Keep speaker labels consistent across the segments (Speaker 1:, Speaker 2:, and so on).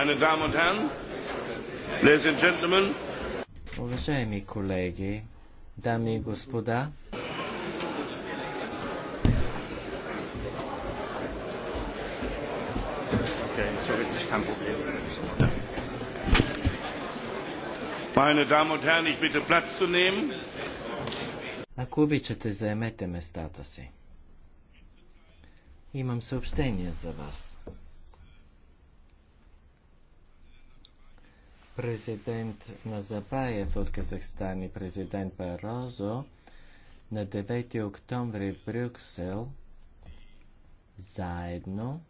Speaker 1: Meine Damen und Herren, Ladies and Gentlemen. Уважаеми
Speaker 2: колеги, дами и господа,
Speaker 1: Meine Damen und Herren, ich bitte Platz zu nehmen.
Speaker 2: Ако обичате, заемете местата си. Имам съобщение за вас. Президент Назабаев от Казахстан и президент Барозо на 9 октомври в Брюксел заедно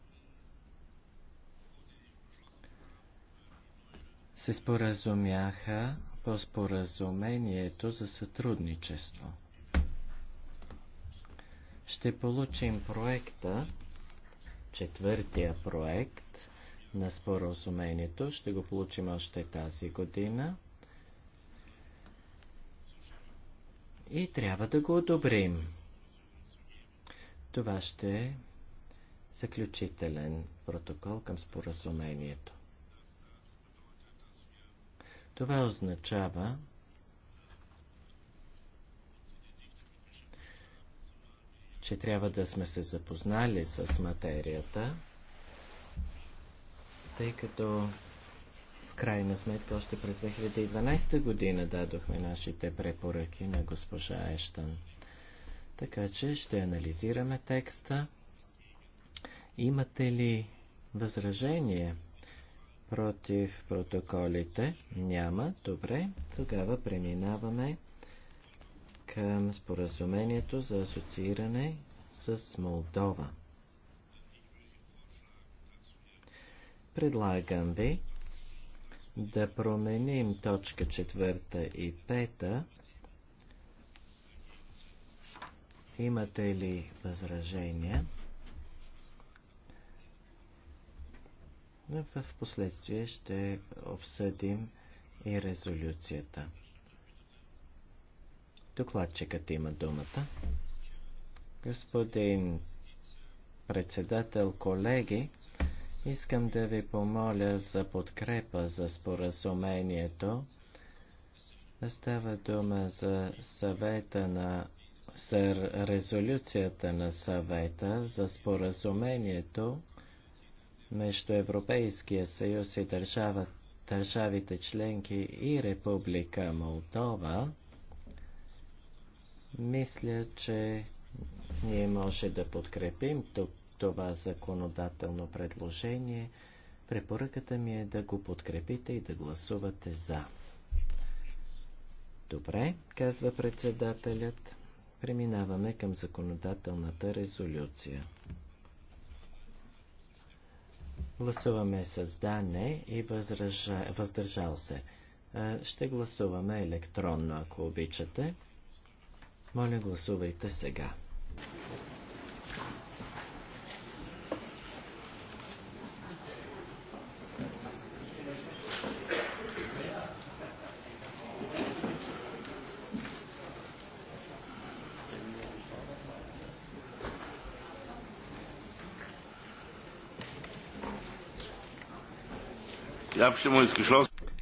Speaker 2: се споразумяха по споразумението за сътрудничество. Ще получим проекта, четвъртия проект, на споразумението. Ще го получим още тази година. И трябва да го одобрим. Това ще е заключителен протокол към споразумението. Това означава, че трябва да сме се запознали с материята, тъй като в крайна сметка още през 2012 година дадохме нашите препоръки на госпожа Ештан. Така че ще анализираме текста. Имате ли възражение против протоколите? Няма. Добре. Тогава преминаваме към споразумението за асоцииране с Молдова. Предлагам ви да променим точка четвърта и пета. Имате ли възражения? В последствие ще обсъдим и резолюцията. Докладчикът има думата. Господин председател, колеги, Искам да ви помоля за подкрепа за споразумението. Става дума за съвета на за резолюцията на съвета за споразумението между Европейския съюз и държава, държавите членки и Република Молдова. Мисля, че ние може да подкрепим тук това законодателно предложение. Препоръката ми е да го подкрепите и да гласувате за. Добре, казва председателят. Преминаваме към законодателната резолюция. Гласуваме с да, не и възража, въздържал се. Ще гласуваме електронно, ако обичате. Моля, гласувайте сега.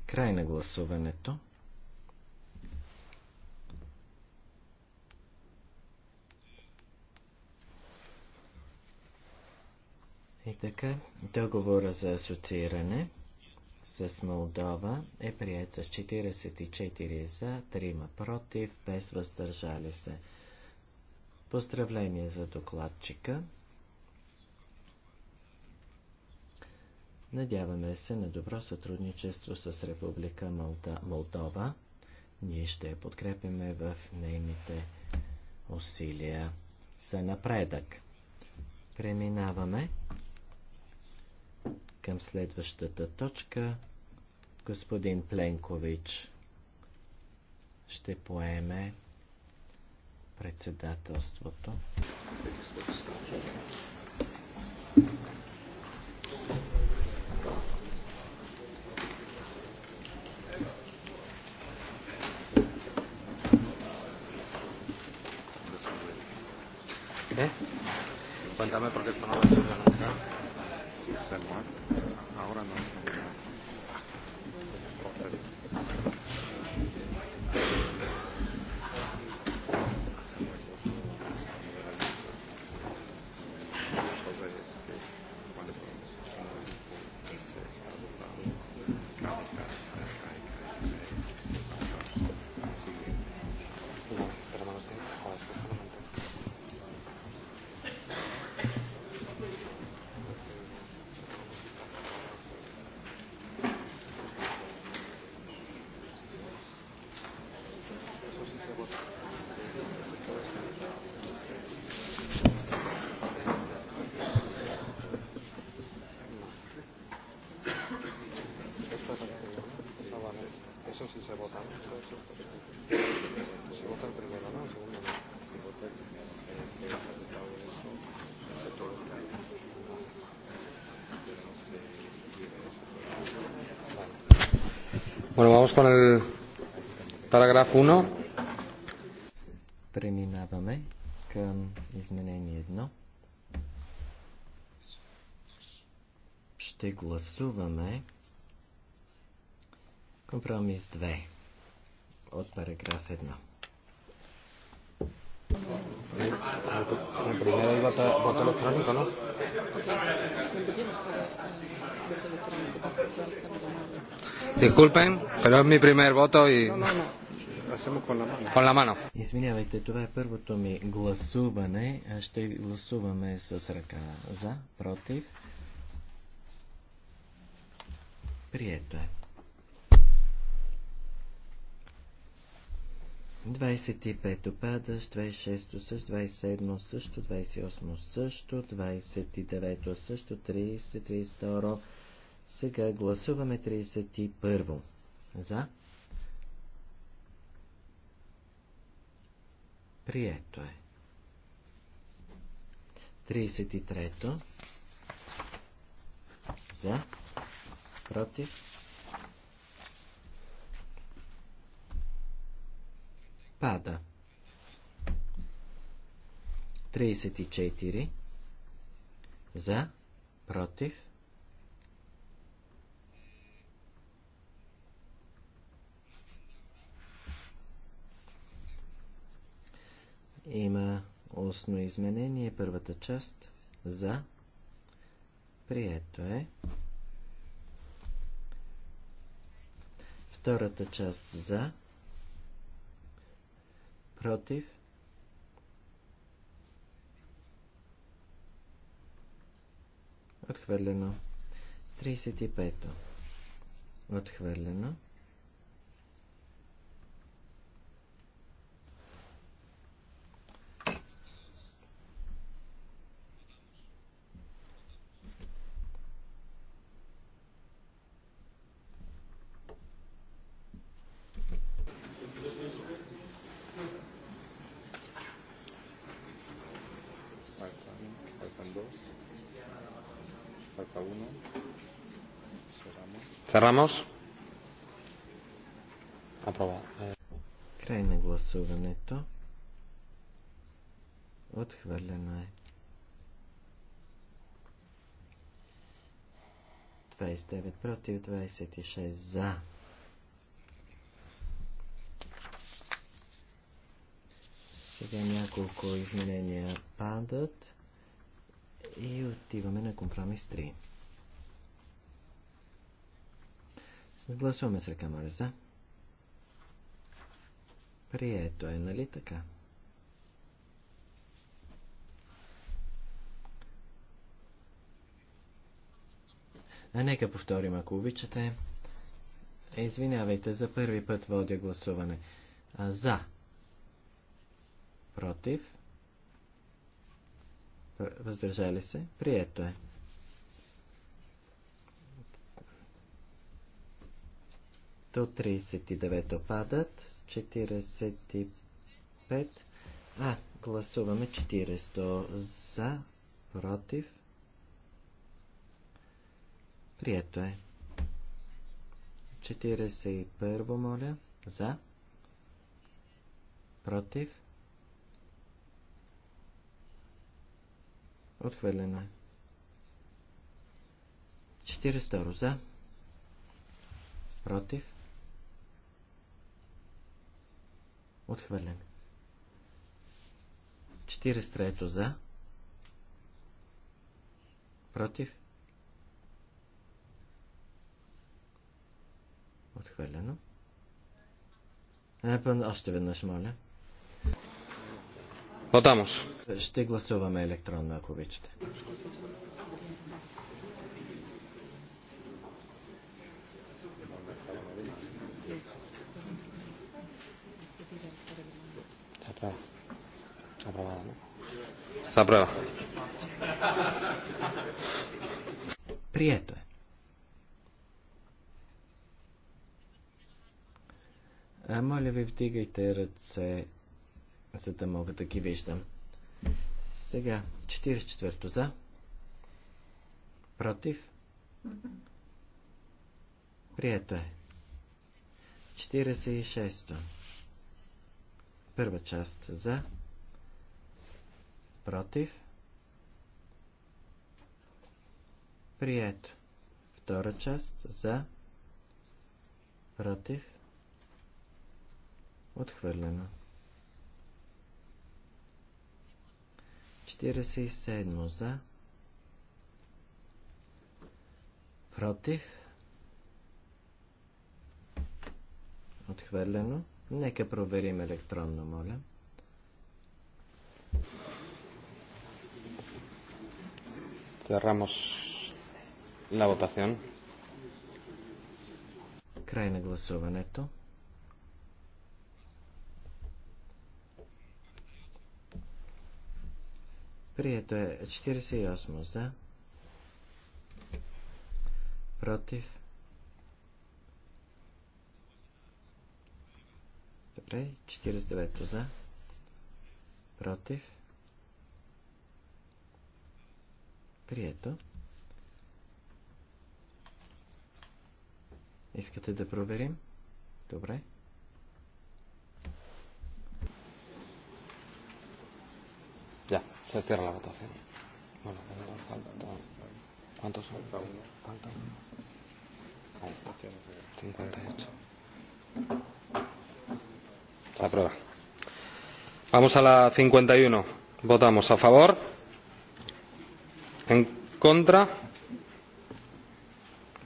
Speaker 2: Край на гласуването. И така, договора за асоцииране с Молдова е прият с 44 за, 3 против, без въздържали се. Поздравление за докладчика. Надяваме се на добро сътрудничество с Република Молдова. Ние ще я подкрепиме в нейните усилия за напредък. Преминаваме към следващата точка. Господин Пленкович ще поеме председателството.
Speaker 1: Dame porque esto no lo he hecho yo nunca. Ahora no.
Speaker 3: con el параграф 1.
Speaker 2: Преминаваме към изменение 1. Ще гласуваме компромис 2 от параграф 1.
Speaker 1: primero el voto, voto electrónico, ¿no?
Speaker 3: Disculpen, pero es mi primer voto y... No, Con la
Speaker 2: mano. Извинявайте, това е първото ми гласуване. Ще гласуваме с ръка за, против. Прието е. 25 падаш, 26 също, 27 също, 28 също, 29 също, 30, 32. Сега гласуваме 31. За. Прието е. 33. За. Против. Пада. 34. За. Против. Има Осно изменение, първата част за прието е. Втората част за против, отхвърлено. 35. Отхвърлено. 36 Край на гласуването. Отхвърлено е. 29 против, 26 за. Сега няколко изменения падат и отиваме на компромис 3. Гласуваме с ръка, моля, за. Прието е, нали така? А нека повторим, ако обичате. Извинявайте, за първи път водя гласуване. А, за. Против. Въздържали се. Прието е. 139 падат, 45. А, гласуваме 400 за, против. Прието е. 41 моля, за, против. Отхвърлено е. 42 за, против. Отхвърлен. 43 за. Против. Отхвърлено. Е, още веднъж, моля. Вотамос. Ще гласуваме електронно, ако обичате.
Speaker 1: aprobado. ¿no? Se aprueba.
Speaker 2: Прието е. А, моля ви, вдигайте ръце, за да мога да ги виждам. Сега, 44-то за. Против. Прието е. 46-то. Първа част за, против, прието. Втора част за, против, отхвърлено. 47 за, против, отхвърлено. Нека проверим електронно, моля. Cerramos la votación. Край на гласуването. Прието е 48 за, против добре. 49 за. Против. Прието. Искате да проверим? Добре. Ya, se cierra la votación.
Speaker 1: Bueno, tenemos falta. ¿Cuántos son? Falta uno. Ahí está. 58
Speaker 3: aprueba. Vamos a la cincuenta y uno. Votamos a favor. En contra.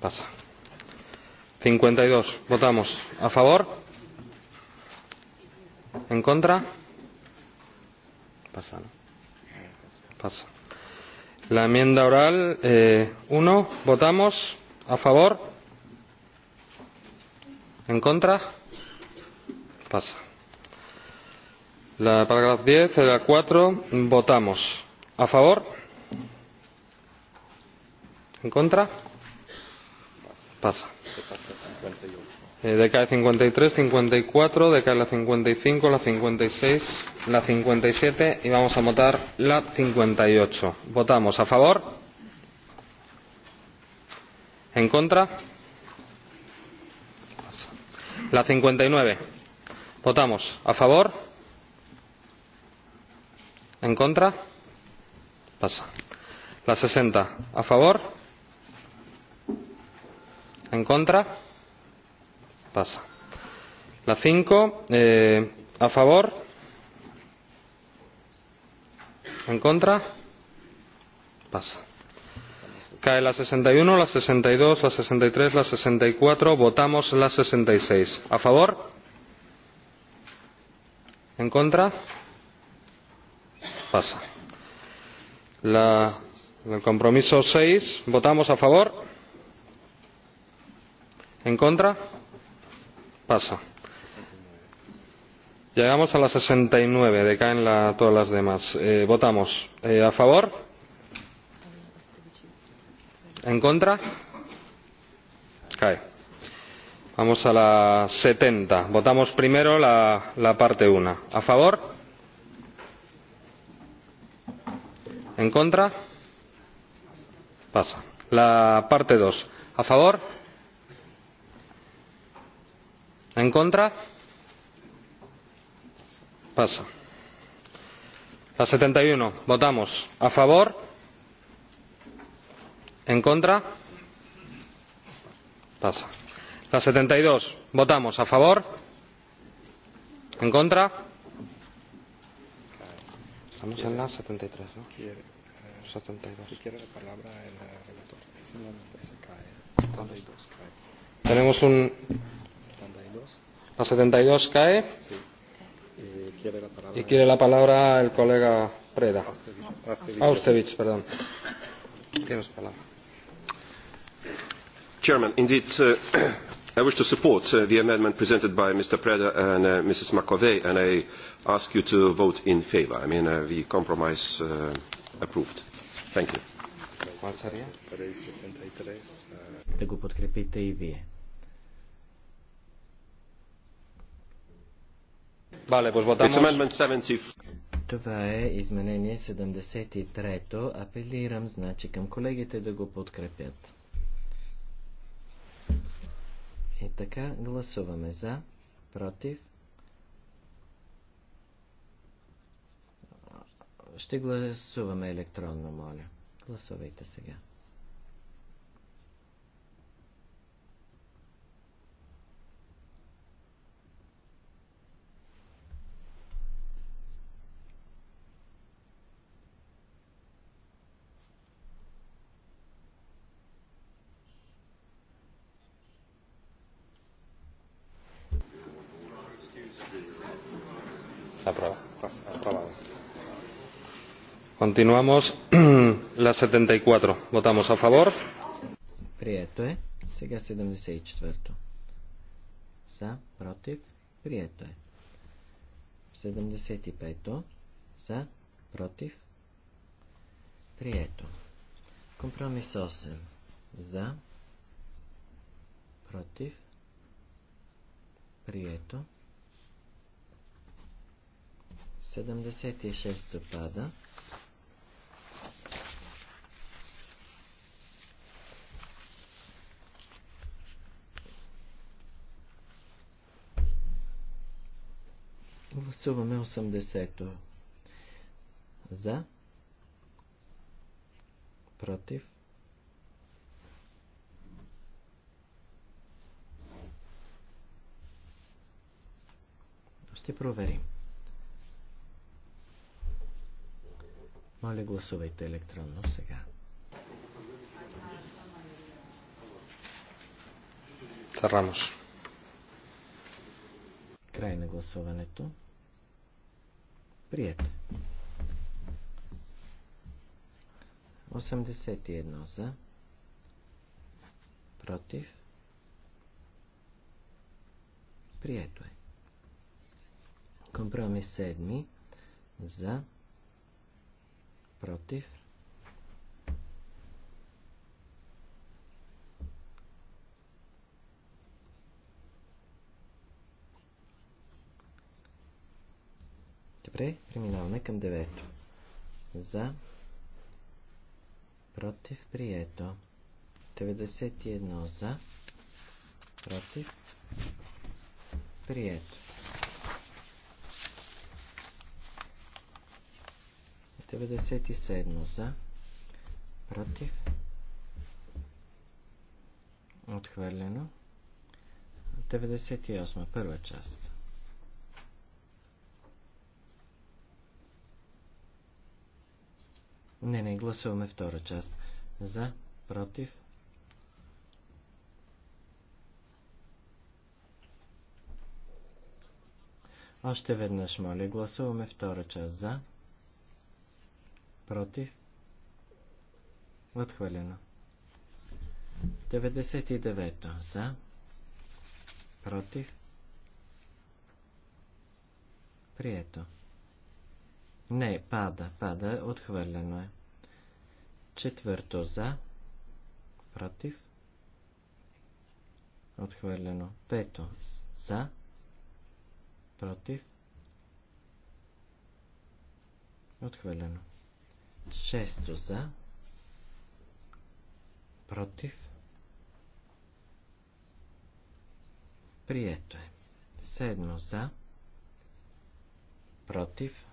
Speaker 3: Pasa. Cincuenta y dos. Votamos a favor. En contra. Pasa. ¿no? Pasa. La enmienda oral eh, uno. Votamos a favor. En contra. Pasa el apartado diez de la cuatro votamos a favor en contra pasa decae cincuenta y tres cincuenta y cuatro decae la cincuenta y cinco la cincuenta y seis la cincuenta y siete y vamos a votar la cincuenta y ocho votamos a favor en contra la cincuenta y nueve votamos a favor en contra pasa la sesenta a favor en contra pasa la cinco a favor en contra pasa cae la sesenta y uno la sesenta y dos la sesenta y tres la sesenta y cuatro votamos la sesenta y seis a favor en contra pasa. el compromiso seis votamos a favor en contra pasa. llegamos a la sesenta y nueve decaen todas las demás. votamos a favor en contra cae. Vamos a la setenta. Votamos primero la, parte una. ¿A favor? en contra pasa. la parte dos a favor en contra pasa. la setenta y uno votamos a favor en contra pasa. la setenta y dos votamos a favor en contra Estamos en la 73, ¿no? Quiere, eh, 72. Si quiere la palabra el relator. Si no, se cae. 72 cae. Tenemos un... 72. La 72 cae. Sí. Y quiere la palabra, y quiere la palabra el colega Preda. Austevich, perdón. Tienes palabra.
Speaker 1: Chairman, indeed, uh, I wish to support the amendment presented by Mr. Preda and Mrs. McAvey, and I ask you to vote in favour. I mean, the compromise approved. Thank you. Да го подкрепите
Speaker 2: и вие. Това е изменение 73-то. Апелирам, значи, към колегите да го подкрепят. И е така гласуваме за, против. Ще гласуваме електронно, моля. Гласувайте сега.
Speaker 3: Continuamos. La 74. Votamos a favor.
Speaker 2: Прието е. Сега 74-то. За, против, прието е. 75-то. За, против, прието. Компромис 8. За, против, прието. 76 допада. пада. Гласуваме 80-то. За. Против. Ще проверим. Моля, гласувайте електронно сега. Рамош. Край на гласуването. Прието. 81 за. Против. Прието е. Компромис 7 за. Против. Добре, преминаваме към девето. За, против, прието. 91 за, против, прието. 97 за, против, отхвърлено. 98 първа част. Не, не, гласуваме втора част. За, против. Още веднъж, моля, гласуваме втора част. За, против. Отхвалено. 99. За, против. Прието. Не, пада, пада, отхвърлено е. Четвърто за, против, отхвърлено. Пето за, против, отхвърлено. Шесто за, против, прието е. Седмо за, против,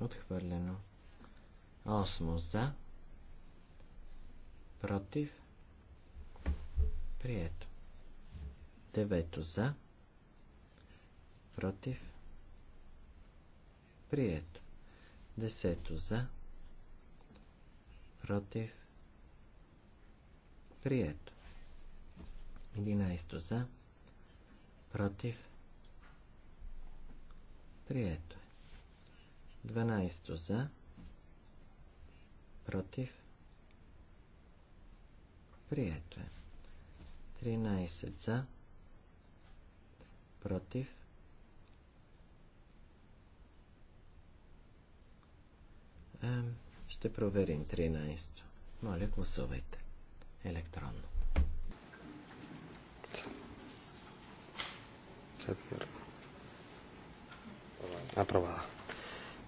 Speaker 2: Отхвърлено. Осмо за. Против. Прието. 9. за. Против. Прието. Десето за. Против. Прието. 11 за. Против. Прието. 12 за, против, прието е. 13 за, против, ще проверим 13. Моля, гласувайте електронно. Aprobada.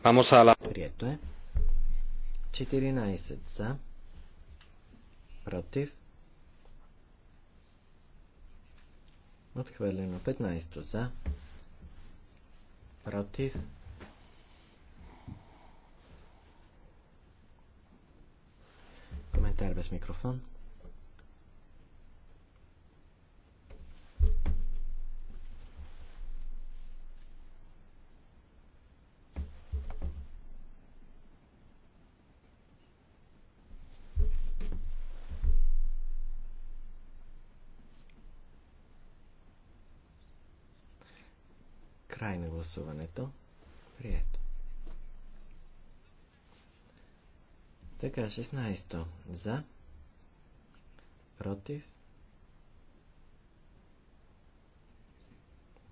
Speaker 2: Vamos a la... Прието е. 14 за. Против. Отхвърлено 15 за. Против. Коментар без микрофон. гласуването. Прието. Така, 16 За. Против.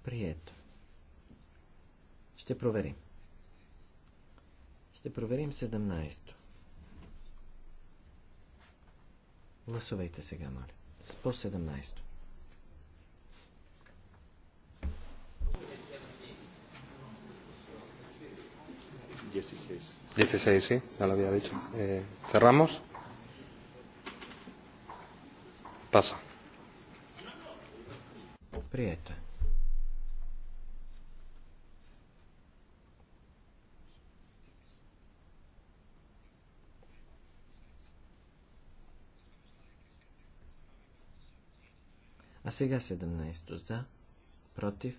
Speaker 2: Прието. Ще проверим. Ще проверим 17-то. Гласувайте сега, моля. По 17-то.
Speaker 1: 16.
Speaker 3: 16, sí, ya lo había dicho. Eh, Cerramos.
Speaker 2: Pasa. Прието. А сега 17 за, против,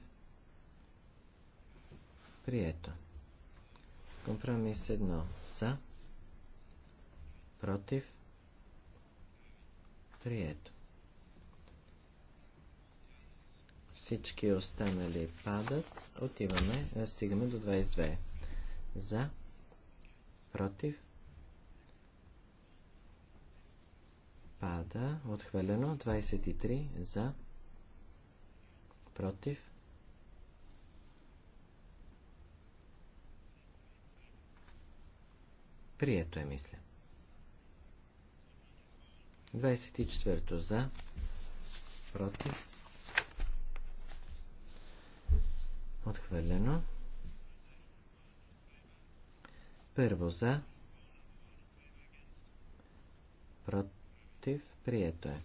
Speaker 2: прието. Компромис 1 за, против, прието. Всички останали падат. Отиваме, стигаме до 22. За, против, пада, отхвърлено, 23 за, против, Прието е, мисля. 24 за, против, отхвърлено. Първо за, против, прието е.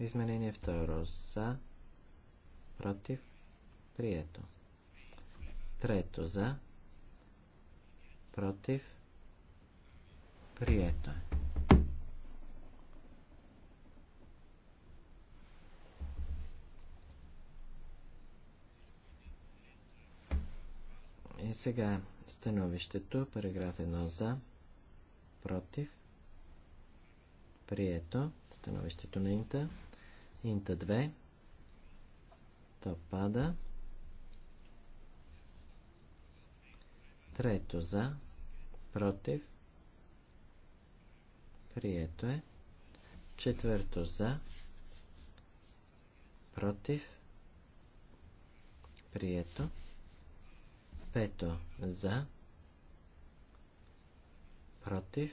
Speaker 2: Изменение второ за, против, прието. Трето за, против, прието е. И сега становището, параграф 1 за, против, прието, становището на инта, инта 2, то пада, трето за, против, прието е. Четвърто за, против, прието. Пето за, против,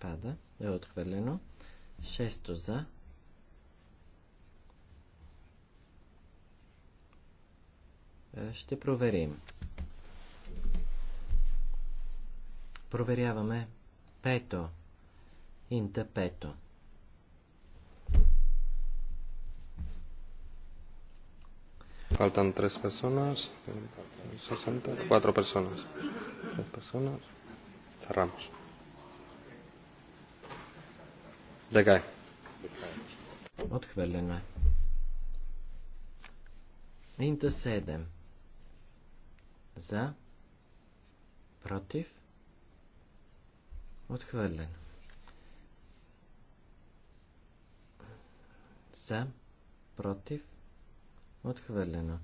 Speaker 2: пада, е отхвърлено. Шесто за, е, ще проверим. Проверяваме пето. Инта пето.
Speaker 3: Faltan tres personas,
Speaker 2: 60, cuatro personas.
Speaker 3: Tres personas. Cerramos.
Speaker 2: Decae. Отхвърлено е. Инта 7. За. Против. Отхвърлен. За. Против. Отхвърлено.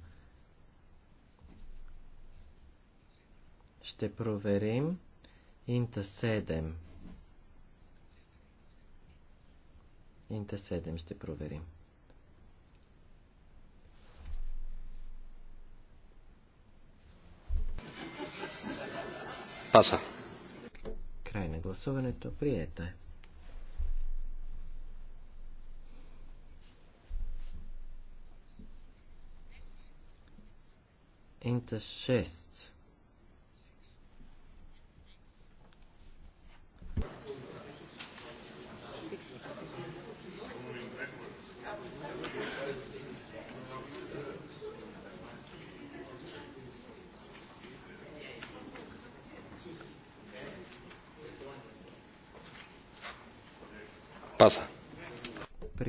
Speaker 2: Ще проверим Инта 7. Инта 7 ще проверим.
Speaker 1: Паса. Край
Speaker 2: на гласуването. Приета е. Инта 6.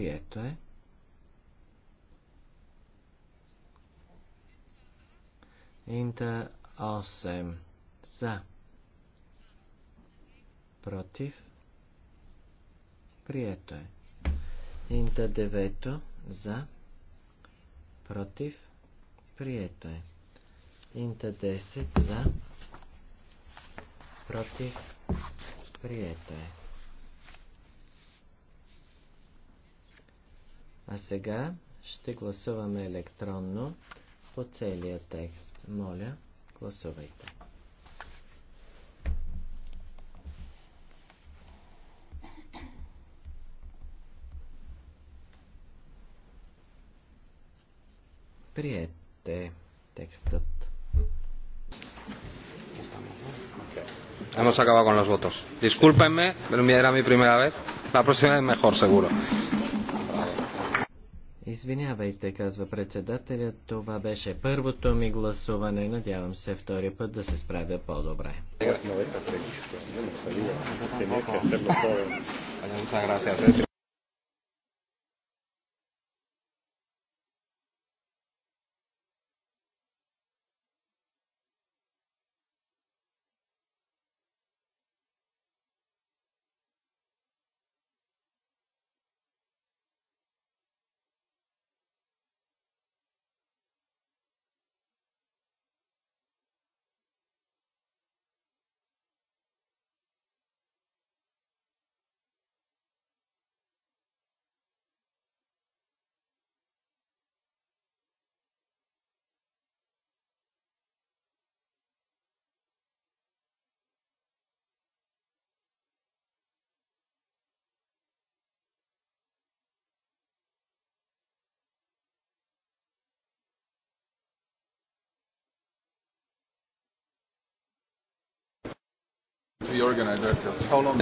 Speaker 2: Прието е. Инта 8 за. Против. Прието е. Инта 9 за. Против. Прието е. Инта 10 за. Против. Прието е. А сега ще гласуваме електронно по целия текст. Моля, гласувайте. Приете текстът. Hemos acabado
Speaker 3: con los votos. Discúlpenme, pero era mi primera vez. La próxima es mejor, seguro.
Speaker 2: Извинявайте, казва председателя, това беше първото ми гласуване. Надявам се втори път да се справя по-добре.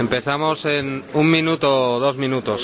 Speaker 3: Empezamos en un minuto o dos minutos.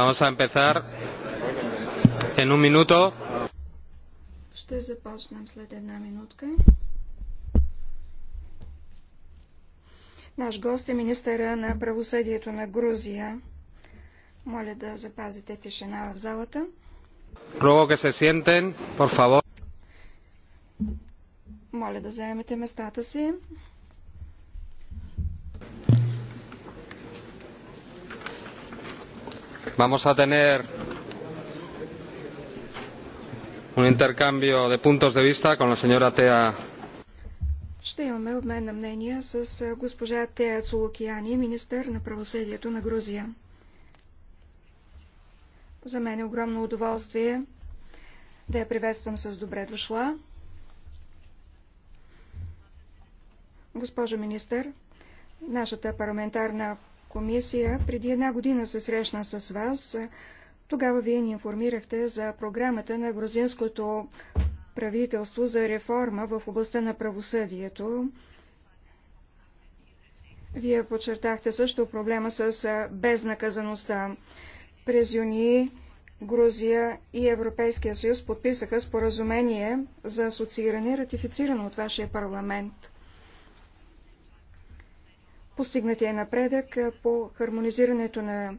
Speaker 3: Vamos a empezar en un minuto.
Speaker 4: Ще след една минутка. Наш гост е министъра на правосъдието на Грузия. Моля да запазите тишина в залата.
Speaker 3: por favor.
Speaker 4: Моля да заемете местата си.
Speaker 3: vamos a tener un intercambio de puntos de vista con la señora Tea.
Speaker 4: Ще имаме обмен на мнения с госпожа Тея Цулокияни, министър на правосъдието на Грузия. За мен е огромно удоволствие да я приветствам с добре дошла. Госпожо министър, нашата парламентарна комисия преди една година се срещна с вас. Тогава вие ни информирахте за програмата на грузинското правителство за реформа в областта на правосъдието. Вие подчертахте също проблема с безнаказаността. През юни Грузия и Европейския съюз подписаха споразумение за асоцииране, ратифицирано от вашия парламент. Постигнатия напредък по хармонизирането на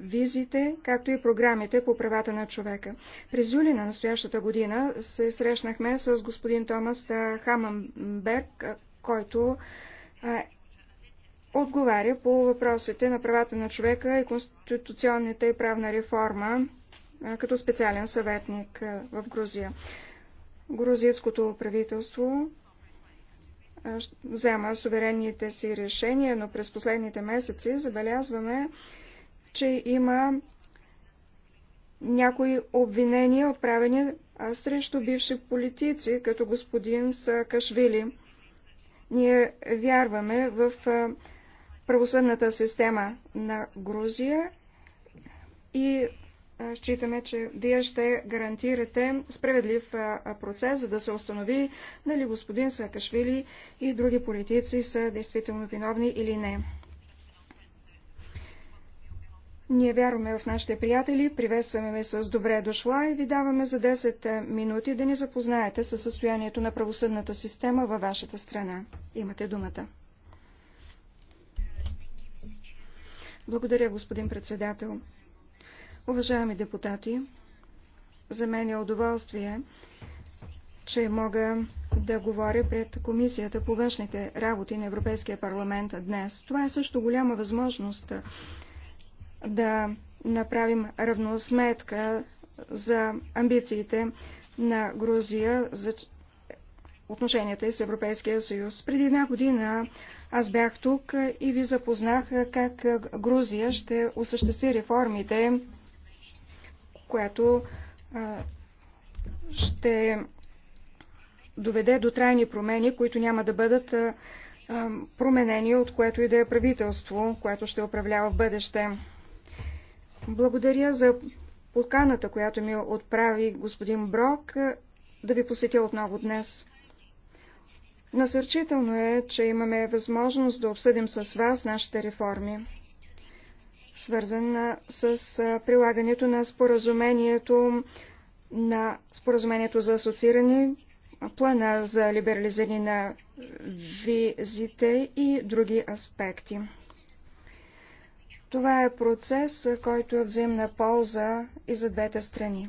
Speaker 4: визите, както и програмите по правата на човека. През юли на настоящата година се срещнахме с господин Томас Хаманберг, който отговаря по въпросите на правата на човека и конституционната и правна реформа като специален съветник в Грузия. Грузийското правителство взема суверенните си решения, но през последните месеци забелязваме, че има някои обвинения, отправени срещу бивши политици, като господин Сакашвили. Ние вярваме в правосъдната система на Грузия и считаме, че вие ще гарантирате справедлив процес, за да се установи дали господин Саакашвили и други политици са действително виновни или не. Ние вярваме в нашите приятели, приветстваме ви с добре дошла и ви даваме за 10 минути да ни запознаете със състоянието на правосъдната система във вашата страна. Имате думата. Благодаря, господин председател. Уважаеми депутати, за мен е удоволствие, че мога да говоря пред Комисията по външните работи на Европейския парламент днес. Това е също голяма възможност да направим равносметка за амбициите на Грузия за отношенията и с Европейския съюз. Преди една година аз бях тук и ви запознах как Грузия ще осъществи реформите, която ще доведе до трайни промени, които няма да бъдат променени от което и да е правителство, което ще управлява в бъдеще. Благодаря за подканата, която ми отправи господин Брок, да ви посетя отново днес. Насърчително е, че имаме възможност да обсъдим с вас нашите реформи свързан с прилагането на споразумението на споразумението за асоцииране, плана за либерализиране на визите и други аспекти. Това е процес, който е взаимна полза и за двете страни.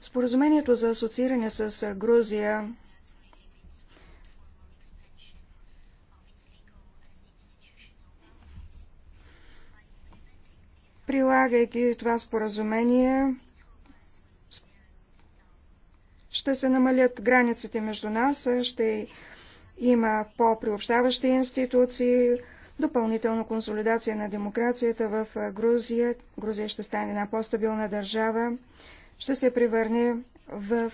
Speaker 4: Споразумението за асоцииране с Грузия Прилагайки това споразумение, ще се намалят границите между нас, ще има по-приобщаващи институции, допълнителна консолидация на демокрацията в Грузия. Грузия ще стане една по-стабилна държава, ще се превърне в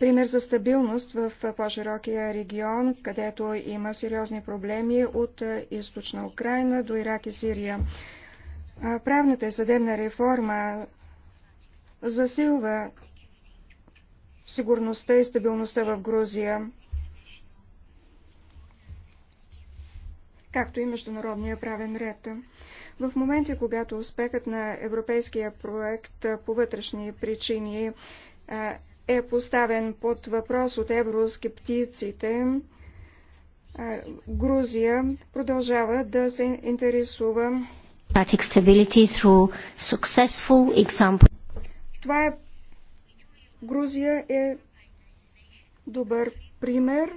Speaker 4: пример за стабилност в по-широкия регион, където има сериозни проблеми от източна Украина до Ирак и Сирия. Правната и съдебна реформа засилва сигурността и стабилността в Грузия, както и международния правен ред. В моменти, когато успехът на европейския проект по вътрешни причини е поставен под въпрос от евроскептиците, Грузия продължава да се интересува това е Грузия е добър пример.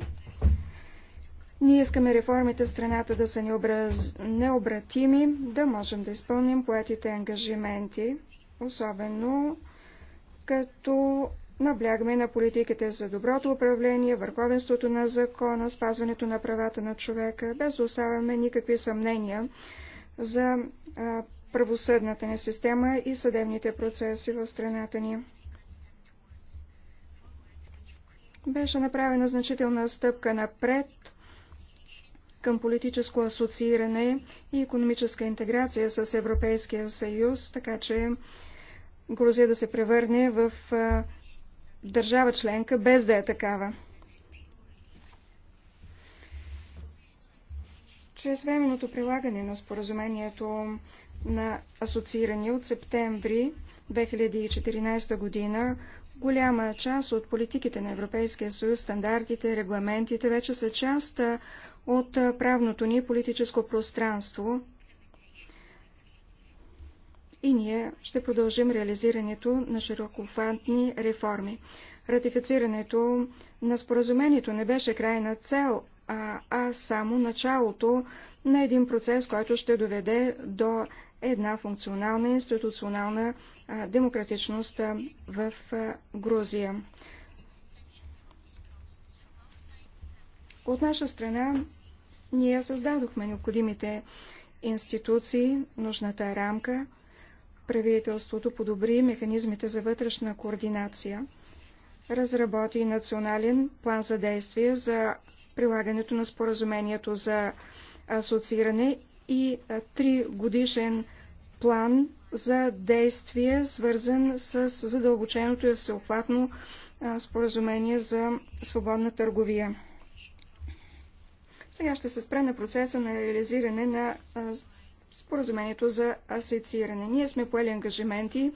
Speaker 4: Ние искаме реформите в страната да са необраз... необратими, да можем да изпълним поетите ангажименти, особено като наблягаме на политиките за доброто управление, върховенството на закона, спазването на правата на човека, без да оставяме никакви съмнения за правосъдната ни система и съдебните процеси в страната ни. Беше направена значителна стъпка напред към политическо асоцииране и економическа интеграция с Европейския съюз, така че Грузия да се превърне в държава членка без да е такава. Чрез временното прилагане на споразумението на асоциирани от септември 2014 година, голяма част от политиките на Европейския съюз, стандартите, регламентите вече са част от правното ни политическо пространство и ние ще продължим реализирането на широкофантни реформи. Ратифицирането на споразумението не беше крайна цел, а, а само началото на един процес, който ще доведе до една функционална институционална а, демократичност а, в а, Грузия. От наша страна ние създадохме необходимите институции, нужната рамка. Правителството подобри механизмите за вътрешна координация, разработи национален план за действие за прилагането на споразумението за асоцииране и тригодишен план за действие, свързан с задълбоченото и всеохватно споразумение за свободна търговия. Сега ще се спре на процеса на реализиране на споразумението за асоцииране. Ние сме поели ангажименти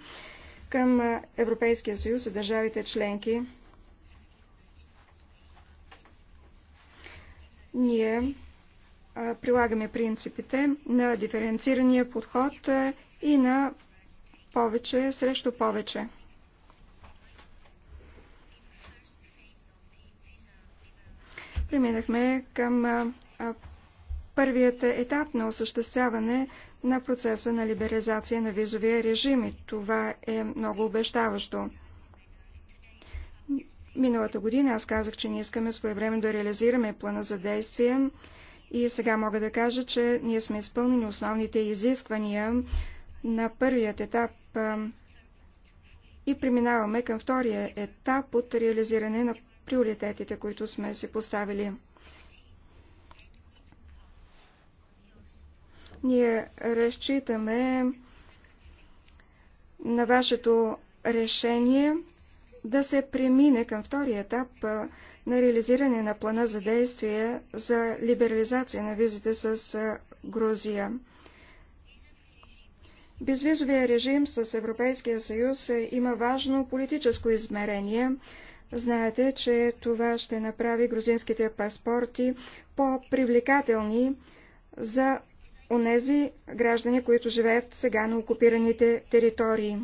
Speaker 4: към Европейския съюз и държавите членки Ние прилагаме принципите на диференцирания подход и на повече срещу повече. Преминахме към първият етап на осъществяване на процеса на либерализация на визовия режим и това е много обещаващо. Миналата година аз казах, че ние искаме своевременно да реализираме плана за действие и сега мога да кажа, че ние сме изпълнени основните изисквания на първият етап и преминаваме към втория етап от реализиране на приоритетите, които сме си поставили. Ние разчитаме на вашето решение да се премине към втори етап на реализиране на плана за действие за либерализация на визите с Грузия. Безвизовия режим с Европейския съюз има важно политическо измерение. Знаете, че това ще направи грузинските паспорти по-привлекателни за онези граждани, които живеят сега на окупираните територии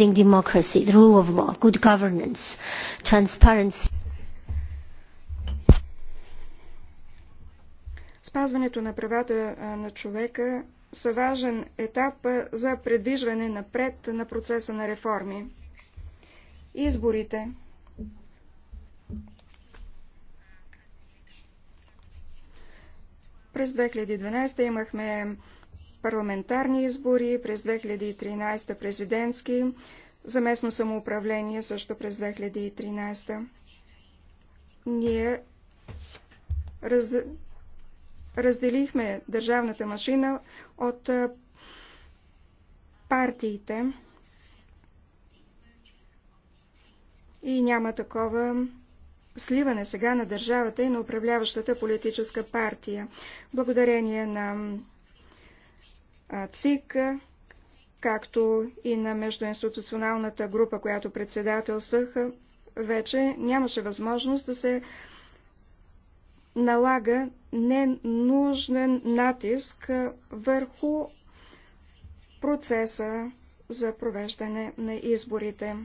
Speaker 1: including democracy, the rule of law, good governance, transparency.
Speaker 4: Спазването на правата на човека са важен етап за предвижване напред на процеса на реформи. Изборите. През 2012 имахме парламентарни избори през 2013, президентски, за местно самоуправление също през 2013. Ние раз... разделихме държавната машина от партиите и няма такова сливане сега на държавата и на управляващата политическа партия. Благодарение на ЦИК, както и на междуинституционалната група, която председателствах, вече нямаше възможност да се налага ненужен натиск върху процеса за провеждане на изборите.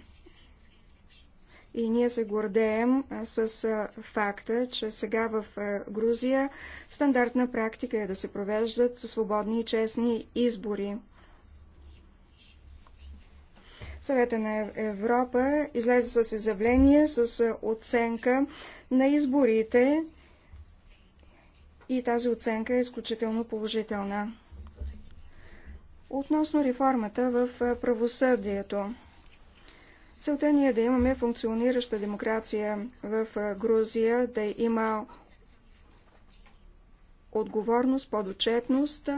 Speaker 4: И ние се гордеем с факта, че сега в Грузия стандартна практика е да се провеждат свободни и честни избори. Съвета на Европа излезе с изявление с оценка на изборите и тази оценка е изключително положителна. Относно реформата в правосъдието. Целта ни е да имаме функционираща демокрация в Грузия, да има отговорност, подотчетност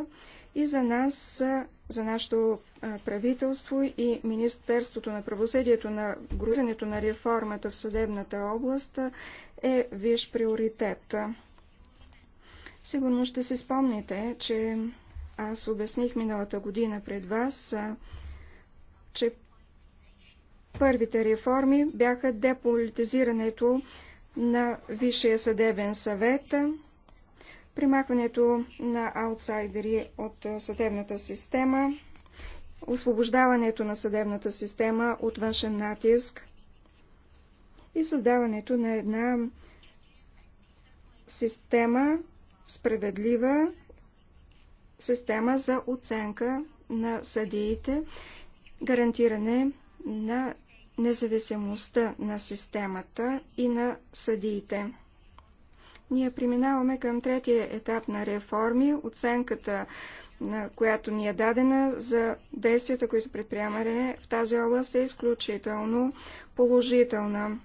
Speaker 4: и за нас, за нашето правителство и Министерството на правосъдието на грузенето на реформата в съдебната област е виш приоритет. Сигурно ще си спомните, че аз обясних миналата година пред вас, че Първите реформи бяха деполитизирането на Висшия съдебен съвет, примахването на аутсайдери от съдебната система, освобождаването на съдебната система от външен натиск и създаването на една система, справедлива система за оценка на съдиите, гарантиране на независимостта на системата и на съдиите. Ние преминаваме към третия етап на реформи, оценката, на която ни е дадена за действията, които предприемаме в тази област е изключително положителна.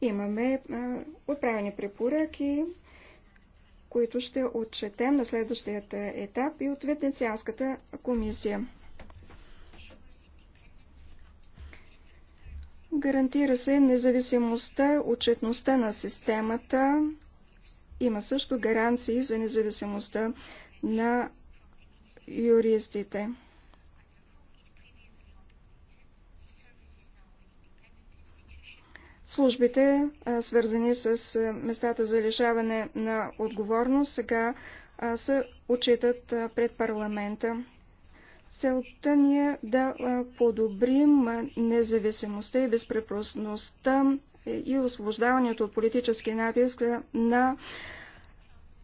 Speaker 4: Имаме отправени препоръки които ще отчетем на следващия етап и от Венецианската комисия. Гарантира се независимостта, отчетността на системата. Има също гаранции за независимостта на юристите. службите, свързани с местата за лишаване на отговорност, сега се отчитат пред парламента. Целта ни е да подобрим независимостта и безпрепростността е, и освобождаването от политически натиск на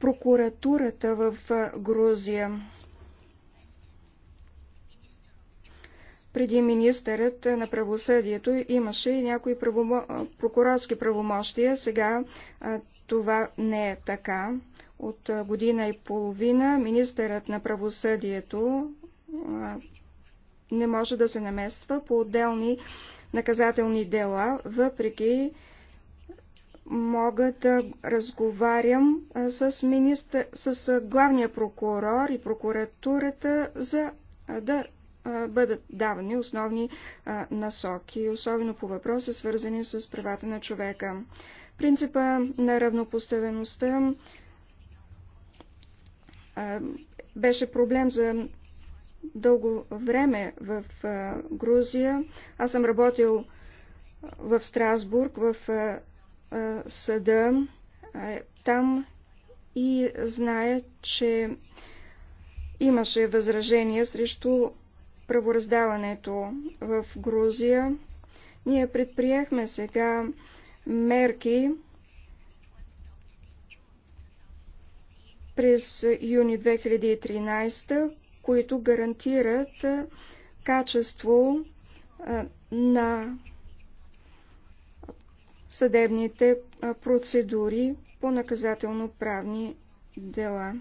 Speaker 4: прокуратурата в Грузия. Преди министърът на правосъдието имаше и някои правомо... прокурорски правомощия, сега а, това не е така. От година и половина министърът на правосъдието а, не може да се намества по отделни наказателни дела, въпреки мога да разговарям с, министър, с главния прокурор и прокуратурата за да бъдат давани основни насоки, особено по въпроси, свързани с правата на човека. Принципа на равнопоставеността беше проблем за дълго време в Грузия. Аз съм работил в Страсбург, в съда там и знае, че имаше възражения срещу правораздаването в Грузия. Ние предприехме сега мерки през юни 2013, които гарантират качество на съдебните процедури по наказателно-правни дела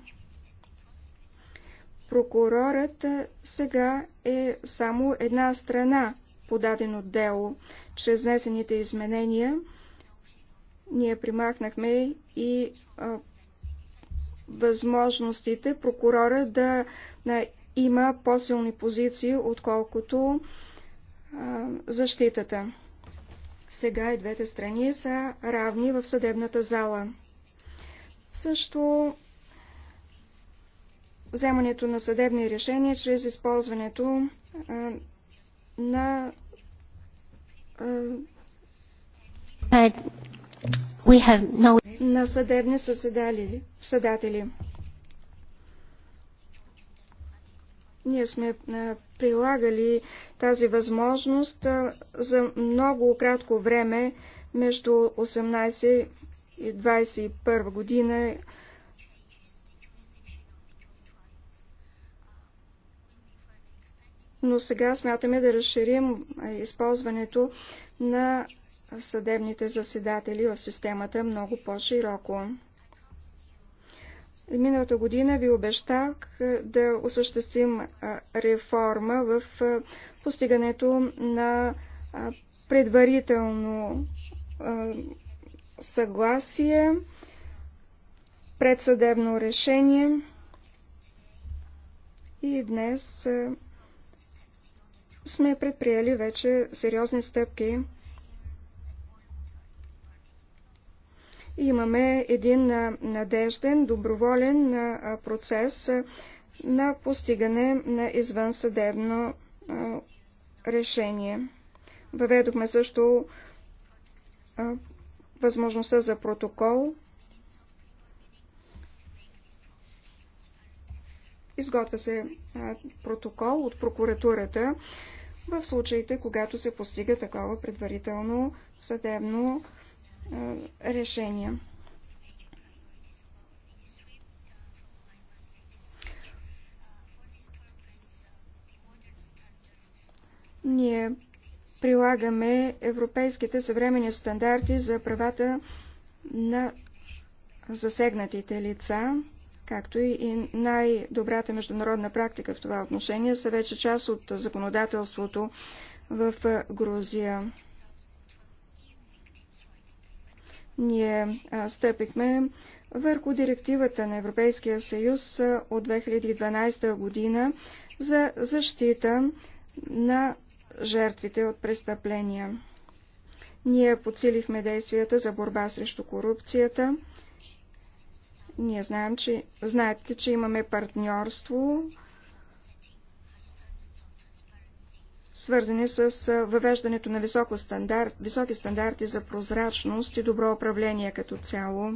Speaker 4: прокурорът сега е само една страна по дадено дело. Чрез внесените изменения ние примахнахме и а, възможностите прокурора да а, има по-силни позиции, отколкото а, защитата. Сега и двете страни са равни в съдебната зала. Също вземането на съдебни решения чрез използването а, на а,
Speaker 1: no...
Speaker 4: на съдебни съседали, съдатели. Ние сме а, прилагали тази възможност за много кратко време между 18 и 21 година но сега смятаме да разширим използването на съдебните заседатели в системата много по-широко. Миналата година ви обещах да осъществим реформа в постигането на предварително съгласие, предсъдебно решение и днес сме предприели вече сериозни стъпки. Имаме един надежден, доброволен процес на постигане на извънсъдебно решение. Въведохме също възможността за протокол. Изготвя се протокол от прокуратурата в случаите, когато се постига такова предварително съдебно решение. Ние прилагаме европейските съвременни стандарти за правата на засегнатите лица както и най-добрата международна практика в това отношение, са вече част от законодателството в Грузия. Ние стъпихме върху директивата на Европейския съюз от 2012 година за защита на жертвите от престъпления. Ние подсилихме действията за борба срещу корупцията, ние знаем, че, знаете, че имаме партньорство, свързани с въвеждането на високо стандарт, високи стандарти за прозрачност и добро управление като цяло.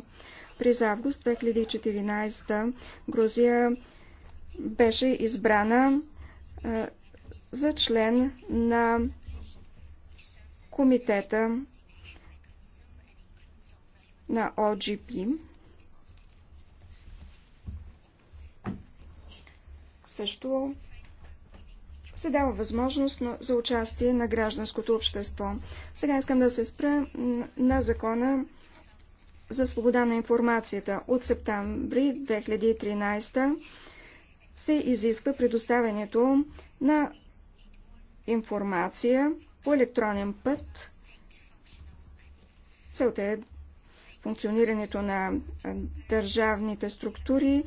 Speaker 4: През август 2014 Грузия беше избрана е, за член на комитета на ОГП. също се дава възможност за участие на гражданското общество. Сега искам да се спра на закона за свобода на информацията. От септември 2013 се изисква предоставянето на информация по електронен път. Целта е функционирането на държавните структури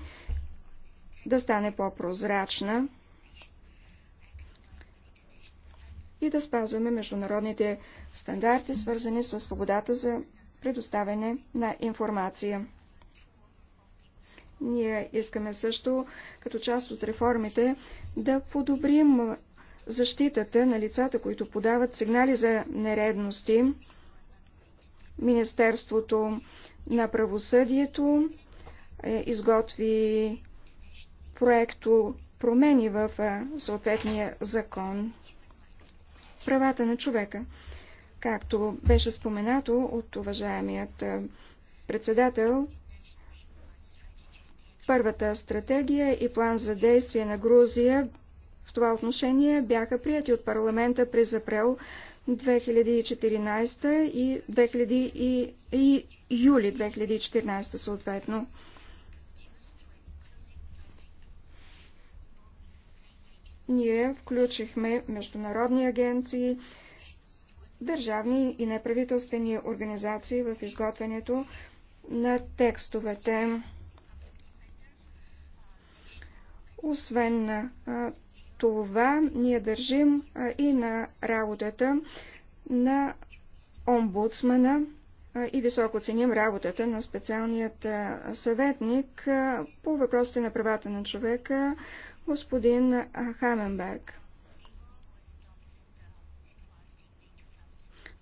Speaker 4: да стане по-прозрачна и да спазваме международните стандарти, свързани с свободата за предоставяне на информация. Ние искаме също, като част от реформите, да подобрим защитата на лицата, които подават сигнали за нередности. Министерството на правосъдието е, изготви проекто промени в съответния закон правата на човека. Както беше споменато от уважаемият председател, първата стратегия и план за действие на Грузия в това отношение бяха прияти от парламента през април 2014 и, 2000 и, и юли 2014 съответно. ние включихме международни агенции, държавни и неправителствени организации в изготвянето на текстовете. Освен това, ние държим и на работата на омбудсмана и високо ценим работата на специалният съветник по въпросите на правата на човека, господин Хаменберг.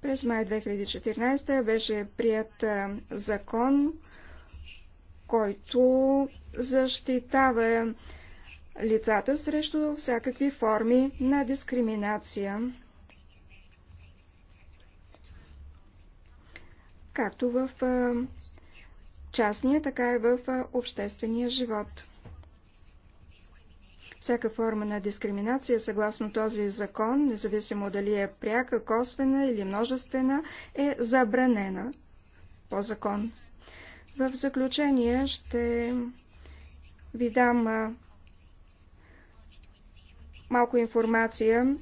Speaker 4: През май 2014 беше прият закон, който защитава лицата срещу всякакви форми на дискриминация, както в частния, така и в обществения живот. Всяка форма на дискриминация съгласно този закон, независимо дали е пряка, косвена или множествена, е забранена по закон. В заключение ще ви дам малко информация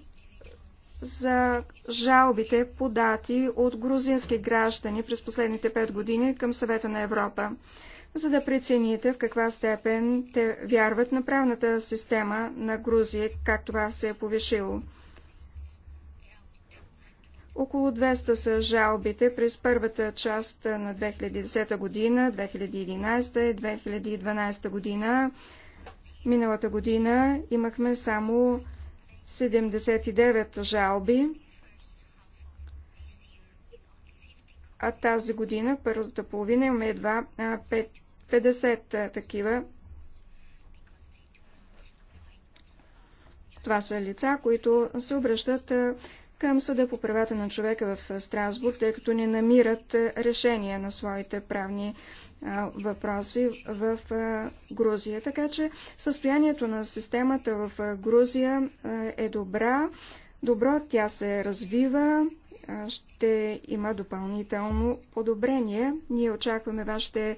Speaker 4: за жалбите подати от грузински граждани през последните 5 години към Съвета на Европа за да прецените в каква степен те вярват на правната система на Грузия, как това се е повишило. Около 200 са жалбите през първата част на 2010 година, 2011 и 2012 година. Миналата година имахме само 79 жалби, а тази година, първата половина, имаме едва 50 такива. Това са лица, които се обръщат към Съда по правата на човека в Страсбург, тъй като не намират решение на своите правни въпроси в Грузия. Така че състоянието на системата в Грузия е добра добро, тя се развива, ще има допълнително подобрение. Ние очакваме вашите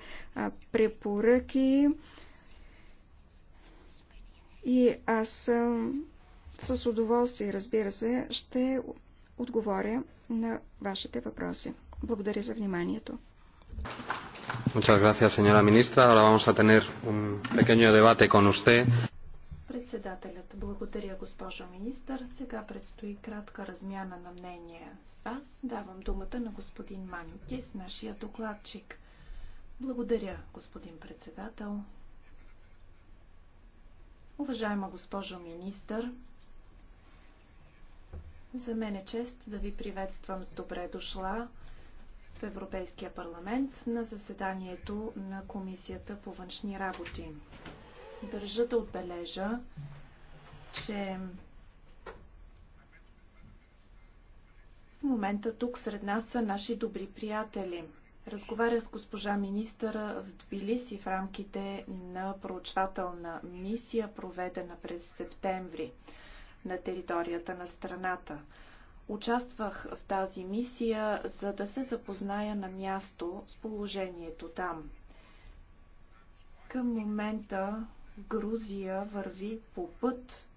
Speaker 4: препоръки и аз с удоволствие, разбира се, ще отговоря на вашите въпроси. Благодаря за вниманието.
Speaker 3: Muchas gracias, señora ministra. Ahora vamos a tener un pequeño debate con usted.
Speaker 4: Председателят, благодаря госпожо
Speaker 5: министър. Сега предстои кратка размяна на мнения с вас. Давам думата на господин Манютис, нашия докладчик. Благодаря, господин председател. Уважаема госпожо министър, за мен е чест да ви приветствам с добре дошла в Европейския парламент на заседанието на Комисията по външни работи. Държа да отбележа, че в момента тук сред нас са наши добри приятели. Разговаря с госпожа министъра в Тбилиси в рамките на проучвателна мисия, проведена през септември на територията на страната. Участвах в тази мисия, за да се запозная на място с положението там. Към момента Грузия върви по път,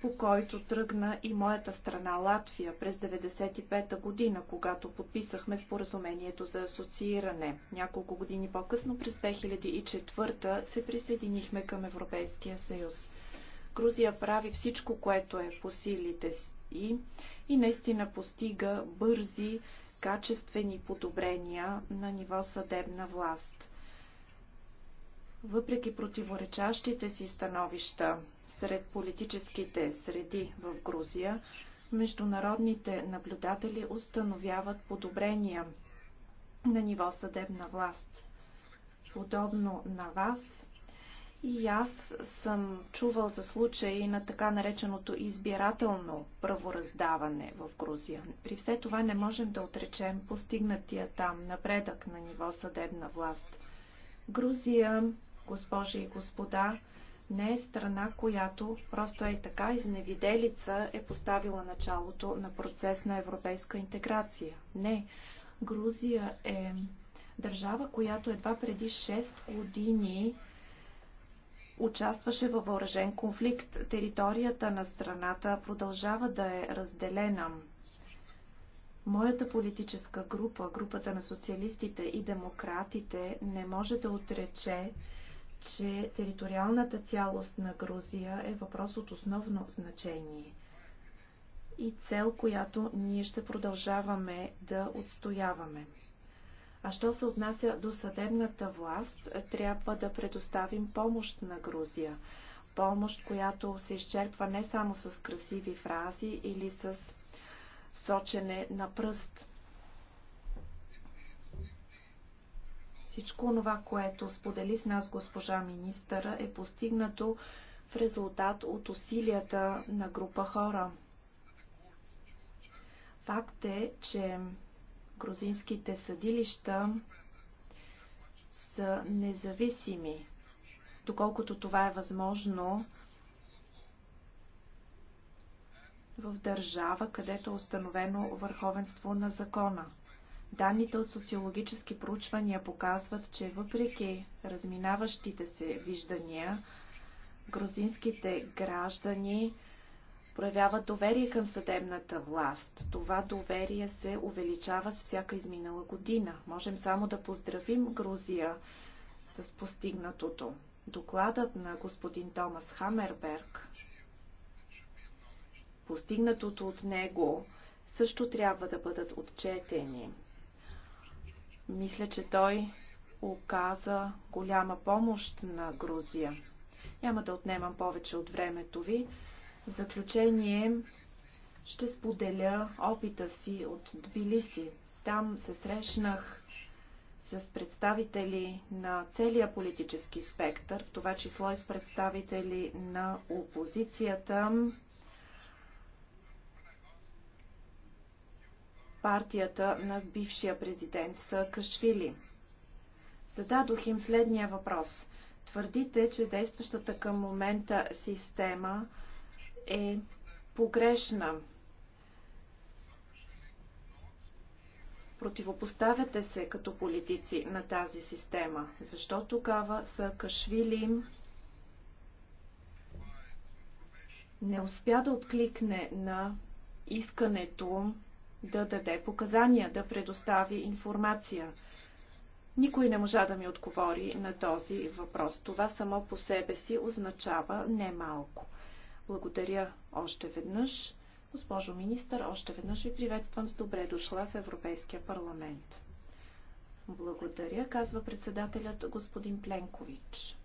Speaker 5: по който тръгна и моята страна Латвия през 1995-та година, когато подписахме споразумението за асоцииране. Няколко години по-късно, през 2004-та, се присъединихме към Европейския съюз. Грузия прави всичко, което е по силите си и наистина постига бързи, качествени подобрения на ниво съдебна власт – въпреки противоречащите си становища сред политическите среди в Грузия, международните наблюдатели установяват подобрения на ниво съдебна власт. Подобно на вас, и аз съм чувал за случаи на така нареченото избирателно правораздаване в Грузия. При все това не можем да отречем постигнатия там напредък на ниво съдебна власт. Грузия госпожи и господа, не е страна, която просто е така изневиделица е поставила началото на процес на европейска интеграция. Не. Грузия е държава, която едва преди 6 години участваше във въоръжен конфликт. Територията на страната продължава да е разделена. Моята политическа група, групата на социалистите и демократите, не може да отрече, че териториалната цялост на Грузия е въпрос от основно значение и цел, която ние ще продължаваме да отстояваме. А що се отнася до съдебната власт, трябва да предоставим помощ на Грузия. Помощ, която се изчерпва не само с красиви фрази или с сочене на пръст – Всичко това, което сподели с нас госпожа министъра, е постигнато в резултат от усилията на група хора. Факт е, че грузинските съдилища са независими. Доколкото това е възможно в държава, където е установено върховенство на закона. Данните от социологически проучвания показват, че въпреки разминаващите се виждания, грузинските граждани проявяват доверие към съдебната власт. Това доверие се увеличава с всяка изминала година. Можем само да поздравим Грузия с постигнатото. Докладът на господин Томас Хамерберг, постигнатото от него, също трябва да бъдат отчетени. Мисля, че той оказа голяма помощ на Грузия. Няма да отнемам повече от времето ви. В заключение ще споделя опита си от Тбилиси. Там се срещнах с представители на целия политически спектър, в това число и с представители на опозицията, партията на бившия президент Саакашвили. Зададох им следния въпрос. Твърдите, че действащата към момента система е погрешна. Противопоставяте се като политици на тази система. Защо тогава Саакашвили не успя да откликне на искането да даде показания, да предостави информация. Никой не можа да ми отговори на този въпрос. Това само по себе си означава немалко. Благодаря още веднъж. Госпожо министър, още веднъж ви приветствам с добре дошла в Европейския парламент. Благодаря, казва председателят господин Пленкович.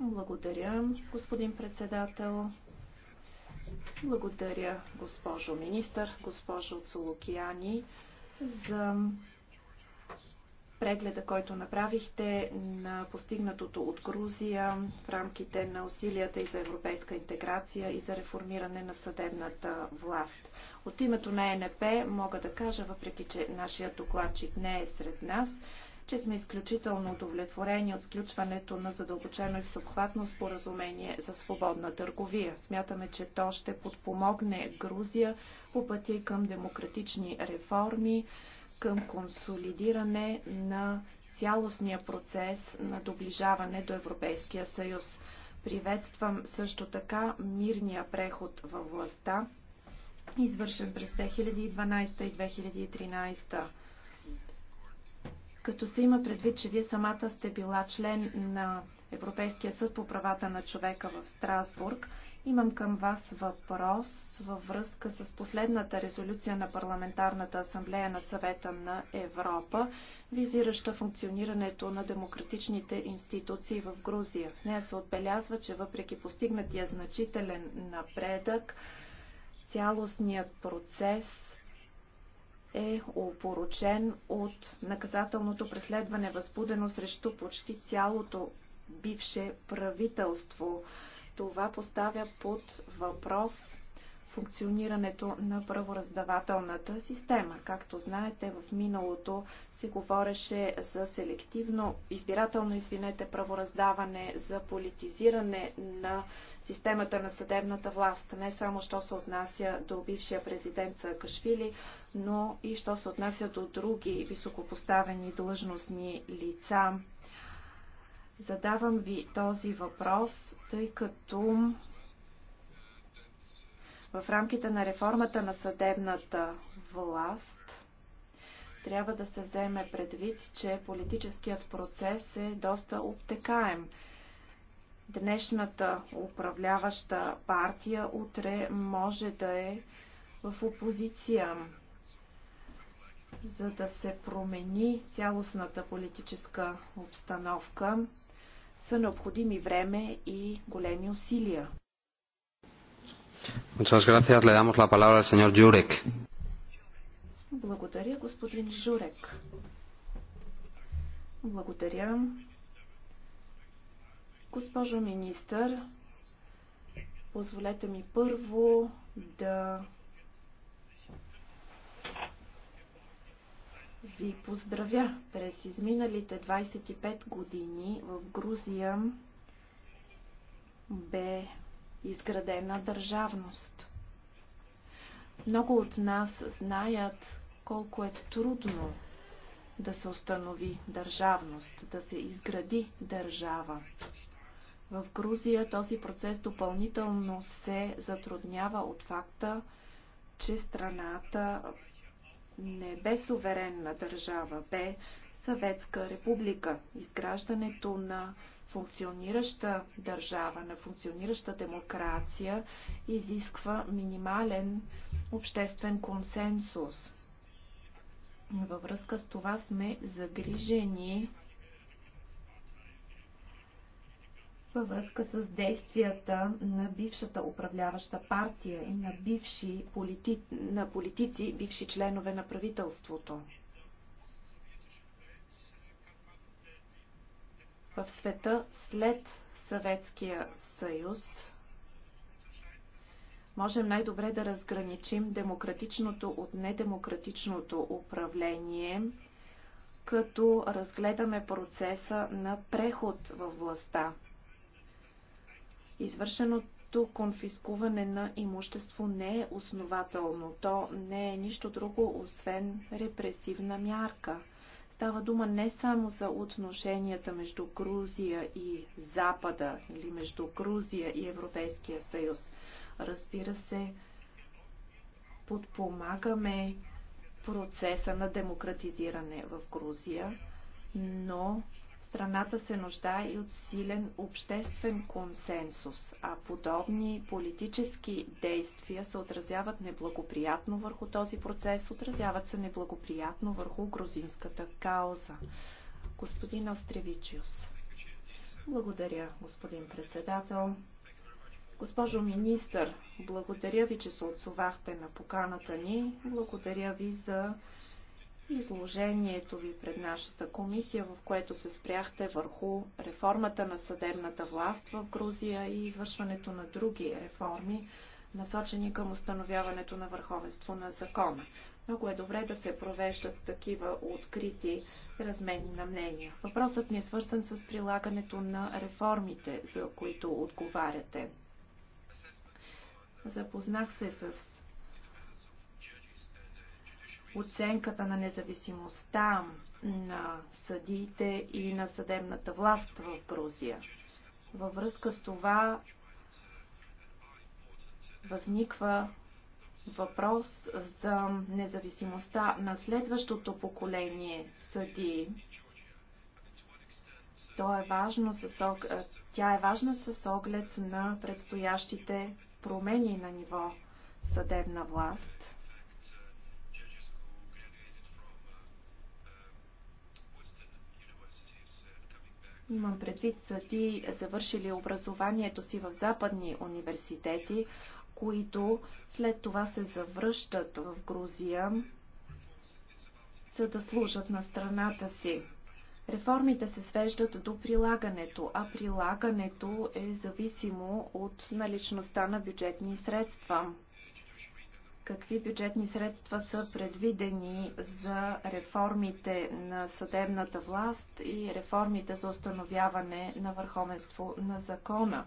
Speaker 5: Благодаря, господин председател. Благодаря, госпожо министър, госпожо Цолокияни, за прегледа, който направихте на постигнатото от Грузия в рамките на усилията и за европейска интеграция и за реформиране на съдебната власт. От името на ЕНП мога да кажа, въпреки че нашия докладчик не е сред нас, че сме изключително удовлетворени от сключването на задълбочено и всеобхватно споразумение за свободна търговия. Смятаме, че то ще подпомогне Грузия по пътя към демократични реформи, към консолидиране на цялостния процес на доближаване до Европейския съюз. Приветствам също така мирния преход във властта, извършен през 2012 и 2013 като се има предвид, че вие самата сте била член на Европейския съд по правата на човека в Страсбург, имам към вас въпрос във връзка с последната резолюция на Парламентарната асамблея на съвета на Европа, визираща функционирането на демократичните институции в Грузия. В нея се отбелязва, че въпреки постигнатия значителен напредък, цялостният процес е опорочен от наказателното преследване, възбудено срещу почти цялото бивше правителство. Това поставя под въпрос функционирането на правораздавателната система. Както знаете, в миналото се говореше за селективно, избирателно, извинете, правораздаване, за политизиране на системата на съдебната власт, не само що се отнася до бившия президент Саакашвили, но и що се отнася до други високопоставени длъжностни лица. Задавам ви този въпрос, тъй като в рамките на реформата на съдебната власт трябва да се вземе предвид, че политическият процес е доста обтекаем. Днешната управляваща партия утре може да е в опозиция. За да се промени цялостната политическа обстановка, са необходими време и големи усилия.
Speaker 3: Muchas gracias. Le damos la palabra al señor Jurek.
Speaker 5: Благодаря, господин Журек. Благодаря. Госпожо министър, позволете ми първо да ви поздравя. През изминалите 25 години в Грузия бе изградена държавност. Много от нас знаят колко е трудно да се установи държавност, да се изгради държава. В Грузия този процес допълнително се затруднява от факта, че страната не бе суверенна държава, бе съветска република. Изграждането на функционираща държава, на функционираща демокрация изисква минимален обществен консенсус. Във връзка с това сме загрижени във връзка с действията на бившата управляваща партия и на бивши полити... на политици, бивши членове на правителството. В света след Съветския съюз можем най-добре да разграничим демократичното от недемократичното управление, като разгледаме процеса на преход в властта. Извършеното конфискуване на имущество не е основателно. То не е нищо друго, освен репресивна мярка – Става дума не само за отношенията между Грузия и Запада или между Грузия и Европейския съюз. Разбира се, подпомагаме процеса на демократизиране в Грузия, но Страната се нуждае и от силен обществен консенсус, а подобни политически действия се отразяват неблагоприятно върху този процес, отразяват се неблагоприятно върху грузинската кауза. Господин Остревичиус. Благодаря, господин председател. Госпожо министър, благодаря ви, че се отзовахте на поканата ни. Благодаря ви за изложението ви пред нашата комисия, в което се спряхте върху реформата на съдебната власт в Грузия и извършването на други реформи, насочени към установяването на върховенство на закона. Много е добре да се провеждат такива открити размени на мнения. Въпросът ми е свързан с прилагането на реформите, за които отговаряте. Запознах се с оценката на независимостта на съдиите и на съдебната власт в Грузия. Във връзка с това възниква въпрос за независимостта на следващото поколение съдии. То е важно с ог... Тя е важна с оглед на предстоящите промени на ниво съдебна власт. Имам предвид са ти завършили образованието си в западни университети, които след това се завръщат в Грузия, за да служат на страната си. Реформите се свеждат до прилагането, а прилагането е зависимо от наличността на бюджетни средства какви бюджетни средства са предвидени за реформите на съдебната власт и реформите за установяване на върховенство на закона.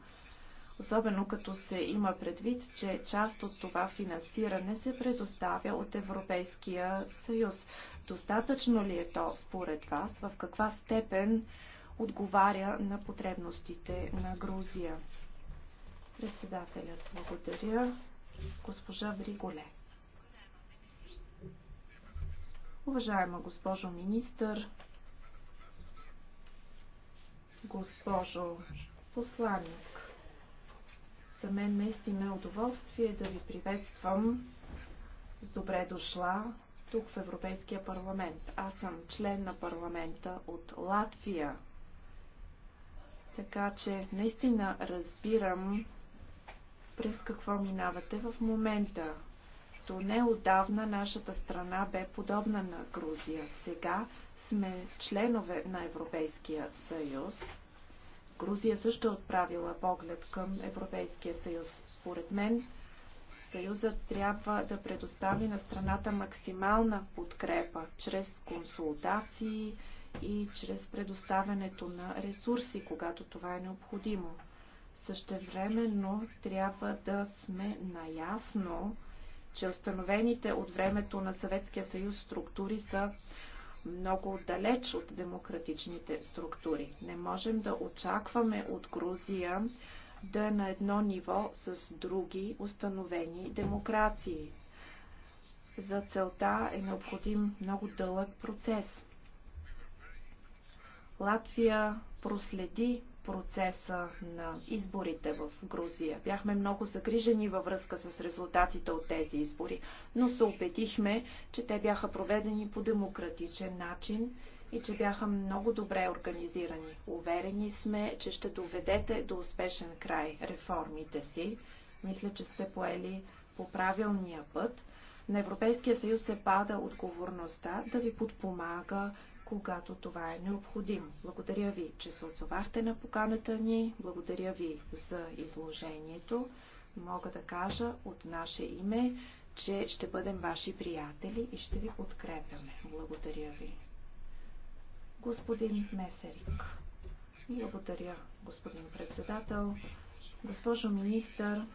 Speaker 5: Особено като се има предвид, че част от това финансиране се предоставя от Европейския съюз. Достатъчно ли е то според вас? В каква степен отговаря на потребностите на Грузия? Председателят, благодаря. Госпожа Бриголе. Уважаема госпожо министър, госпожо посланник, за мен наистина е удоволствие да ви приветствам с добре дошла тук в Европейския парламент. Аз съм член на парламента от Латвия, така че наистина разбирам през какво минавате в момента. То не отдавна нашата страна бе подобна на Грузия. Сега сме членове на Европейския съюз. Грузия също е отправила поглед към Европейския съюз. Според мен, Съюзът трябва да предостави на страната максимална подкрепа чрез консултации и чрез предоставянето на ресурси, когато това е необходимо. Същевременно трябва да сме наясно, че установените от времето на Съветския съюз структури са много далеч от демократичните структури. Не можем да очакваме от Грузия да е на едно ниво с други установени демокрации. За целта е необходим много дълъг процес. Латвия проследи процеса на изборите в Грузия. Бяхме много загрижени във връзка с резултатите от тези избори, но се убедихме, че те бяха проведени по демократичен начин и че бяха много добре организирани. Уверени сме, че ще доведете до успешен край реформите си. Мисля, че сте поели по правилния път. На Европейския съюз се пада отговорността да ви подпомага когато това е необходимо. Благодаря ви, че се отзовахте на поканата ни. Благодаря ви за изложението. Мога да кажа от наше име, че ще бъдем ваши приятели и ще ви подкрепяме. Благодаря ви. Господин Месерик. Благодаря, господин председател. Госпожо министър,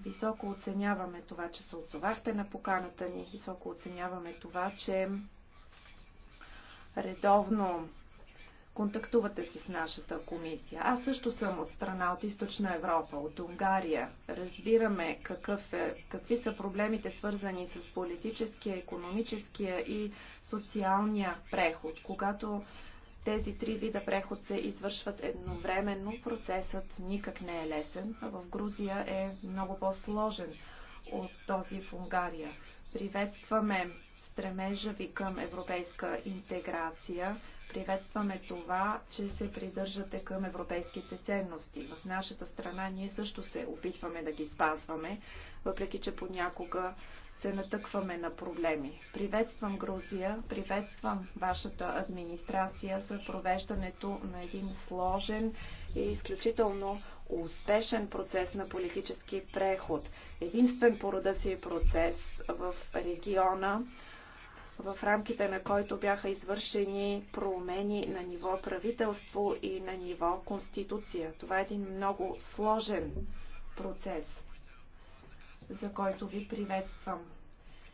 Speaker 5: високо оценяваме това, че се отзовахте на поканата ни. Високо оценяваме това, че редовно контактувате с нашата комисия. Аз също съм от страна от Източна Европа, от Унгария. Разбираме какъв е, какви са проблемите свързани с политическия, економическия и социалния преход. Когато тези три вида преход се извършват едновременно, процесът никак не е лесен, а в Грузия е много по-сложен от този в Унгария. Приветстваме стремежа ви към европейска интеграция. Приветстваме това, че се придържате към европейските ценности. В нашата страна ние също се опитваме да ги спазваме, въпреки че понякога се натъкваме на проблеми. Приветствам Грузия, приветствам вашата администрация за провеждането на един сложен и изключително успешен процес на политически преход. Единствен по рода си процес в региона, в рамките на който бяха извършени промени на ниво правителство и на ниво конституция. Това е един много сложен процес, за който ви приветствам.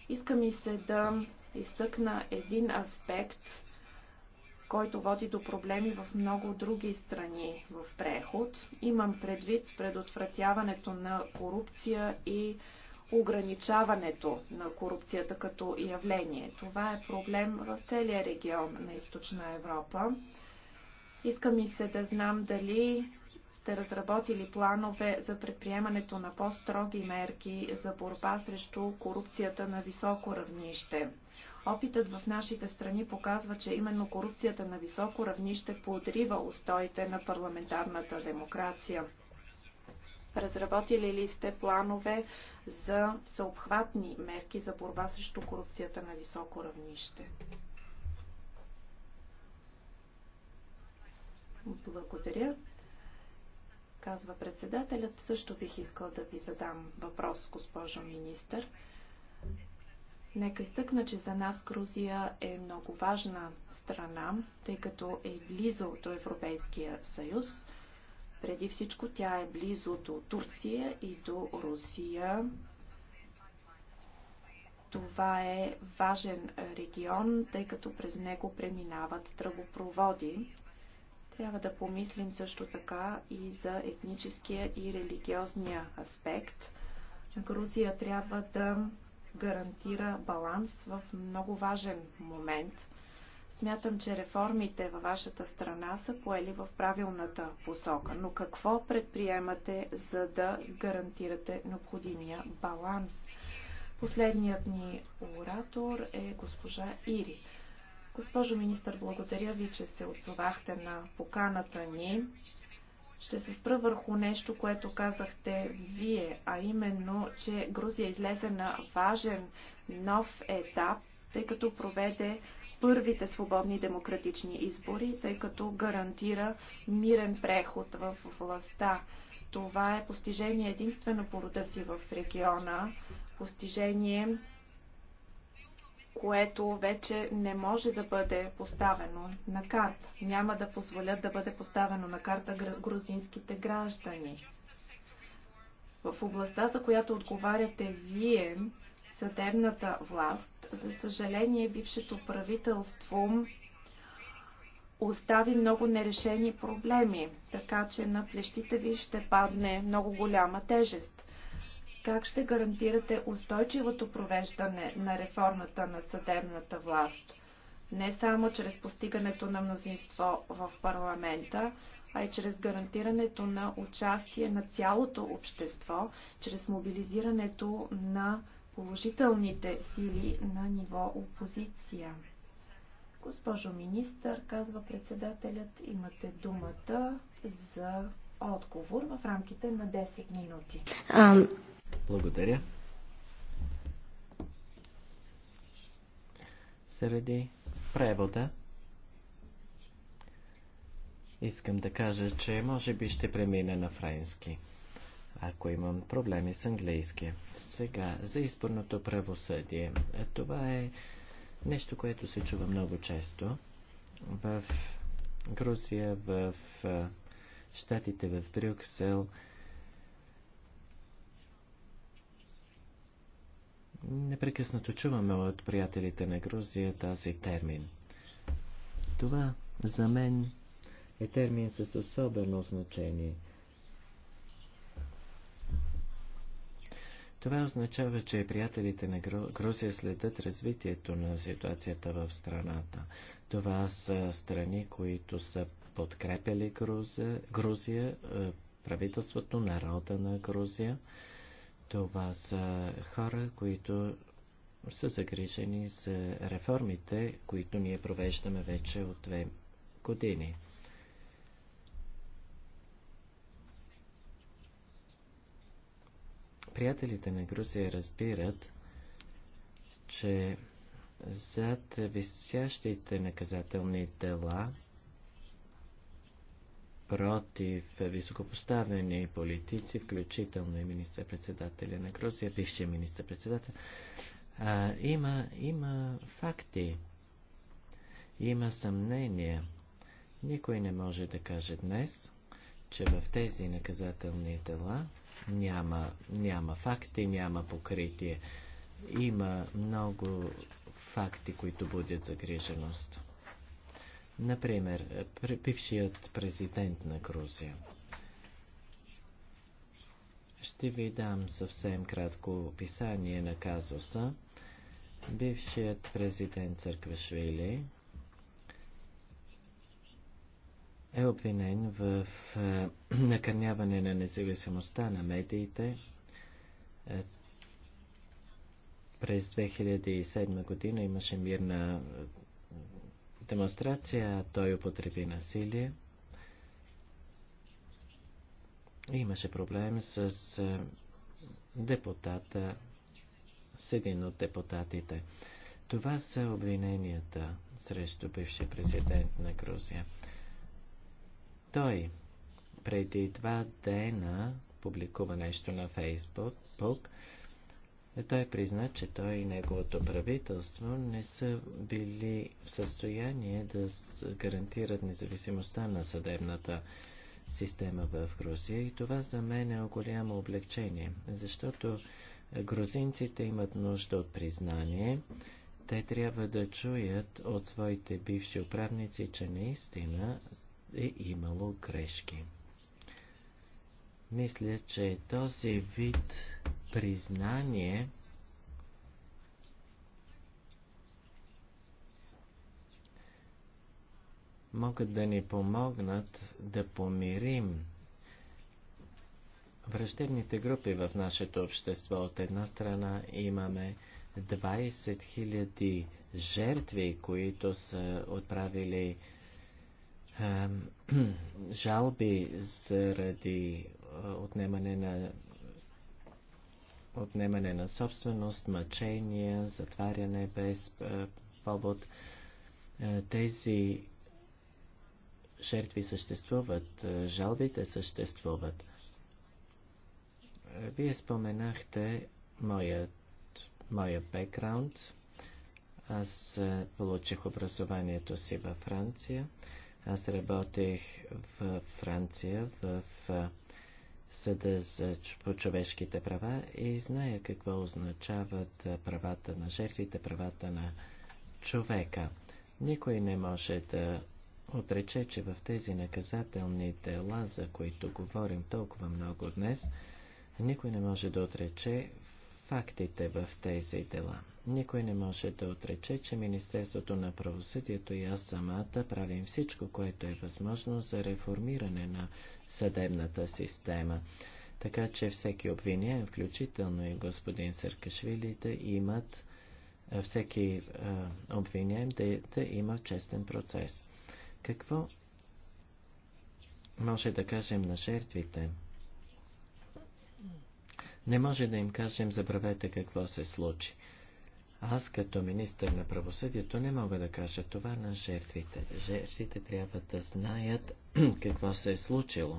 Speaker 5: Иска ми се да изтъкна един аспект, който води до проблеми в много други страни в преход. Имам предвид предотвратяването на корупция и ограничаването на корупцията като явление. Това е проблем в целия регион на Източна Европа. Иска ми се да знам дали сте разработили планове за предприемането на по-строги мерки за борба срещу корупцията на високо равнище. Опитът в нашите страни показва, че именно корупцията на високо равнище подрива устоите на парламентарната демокрация. Разработили ли сте планове за съобхватни мерки за борба срещу корупцията на високо равнище? Благодаря. Казва председателят. Също бих искал да ви задам въпрос, госпожо министър. Нека изтъкна, че за нас Грузия е много важна страна, тъй като е близо до Европейския съюз. Преди всичко тя е близо до Турция и до Русия. Това е важен регион, тъй като през него преминават тръбопроводи. Трябва да помислим също така и за етническия и религиозния аспект. Грузия трябва да гарантира баланс в много важен момент – Смятам, че реформите във вашата страна са поели в правилната посока, но какво предприемате, за да гарантирате необходимия баланс? Последният ни оратор е госпожа Ири. Госпожо министър, благодаря ви, че се отзовахте на поканата ни. Ще се спра върху нещо, което казахте вие, а именно, че Грузия излезе на важен нов етап, тъй като проведе първите свободни демократични избори, тъй като гарантира мирен преход в властта. Това е постижение единствено по рода си в региона, постижение, което вече не може да бъде поставено на карта. Няма да позволят да бъде поставено на карта грузинските граждани. В областта, за която отговаряте вие, съдебната власт. За съжаление, бившето правителство остави много нерешени проблеми, така че на плещите ви ще падне много голяма тежест. Как ще гарантирате устойчивото провеждане на реформата на съдебната власт? Не само чрез постигането на мнозинство в парламента, а и чрез гарантирането на участие на цялото общество, чрез мобилизирането на положителните сили на ниво опозиция. Госпожо министър, казва председателят, имате думата за отговор в рамките на 10 минути.
Speaker 2: Благодаря. Среди превода искам да кажа, че може би ще премина на френски ако имам проблеми с английски. Сега, за изборното правосъдие. Това е нещо, което се чува много често. В Грузия, в Штатите, в Брюксел. Непрекъснато чуваме от приятелите на Грузия тази термин. Това за мен е термин с особено значение – Това означава, че приятелите на Грузия следят развитието на ситуацията в страната. Това са страни, които са подкрепяли Грузия, Грузия е, правителството, народа на Грузия. Това са хора, които са загрижени за реформите, които ние провеждаме вече от две години. Приятелите на Грузия разбират, че зад висящите наказателни дела против високопоставени политици, включително и министър-председателя на Грузия, бившия министър-председател, има, има факти, има съмнения. Никой не може да каже днес, че в тези наказателни дела няма, няма факти, няма покритие. Има много факти, които будят загриженост. Например, бившият президент на Грузия. Ще ви дам съвсем кратко описание на казуса. Бившият президент Църквашвили е обвинен в е, накърняване на независимостта на медиите. Е, през 2007 година имаше мирна е, демонстрация, той употреби насилие. Имаше проблем с депутата, с един от депутатите. Това са обвиненията срещу бившия президент на Грузия. Той преди два дена публикува нещо на Фейсбук. Той призна, че той и неговото правителство не са били в състояние да гарантират независимостта на съдебната система в Грузия и това за мен е голямо облегчение, защото грузинците имат нужда от признание. Те трябва да чуят от своите бивши управници, че наистина е имало грешки. Мисля, че този вид признание могат да ни помогнат да помирим враждебните групи в нашето общество. От една страна имаме 20 000 жертви, които са отправили жалби заради отнемане на отнемане на собственост, мъчения, затваряне без повод. Тези жертви съществуват, жалбите съществуват. Вие споменахте моят, моя бекграунд. Аз получих образованието си във Франция. Аз работех в Франция, в Съда за по човешките права и зная какво означават правата на жертвите, правата на човека. Никой не може да отрече, че в тези наказателни дела, за които говорим толкова много днес, никой не може да отрече фактите в тези дела. Никой не може да отрече, че Министерството на правосъдието и аз самата правим всичко, което е възможно за реформиране на съдебната система. Така че всеки обвиняем, включително и господин Съркашвили, да имат всеки а, обвиняем да, да има честен процес. Какво може да кажем на жертвите? Не може да им кажем, забравете какво се случи. Аз като министър на правосъдието не мога да кажа това на жертвите. Жертвите трябва да знаят какво се е случило.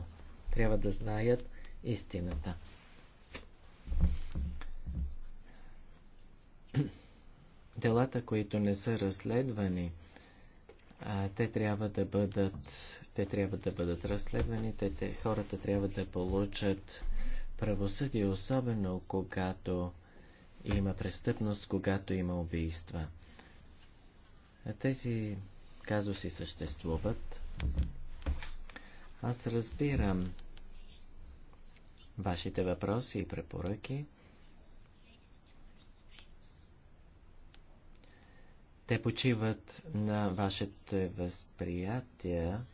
Speaker 2: Трябва да знаят истината. Делата, които не са разследвани, те трябва да бъдат, те трябва да бъдат разследвани, те, те, хората трябва да получат правосъдие, особено когато има престъпност, когато има убийства. Тези казуси съществуват. Аз разбирам вашите въпроси и препоръки. Те почиват на вашите възприятия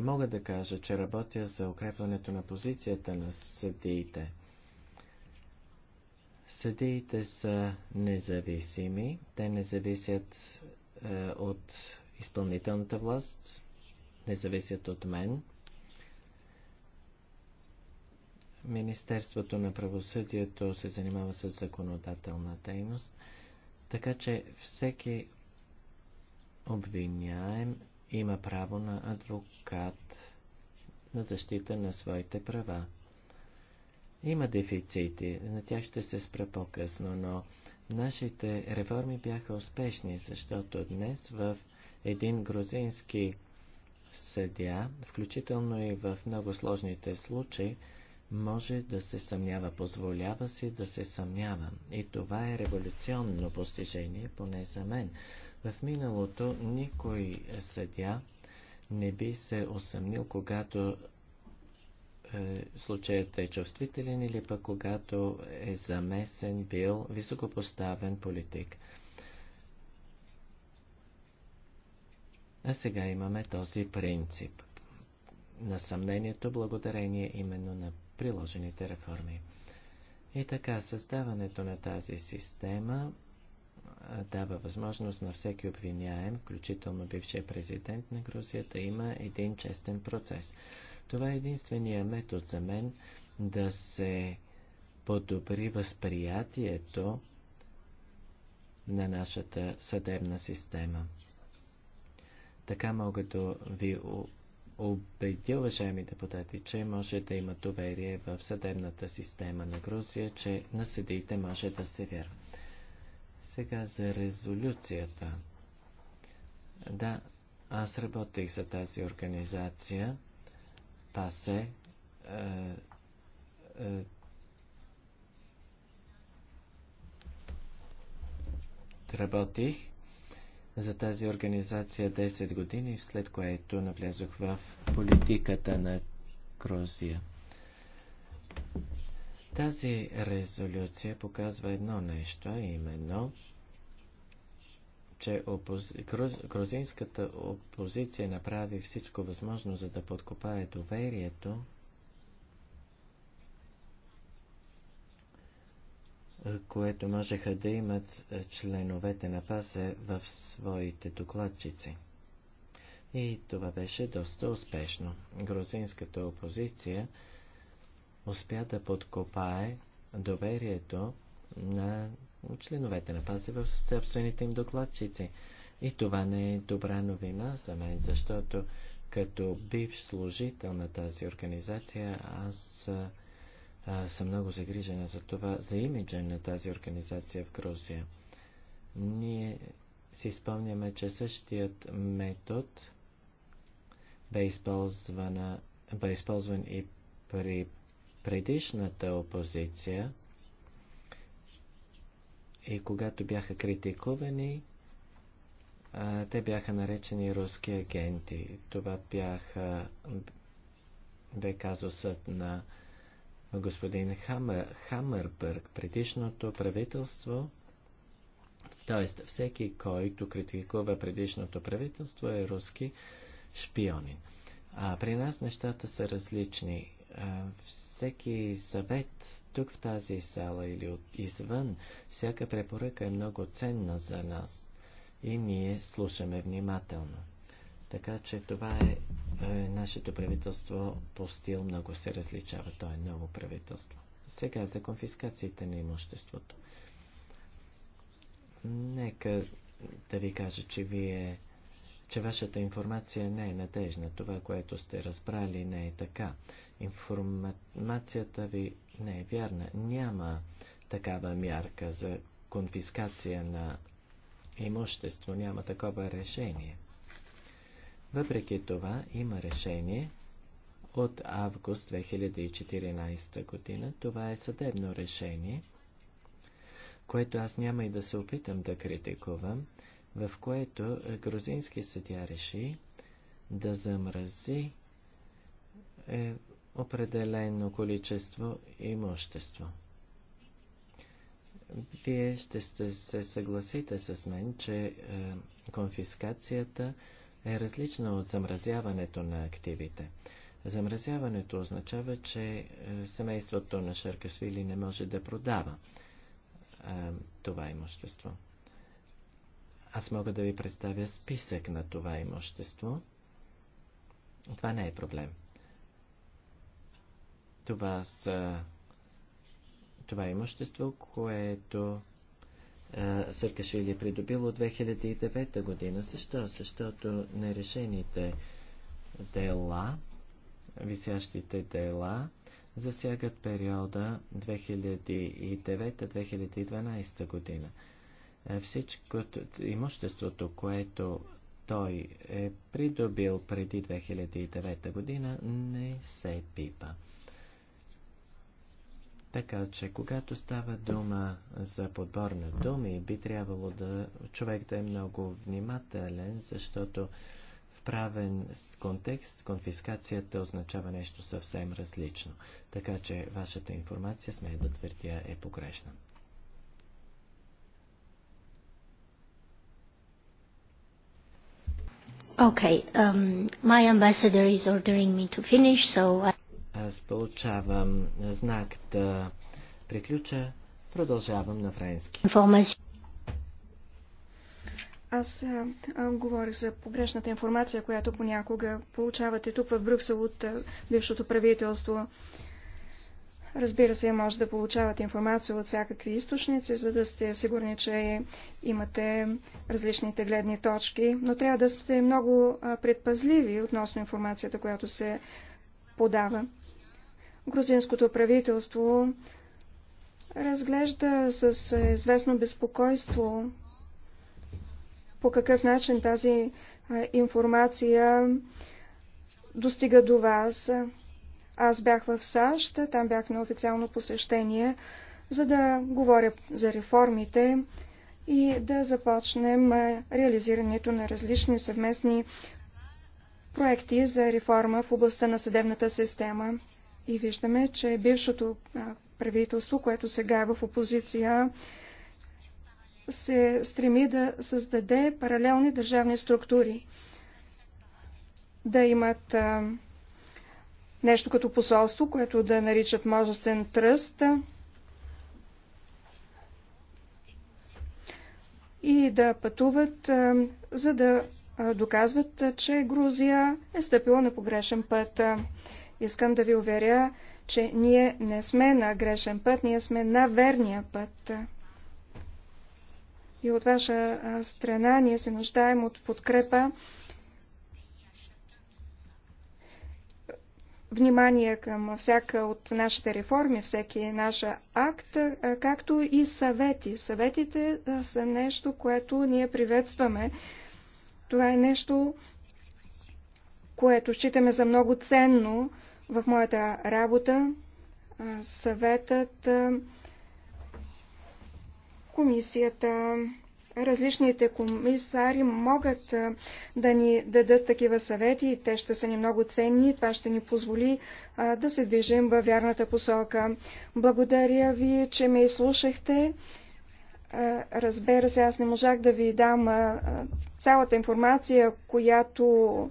Speaker 2: Мога да кажа, че работя за укрепването на позицията на съдиите. Съдиите са независими. Те не зависят е, от изпълнителната власт, не зависят от мен. Министерството на правосъдието се занимава с законодателна дейност, така че всеки обвиняем има право на адвокат на защита на своите права. Има дефицити, на тях ще се спра по-късно, но нашите реформи бяха успешни, защото днес в един грузински съдя, включително и в много сложните случаи, може да се съмнява, позволява си да се съмнява. И това е революционно постижение, поне за мен. В миналото никой съдя не би се осъмнил, когато е, случаят е чувствителен или пък когато е замесен бил високопоставен политик. А сега имаме този принцип на съмнението благодарение именно на приложените реформи. И така, създаването на тази система дава възможност на всеки обвиняем, включително бившия президент на Грузия, да има един честен процес. Това е единствения метод за мен да се подобри възприятието на нашата съдебна система. Така мога да ви убедя, уважаеми депутати, че може да има доверие в съдебната система на Грузия, че на съдиите може да се вярва. Сега за резолюцията. Да, аз работих за тази организация. ПАСЕ. Е, е, работих за тази организация 10 години, след което навлязох в политиката на Грузия. Тази резолюция показва едно нещо, а именно, че опози... Груз... грузинската опозиция направи всичко възможно, за да подкопае доверието което можеха да имат членовете на ПАСЕ в своите докладчици. И това беше доста успешно. Грузинската опозиция успя да подкопае доверието на членовете на пази в собствените им докладчици. И това не е добра новина за мен, защото като бивш служител на тази организация, аз а, съм много загрижена за това, за имиджа на тази организация в Грузия. Ние си спомняме, че същият метод бе, използвана, бе използван и при предишната опозиция и когато бяха критикувани, те бяха наречени руски агенти. Това бяха, бе казусът на господин Хамър, Хамърбърг, предишното правителство, т.е. всеки, който критикува предишното правителство е руски шпионин. А при нас нещата са различни всеки съвет тук в тази сала или от извън, всяка препоръка е много ценна за нас и ние слушаме внимателно. Така че това е, е нашето правителство по стил много се различава. То е ново правителство. Сега за конфискациите на имуществото. Нека да ви кажа, че вие че вашата информация не е надежна. Това, което сте разбрали, не е така. Информацията ви не е вярна. Няма такава мярка за конфискация на имущество. Няма такова решение. Въпреки това има решение от август 2014 година. Това е съдебно решение, което аз няма и да се опитам да критикувам в което грузински съдя реши да замрази е, определено количество имущество. Вие ще сте се съгласите с мен, че е, конфискацията е различна от замразяването на активите. Замразяването означава, че е, семейството на Шаркасвили не може да продава е, това имущество. Аз мога да ви представя списък на това имущество. Това не е проблем. Това са... Това е имущество, което Съркашвили е придобил от 2009 година. Защо? Защото нерешените дела, висящите дела, засягат периода 2009-2012 година. Е, всичкото имуществото, което той е придобил преди 2009 година, не се пипа. Така че, когато става дума за подбор на думи, би трябвало да човек да е много внимателен, защото в правен контекст конфискацията означава нещо съвсем различно. Така че, вашата информация, сме да твърдя, е погрешна.
Speaker 4: Okay, um, my ambassador is ordering me to finish, so... I...
Speaker 2: Аз получавам знак да приключа. Продължавам на френски.
Speaker 4: Аз а, а, говорих за погрешната информация, която понякога получавате тук в Брюксел от а, бившото правителство. А, Разбира се, може да получавате информация от всякакви източници, за да сте сигурни, че имате различните гледни точки, но трябва да сте много предпазливи относно информацията, която се подава. Грузинското правителство разглежда с известно безпокойство по какъв начин тази информация достига до вас. Аз бях в САЩ, там бях на официално посещение, за да говоря за реформите и да започнем реализирането на различни съвместни проекти за реформа в областта на съдебната система. И виждаме, че бившото правителство, което сега е в опозиция, се стреми да създаде паралелни държавни структури, да имат нещо като посолство, което да наричат Можестен тръст и да пътуват, за да доказват, че Грузия е стъпила на погрешен път. Искам да ви уверя, че ние не сме на грешен път, ние сме на верния път. И от ваша страна ние се нуждаем от подкрепа внимание към всяка от нашите реформи, всеки наш акт, както и съвети. Съветите са нещо, което ние приветстваме. Това е нещо, което считаме за много ценно в моята работа. Съветът, комисията, различните комисари могат да ни дадат такива съвети и те ще са ни много ценни. Това ще ни позволи да се движим във вярната посока. Благодаря ви, че ме изслушахте. Разбира се, аз не можах да ви дам цялата информация, която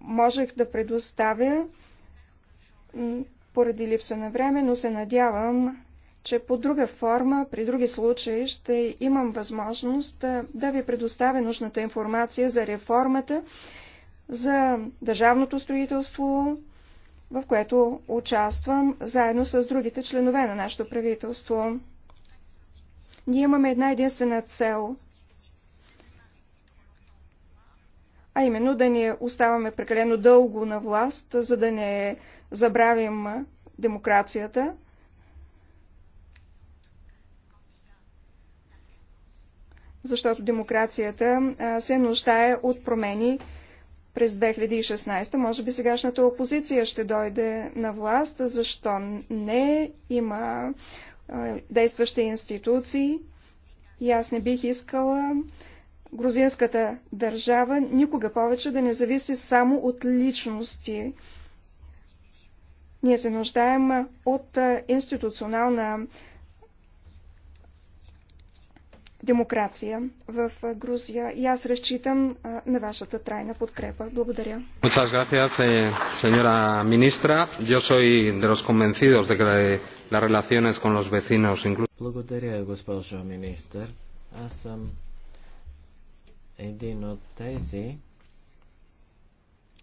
Speaker 4: можех да предоставя поради липса на време, но се надявам, че по друга форма, при други случаи, ще имам възможност да ви предоставя нужната информация за реформата, за държавното строителство, в което участвам заедно с другите членове на нашето правителство. Ние имаме една единствена цел, а именно да не оставаме прекалено дълго на власт, за да не забравим демокрацията защото демокрацията се нуждае от промени през 2016. Може би сегашната опозиция ще дойде на власт. Защо не? Има действащи институции. И аз не бих искала грузинската държава никога повече да не зависи само от личности. Ние се нуждаем от институционална демокрация в Грузия. И аз разчитам на вашата трайна подкрепа. Благодаря.
Speaker 3: Muchas gracias, eh, señora ministra. Yo soy de los convencidos de que las relaciones con los vecinos
Speaker 2: Благодаря, госпожо министър. Аз съм един от тези,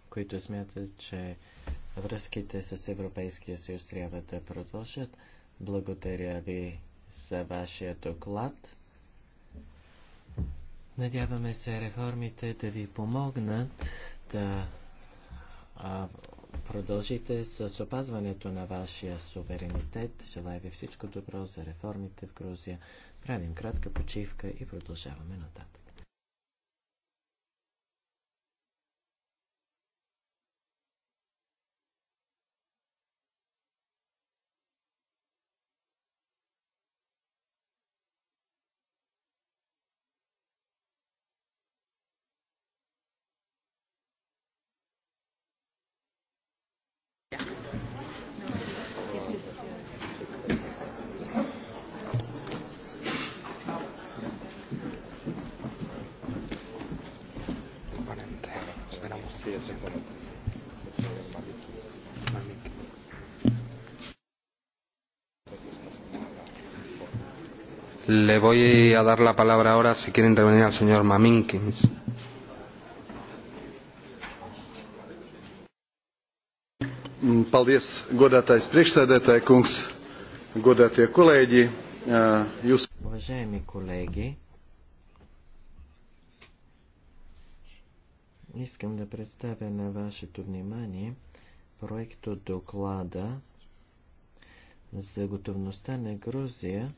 Speaker 2: които смятат, че връзките с Европейския съюз трябва да продължат. Благодаря ви за вашия доклад. Надяваме се реформите да ви помогнат да а, продължите с опазването на вашия суверенитет. Желая ви всичко добро за реформите в Грузия. Правим кратка почивка и продължаваме нататък.
Speaker 3: Le voy a dar la palabra ahora, si quiere intervenir, al señor Maminkins.
Speaker 1: Paldies, godātais priekšsēdētāji kungs, godātie kolēģi. Jūs... Уважаеми колеги,
Speaker 2: искам да представя на вашето внимание проекто доклада за готовността на Грузия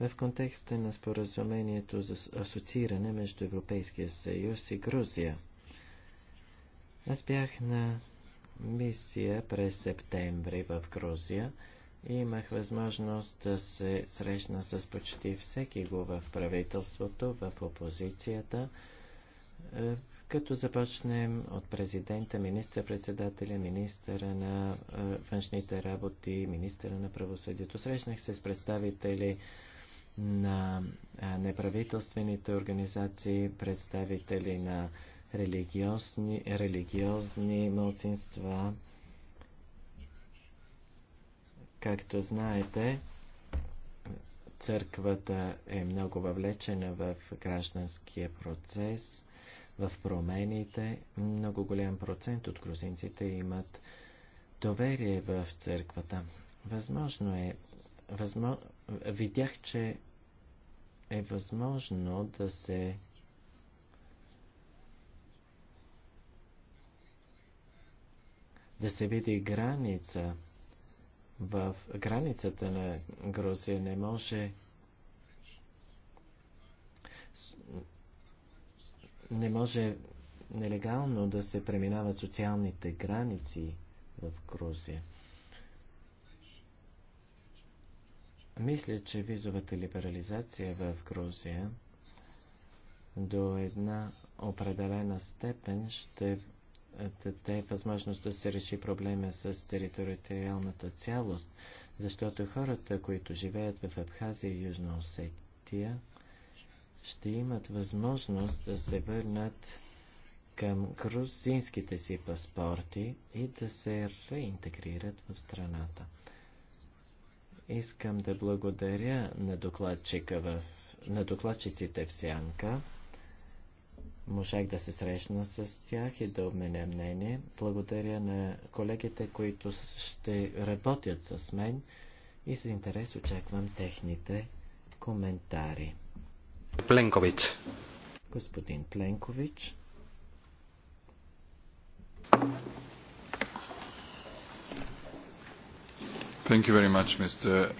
Speaker 2: в контекста на споразумението за асоцииране между Европейския съюз и Грузия. Аз бях на мисия през септември в Грузия и имах възможност да се срещна с почти всеки го в правителството, в опозицията, е, като започнем от президента, министър-председателя, министъра на е, външните работи, министъра на правосъдието. Срещнах се с представители на неправителствените организации, представители на религиозни, религиозни мълцинства. Както знаете, църквата е много въвлечена в гражданския процес, в промените. Много голям процент от грузинците имат доверие в църквата. Възможно е възмо... видях, че е възможно да се да се види граница. В границата на Грузия не може не може нелегално да се преминават социалните граници в Грузия. Мисля, че визовата либерализация в Грузия до една определена степен ще даде възможност да се реши проблема с териториалната цялост, защото хората, които живеят в Абхазия и Южна Осетия, ще имат възможност да се върнат към грузинските си паспорти и да се реинтегрират в страната. Искам да благодаря на, докладчика в, на докладчиците в Сянка. Можах да се срещна с тях и да обменя мнение. Благодаря на колегите, които ще работят с мен и с интерес очаквам техните коментари. Пленкович. Господин
Speaker 1: Пленкович. Uh,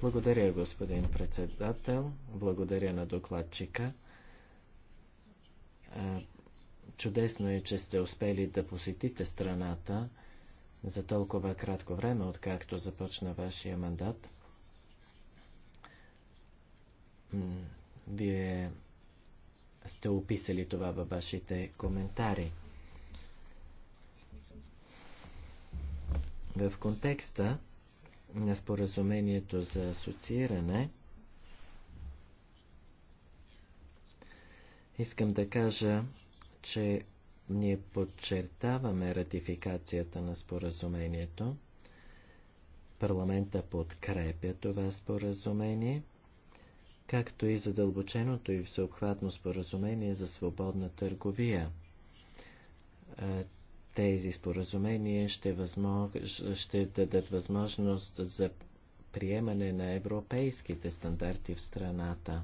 Speaker 2: Благодаря, господин председател. Благодаря на докладчика. Е, чудесно е, че сте успели да посетите страната за толкова кратко време, откакто започна вашия мандат. Вие сте описали това във вашите коментари. В контекста на споразумението за асоцииране, искам да кажа, че ние подчертаваме ратификацията на споразумението. Парламента подкрепя това споразумение, както и задълбоченото и всеобхватно споразумение за свободна търговия. Е, тези споразумения ще, възмог... ще дадат възможност за приемане на европейските стандарти в страната.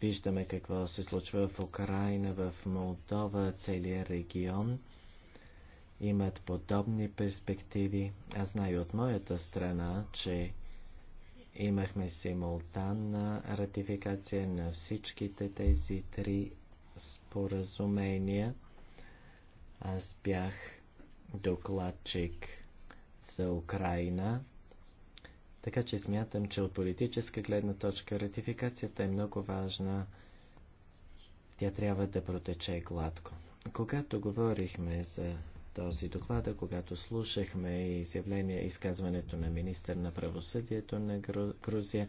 Speaker 2: Виждаме какво се случва в Украина, в Молдова, целият регион имат подобни перспективи. Аз знаю от моята страна, че имахме симултанна ратификация на всичките тези три споразумения – аз бях докладчик за Украина, така че смятам, че от политическа гледна точка ратификацията е много важна. Тя трябва да протече гладко. Когато говорихме за този доклад, когато слушахме изявление, изказването на министър на правосъдието на Грузия,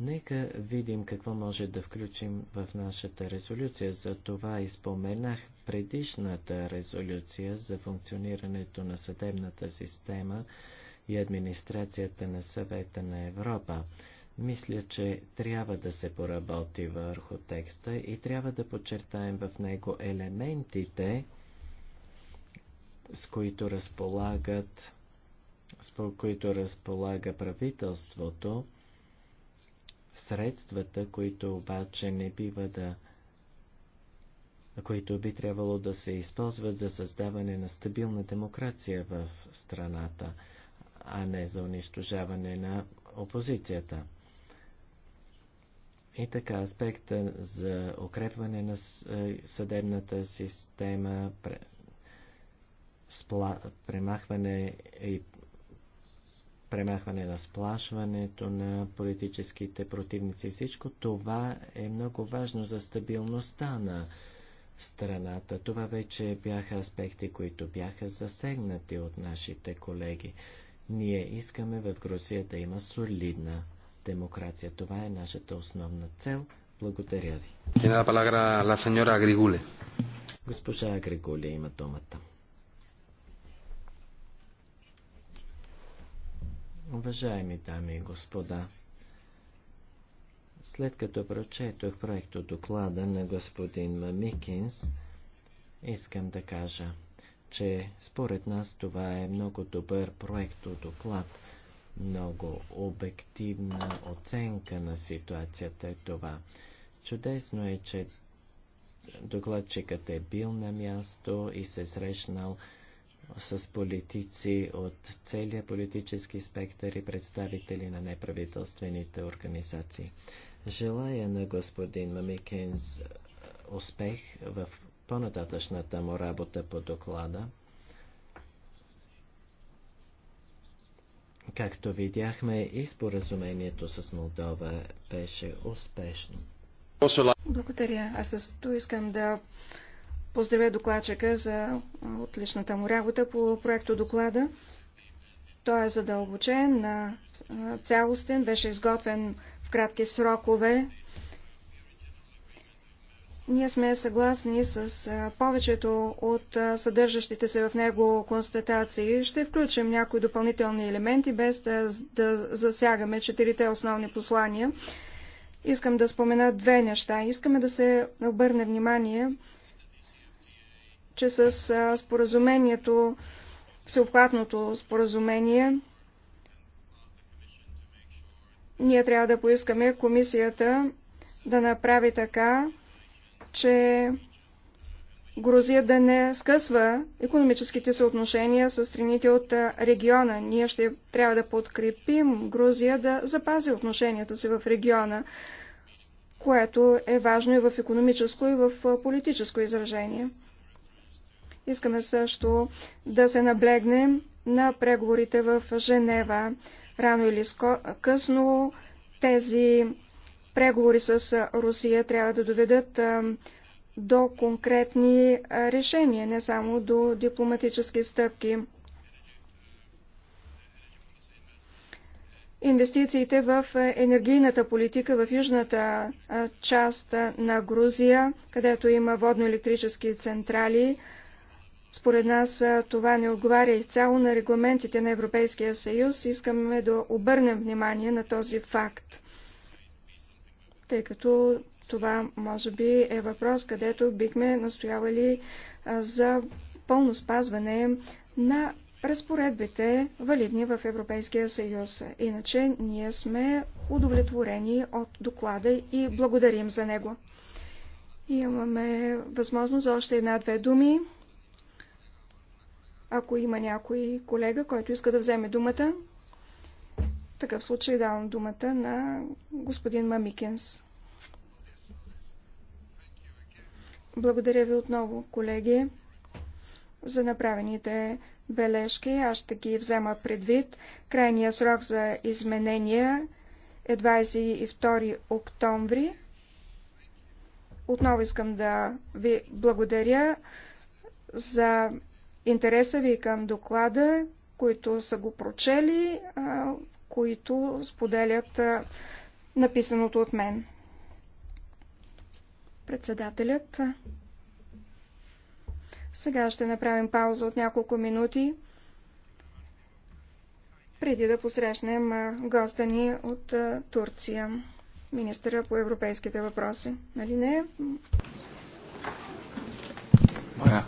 Speaker 2: Нека видим какво може да включим в нашата резолюция. За това изпоменах предишната резолюция за функционирането на съдебната система и администрацията на съвета на Европа. Мисля, че трябва да се поработи върху текста и трябва да подчертаем в него елементите, с които разполагат с които разполага правителството средствата, които обаче не бива да които би трябвало да се използват за създаване на стабилна демокрация в страната, а не за унищожаване на опозицията. И така, аспекта за укрепване на е, съдебната система, премахване и премахване на сплашването на политическите противници. Всичко това е много важно за стабилността на страната. Това вече бяха аспекти, които бяха засегнати от нашите колеги. Ние искаме в Грузия да има солидна демокрация. Това е нашата основна цел. Благодаря ви. Госпожа Агригуле има думата. Уважаеми дами и господа, след като прочетох проекто доклада на господин Мамикинс, искам да кажа, че според нас това е много добър проекто доклад, много обективна оценка на ситуацията е това. Чудесно е, че докладчикът е бил на място и се срещнал с политици от целия политически спектър и представители на неправителствените организации. Желая на господин Мамикенс е, успех в по-нататъчната му работа по доклада. Както видяхме, и споразумението с Молдова беше успешно.
Speaker 4: Благодаря. Аз също искам да поздравя докладчика за отличната му работа по проекто доклада. Той е задълбочен, цялостен, беше изготвен в кратки срокове. Ние сме съгласни с повечето от съдържащите се в него констатации. Ще включим някои допълнителни елементи, без да, да засягаме четирите основни послания. Искам да спомена две неща. Искаме да се обърне внимание че с споразумението, всеобхватното споразумение, ние трябва да поискаме комисията да направи така, че Грузия да не скъсва економическите съотношения с страните от региона. Ние ще трябва да подкрепим Грузия да запази отношенията си в региона, което е важно и в економическо, и в политическо изражение. Искаме също да се наблегнем на преговорите в Женева. Рано или късно тези преговори с Русия трябва да доведат до конкретни решения, не само до дипломатически стъпки. Инвестициите в енергийната политика в южната част на Грузия, където има водно-електрически централи, според нас това не отговаря изцяло на регламентите на Европейския съюз. Искаме да обърнем внимание на този факт, тъй като това може би е въпрос, където бихме настоявали за пълно спазване на разпоредбите, валидни в Европейския съюз. Иначе ние сме удовлетворени от доклада и благодарим за него. Имаме възможност за още една-две думи. Ако има някой колега, който иска да вземе думата, в такъв случай давам думата на господин Мамикенс. Благодаря ви отново, колеги, за направените бележки. Аз ще ги взема предвид. Крайният срок за изменения е 22 октомври. Отново искам да ви благодаря за интереса ви към доклада, които са го прочели, които споделят написаното от мен. Председателят. Сега ще направим пауза от няколко минути, преди да посрещнем госта ни от Турция, министъра по европейските въпроси. Нали не? Моя.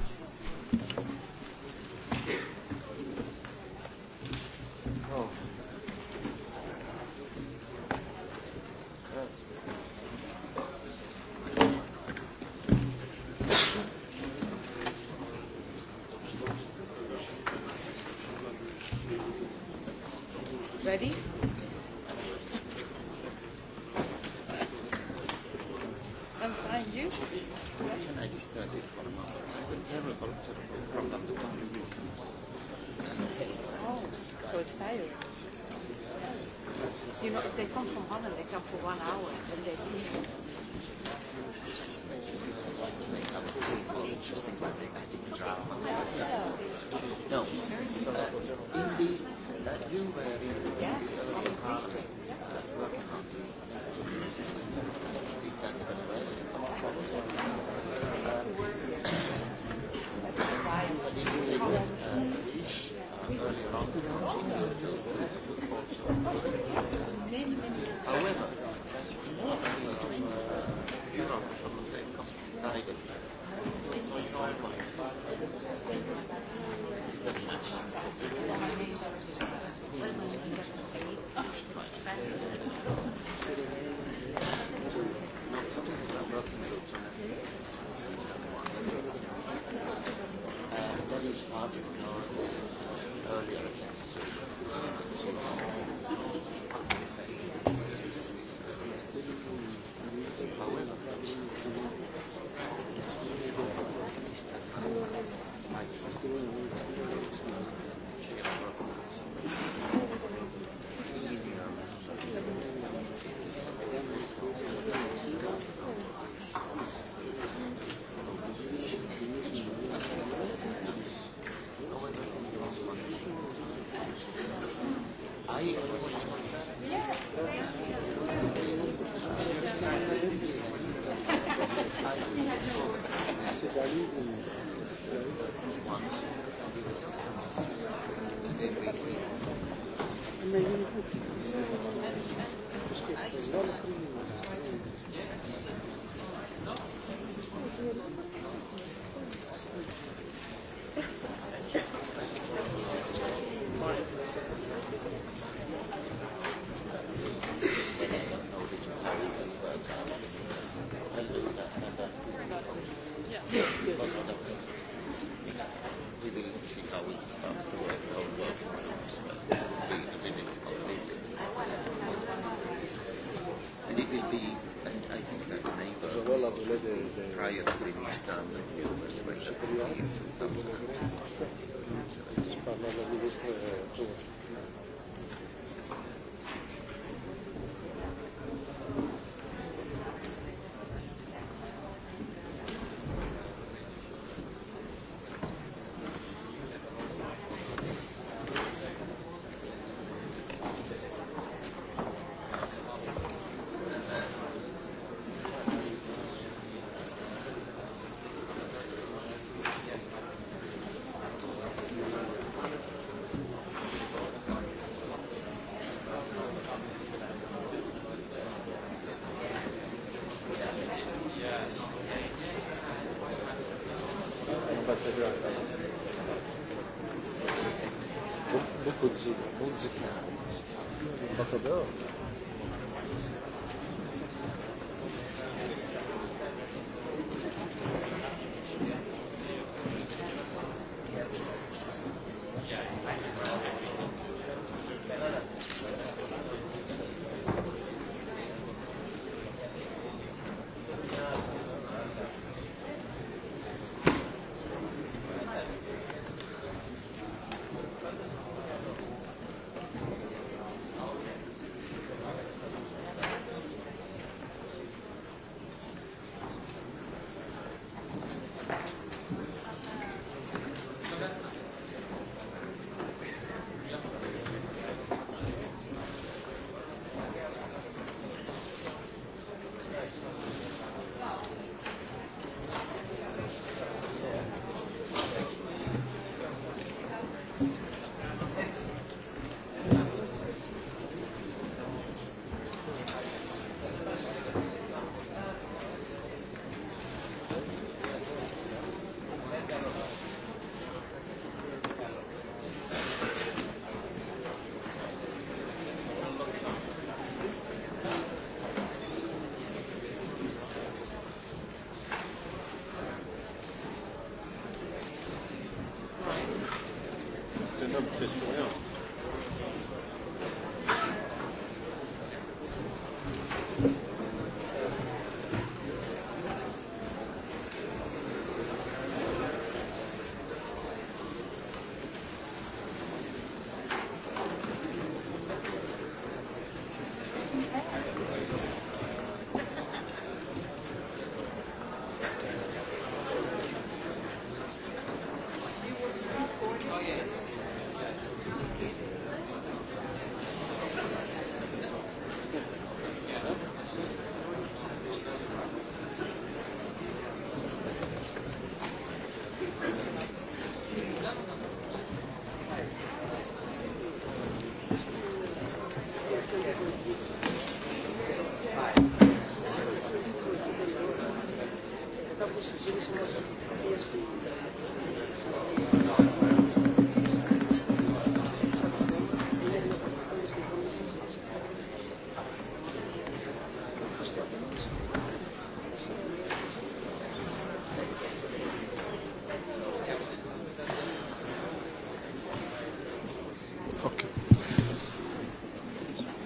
Speaker 1: Ambassador.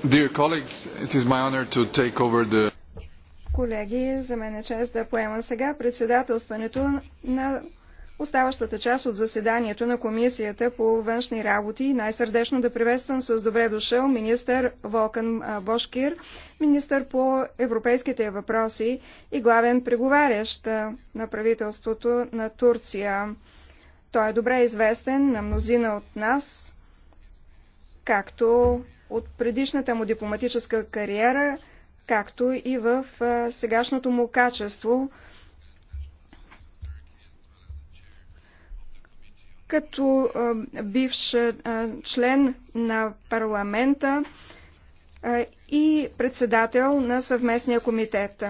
Speaker 1: Dear colleagues, it is my honor to take over the
Speaker 4: Колеги, за мен е чест да поема сега председателстването на оставащата част от заседанието на Комисията по външни работи. Най-сърдечно да приветствам с добре дошъл министър Волкан Бошкир, министър по европейските въпроси и главен преговарящ на правителството на Турция. Той е добре известен на мнозина от нас, както от предишната му дипломатическа кариера – както и в сегашното му качество, като бивш член на парламента и председател на съвместния комитет.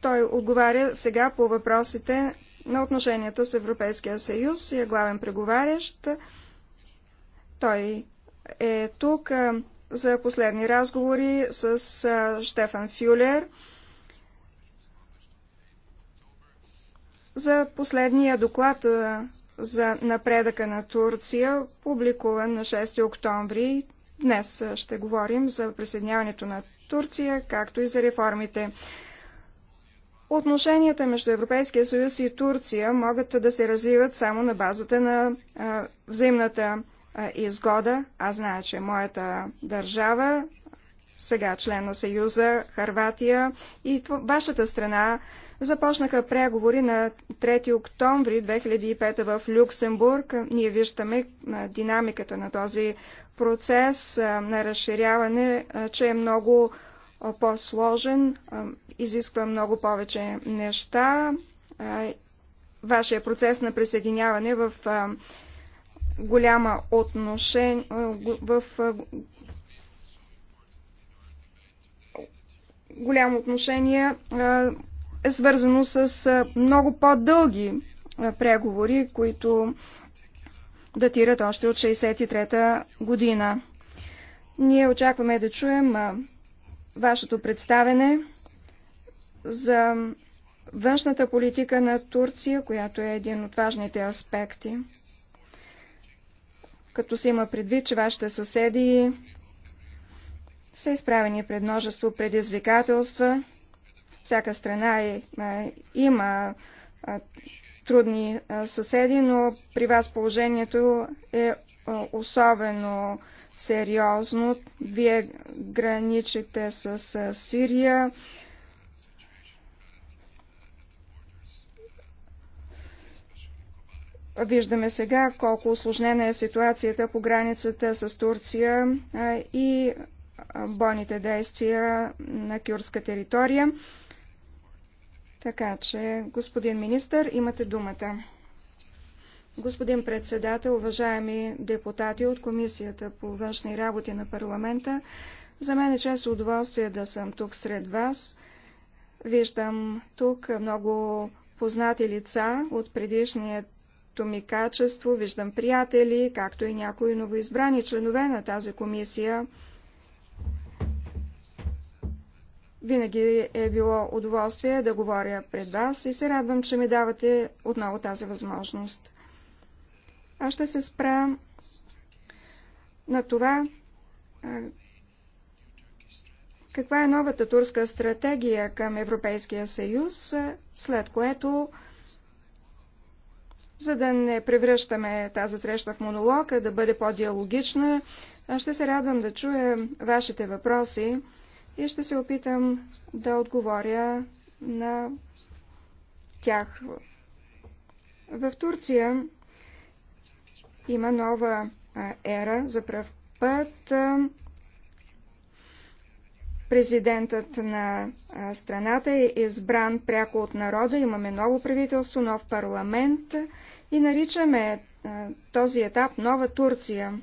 Speaker 4: Той отговаря сега по въпросите на отношенията с Европейския съюз и е главен преговарящ. Той е тук за последни разговори с Штефан Фюлер за последния доклад за напредъка на Турция, публикуван на 6 октомври. Днес ще говорим за присъединяването на Турция, както и за реформите. Отношенията между Европейския съюз и Турция могат да се развиват само на базата на а, взаимната изгода. Аз зная, че моята държава, сега член на Съюза, Харватия и вашата страна започнаха преговори на 3 октомври 2005 в Люксембург. Ние виждаме динамиката на този процес на разширяване, че е много по-сложен, изисква много повече неща. Вашия процес на присъединяване в голяма отношен... в голямо отношение е свързано с много по-дълги преговори, които датират още от 63 та година. Ние очакваме да чуем вашето представене за външната политика на Турция, която е един от важните аспекти като се има предвид, че вашите съседи са изправени пред множество предизвикателства. Всяка страна е, е, има е, трудни съседи, но при вас положението е особено сериозно. Вие граничите с Сирия, Виждаме сега колко осложнена е ситуацията по границата с Турция и бойните действия на кюрска територия. Така че, господин министър, имате думата. Господин председател, уважаеми депутати от Комисията по външни работи на парламента, за мен е чест удоволствие да съм тук сред вас. Виждам тук много познати лица от предишният личното ми качество, виждам приятели, както и някои новоизбрани членове на тази комисия. Винаги е било удоволствие да говоря пред вас и се радвам, че ми давате отново тази възможност. Аз ще се спра на това, каква е новата турска стратегия към Европейския съюз, след което за да не превръщаме тази среща в монолог, а да бъде по-диалогична, ще се радвам да чуя вашите въпроси и ще се опитам да отговоря на тях. В Турция има нова ера за пръв път. Президентът на страната е избран пряко от народа. Имаме ново правителство, нов парламент и наричаме е, този етап нова Турция.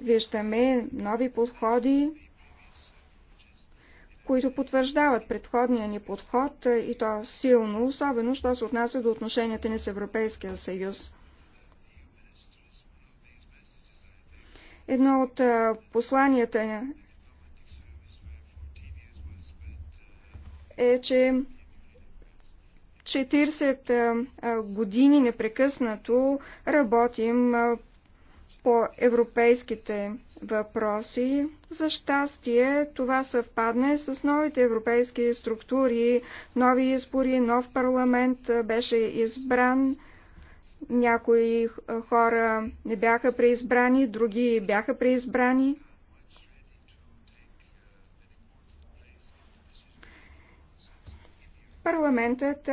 Speaker 4: Виждаме нови подходи, които потвърждават предходния ни подход е, и то силно, особено, що се отнася до отношенията ни с Европейския съюз. Едно от е, посланията е, че 40 години непрекъснато работим по европейските въпроси. За щастие, това съвпадне с новите европейски структури, нови избори, нов парламент беше избран. Някои хора не бяха преизбрани, други бяха преизбрани. Парламентът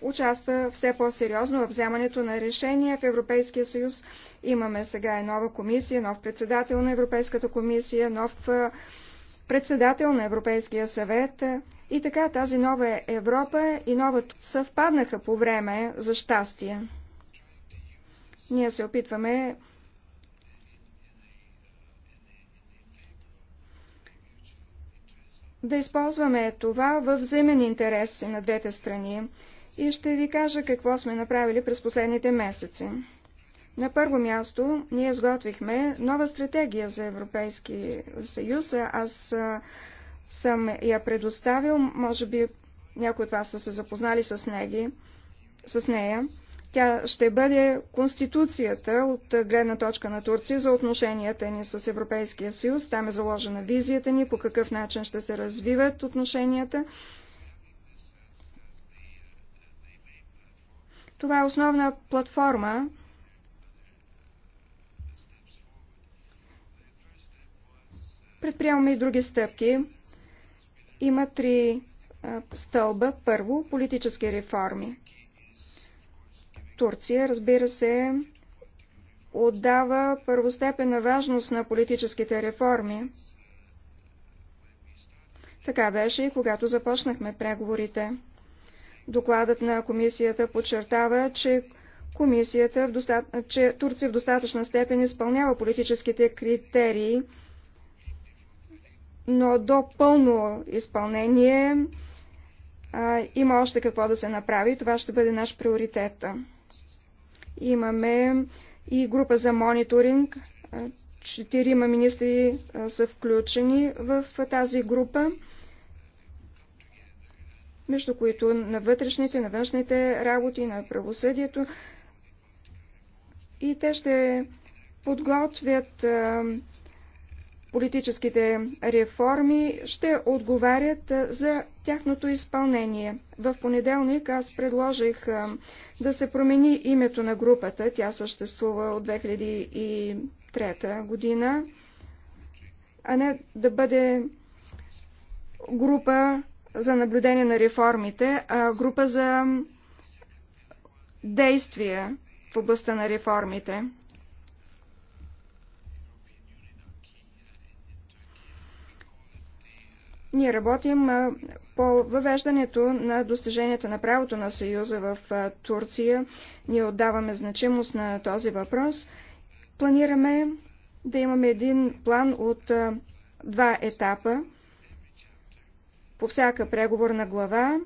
Speaker 4: участва все по-сериозно в вземането на решения в Европейския съюз. Имаме сега и нова комисия, нов председател на Европейската комисия, нов председател на Европейския съвет. И така тази нова Европа и новото съвпаднаха по време за щастие. Ние се опитваме да използваме това в взаимен интерес на двете страни и ще ви кажа какво сме направили през последните месеци. На първо място ние изготвихме нова стратегия за Европейски съюз. Аз съм я предоставил, може би някои от вас са се запознали с, неги, с нея. Тя ще бъде конституцията от гледна точка на Турция за отношенията ни с Европейския съюз. Там е заложена визията ни, по какъв начин ще се развиват отношенията. Това е основна платформа, Предприемаме и други стъпки. Има три стълба. Първо, политически реформи. Турция, разбира се, отдава първостепенна важност на политическите реформи. Така беше и когато започнахме преговорите. Докладът на комисията подчертава, че, комисията в доста... че Турция в достатъчна степен изпълнява политическите критерии, но до пълно изпълнение а, има още какво да се направи. Това ще бъде наш приоритет. Имаме и група за мониторинг. Четирима министри са включени в тази група, между които на вътрешните, на външните работи, на правосъдието. И те ще подготвят политическите реформи ще отговарят за тяхното изпълнение. В понеделник аз предложих да се промени името на групата. Тя съществува от 2003 година, а не да бъде група за наблюдение на реформите, а група за действия в областта на реформите. Ние работим по въвеждането на достиженията на правото на Съюза в Турция. Ние отдаваме значимост на този въпрос. Планираме да имаме един план от два етапа по всяка преговорна глава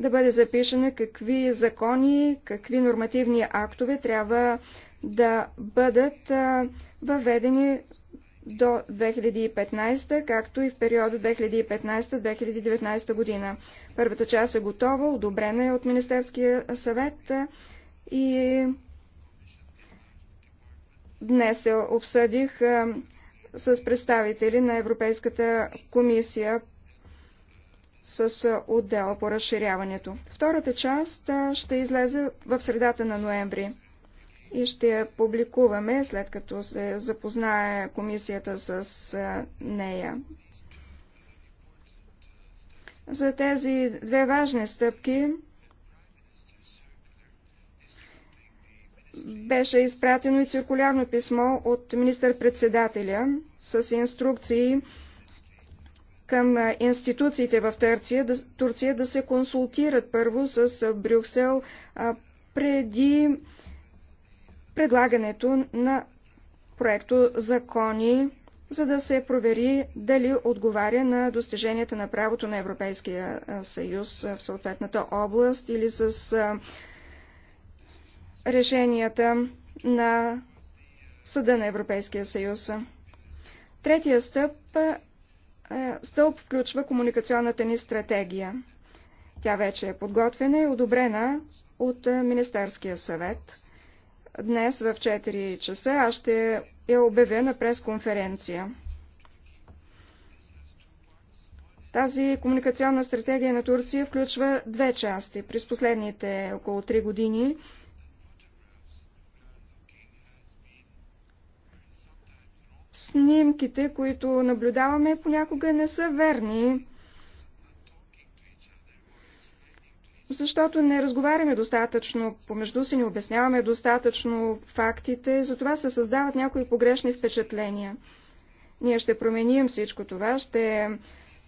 Speaker 4: да бъде запишено какви закони, какви нормативни актове трябва да бъдат въведени до 2015, както и в периода 2015-2019 година. Първата част е готова, одобрена е от Министерския съвет и днес се обсъдих с представители на Европейската комисия с отдела по разширяването. Втората част ще излезе в средата на ноември и ще я публикуваме, след като се запознае комисията с нея. За тези две важни стъпки беше изпратено и циркулярно писмо от министър-председателя с инструкции към институциите в Търция, да, Турция да се консултират първо с Брюксел преди предлагането на проекто закони, за да се провери дали отговаря на достиженията на правото на Европейския съюз в съответната област или с решенията на Съда на Европейския съюз. Третия стъп, стълб включва комуникационната ни стратегия. Тя вече е подготвена и одобрена от Министерския съвет. Днес в 4 часа аз ще я обявя на пресконференция. Тази комуникационна стратегия на Турция включва две части. През последните около 3 години снимките, които наблюдаваме, понякога не са верни. защото не разговаряме достатъчно, помежду си не обясняваме достатъчно фактите, затова се създават някои погрешни впечатления. Ние ще променим всичко това, ще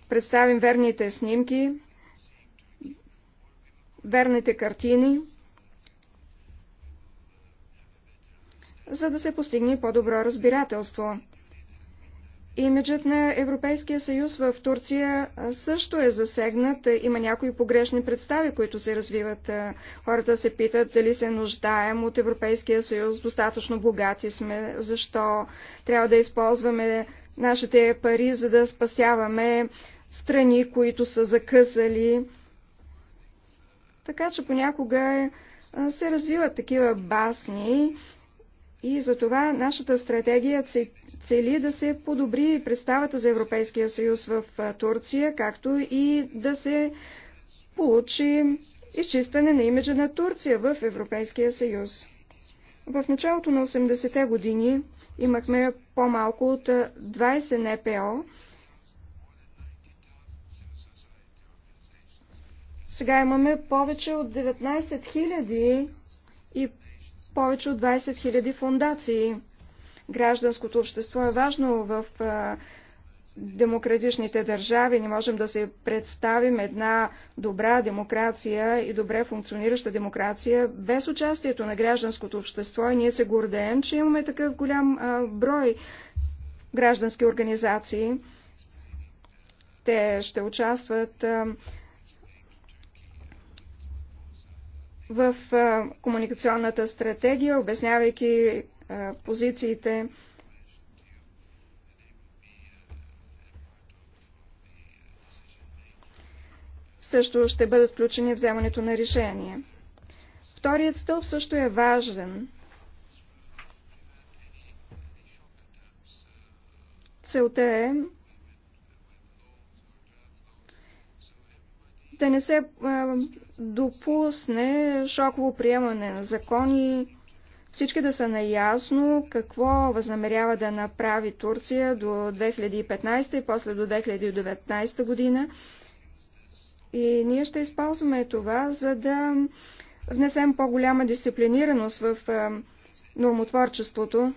Speaker 4: представим верните снимки, верните картини, за да се постигне по-добро разбирателство. Имиджът на Европейския съюз в Турция също е засегнат. Има някои погрешни представи, които се развиват. Хората се питат дали се нуждаем от Европейския съюз, достатъчно богати сме, защо трябва да използваме нашите пари, за да спасяваме страни, които са закъсали. Така че понякога се развиват такива басни, и за това нашата стратегия цели да се подобри представата за Европейския съюз в Турция, както и да се получи изчистване на имиджа на Турция в Европейския съюз. В началото на 80-те години имахме по-малко от 20 НПО. Сега имаме повече от 19 000 и повече от 20 000 фундации. Гражданското общество е важно в демократичните държави. Не можем да се представим една добра демокрация и добре функционираща демокрация без участието на гражданското общество. И ние се гордеем, че имаме такъв голям брой граждански организации. Те ще участват в комуникационната стратегия, обяснявайки позициите също ще бъдат включени вземането на решение. Вторият стълб също е важен. Целта е да не се допусне шоково приемане на закони, всички да са наясно какво възнамерява да направи Турция до 2015 и после до 2019 година. И ние ще използваме това, за да внесем по-голяма дисциплинираност в нормотворчеството.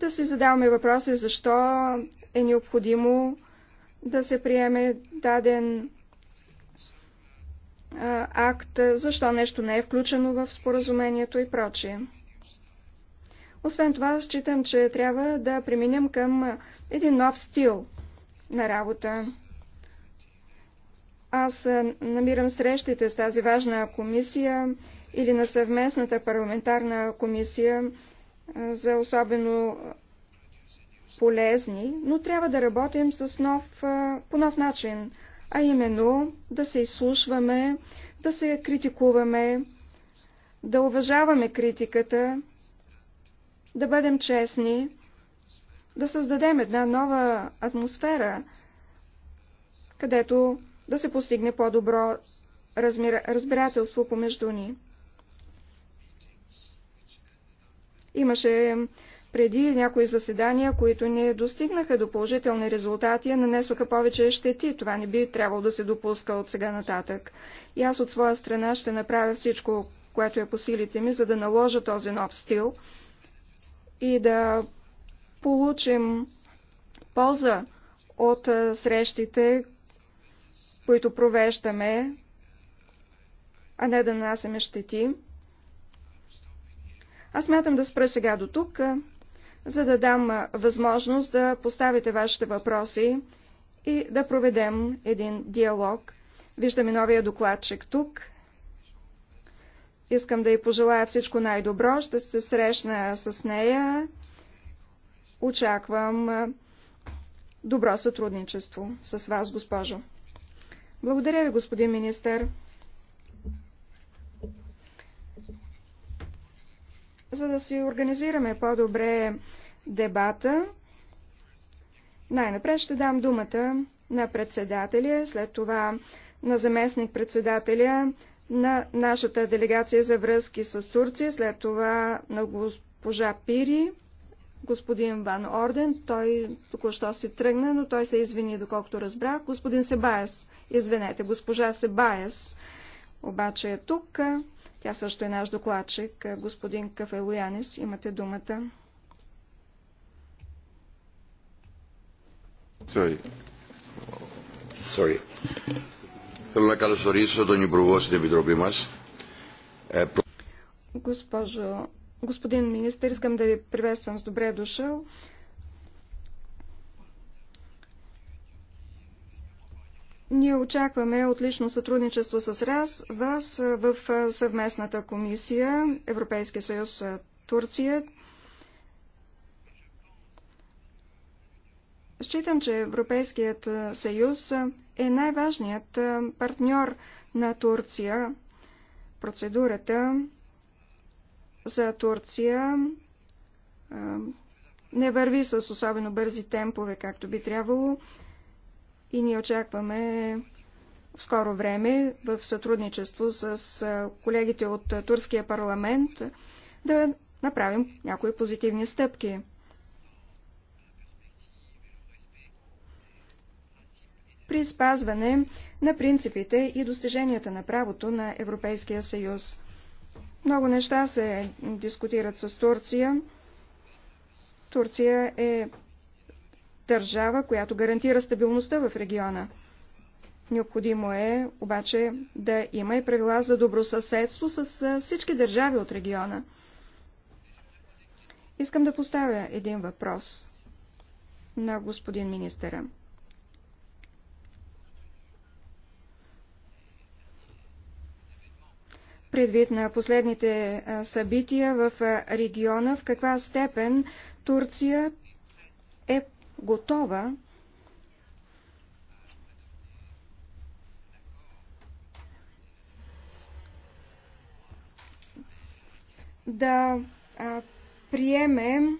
Speaker 4: Да си задаваме въпроси защо е необходимо да се приеме даден акт, защо нещо не е включено в споразумението и прочие. Освен това, считам, че трябва да преминем към един нов стил на работа. Аз намирам срещите с тази важна комисия или на съвместната парламентарна комисия за особено полезни, но трябва да работим с нов, по нов начин, а именно да се изслушваме, да се критикуваме, да уважаваме критиката, да бъдем честни, да създадем една нова атмосфера, където да се постигне по-добро разбирателство помежду ни. Имаше преди някои заседания, които не достигнаха до положителни резултати, нанесоха повече щети. Това не би трябвало да се допуска от сега нататък. И аз от своя страна ще направя всичко, което е по силите ми, за да наложа този нов стил и да получим полза от срещите, които провеждаме, а не да нанасяме щети. Аз мятам да спра сега до тук за да дам възможност да поставите вашите въпроси и да проведем един диалог. Виждаме новия докладчик тук. Искам да й пожелая всичко най-добро. Ще се срещна с нея. Очаквам добро сътрудничество с вас, госпожо. Благодаря ви, господин министър. за да си организираме по-добре дебата. Най-напред ще дам думата на председателя, след това на заместник-председателя на нашата делегация за връзки с Турция, след това на госпожа Пири, господин Ван Орден. Той току-що си тръгна, но той се извини, доколкото разбра. Господин Себаес, извинете, госпожа Себаес обаче е тук. Тя също е наш докладчик. Е, господин Кафелуянис, имате думата.
Speaker 1: Sorry. Sorry. Θέλω να καλωσορίσω τον Υπουργό στην Επιτροπή
Speaker 3: μας.
Speaker 4: Госпожо, господин министър, искам да ви приветствам с добре дошъл. Ние очакваме отлично сътрудничество с РАС, вас в съвместната комисия Европейския съюз Турция. Считам, че Европейският съюз е най-важният партньор на Турция. Процедурата за Турция не върви с особено бързи темпове, както би трябвало и ние очакваме в скоро време в сътрудничество с колегите от Турския парламент да направим някои позитивни стъпки. при спазване на принципите и достиженията на правото на Европейския съюз. Много неща се дискутират с Турция. Турция е държава, която гарантира стабилността в региона. Необходимо е обаче да има и правила за добросъседство с всички държави от региона. Искам да поставя един въпрос на господин министъра. Предвид на последните събития в региона, в каква степен Турция е готова да а, приемем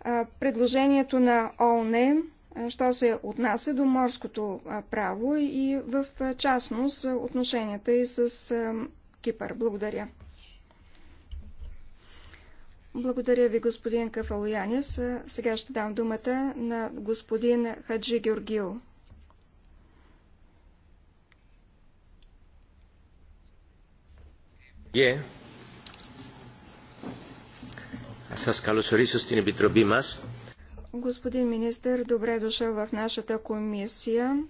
Speaker 4: а, предложението на ООН, що се отнася до морското а, право и в частност отношенията и с а, Кипър. Благодаря. Благодаря ви, господин Кафалоянис. Сега ще дам думата на господин Хаджи Георгио. Е. Господин министър, добре дошъл в нашата комисия.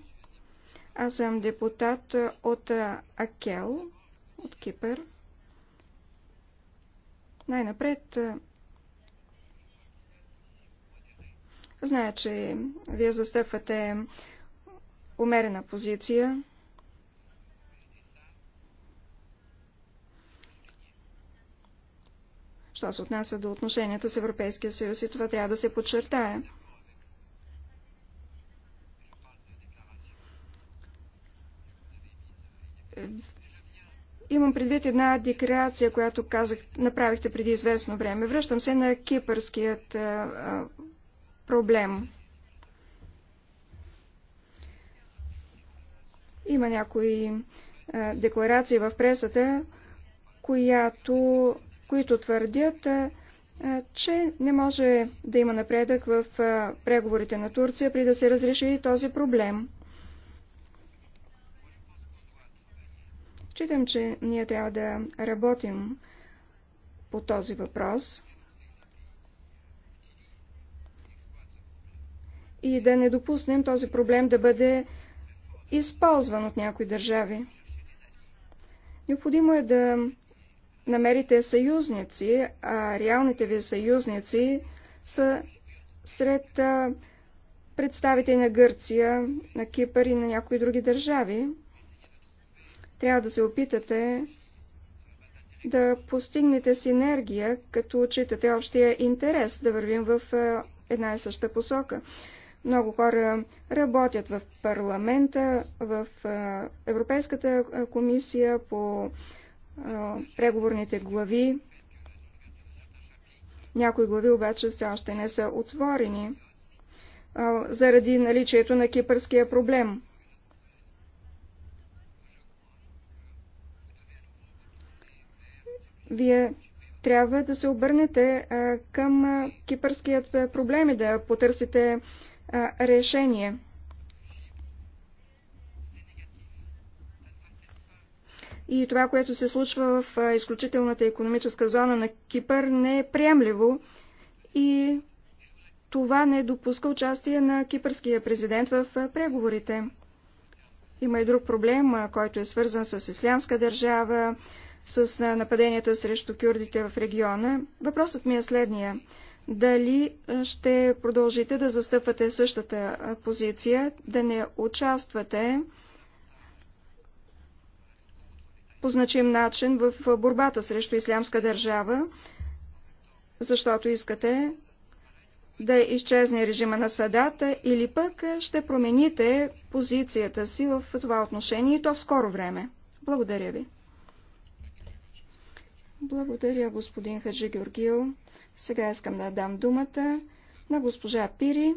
Speaker 4: Аз съм депутат от Акел, от Кипър. Най-напред, е, зная, че вие застъпвате умерена позиция. Що се отнася до отношенията с Европейския съюз и това трябва да се подчертае. Имам предвид една декларация, която казах, направихте преди известно време. Връщам се на кипърският а, а, проблем. Има някои а, декларации в пресата, която, които твърдят, а, че не може да има напредък в а, преговорите на Турция, при да се разреши този проблем. Считам, че ние трябва да работим по този въпрос и да не допуснем този проблем да бъде използван от някои държави. Необходимо е да намерите съюзници, а реалните ви съюзници са сред представители на Гърция, на Кипър и на някои други държави. Трябва да се опитате да постигнете синергия, като отчитате общия интерес, да вървим в е, една и съща посока. Много хора работят в парламента, в е, Европейската е, комисия по преговорните глави. Някои глави обаче все още не са отворени заради наличието на кипърския проблем. Вие трябва да се обърнете към кипърският проблем и да потърсите решение. И това, което се случва в изключителната економическа зона на Кипър, не е приемливо и това не допуска участие на кипърския президент в преговорите. Има и друг проблем, който е свързан с ислямска държава, с нападенията срещу кюрдите в региона. Въпросът ми е следния. Дали ще продължите да застъпвате същата позиция, да не участвате по значим начин в борбата срещу ислямска държава, защото искате да изчезне режима на Садата или пък ще промените позицията си в това отношение и то в скоро време. Благодаря ви. Благодаря, господин Хаджи Георгио. Сега искам да дам думата на госпожа Пири,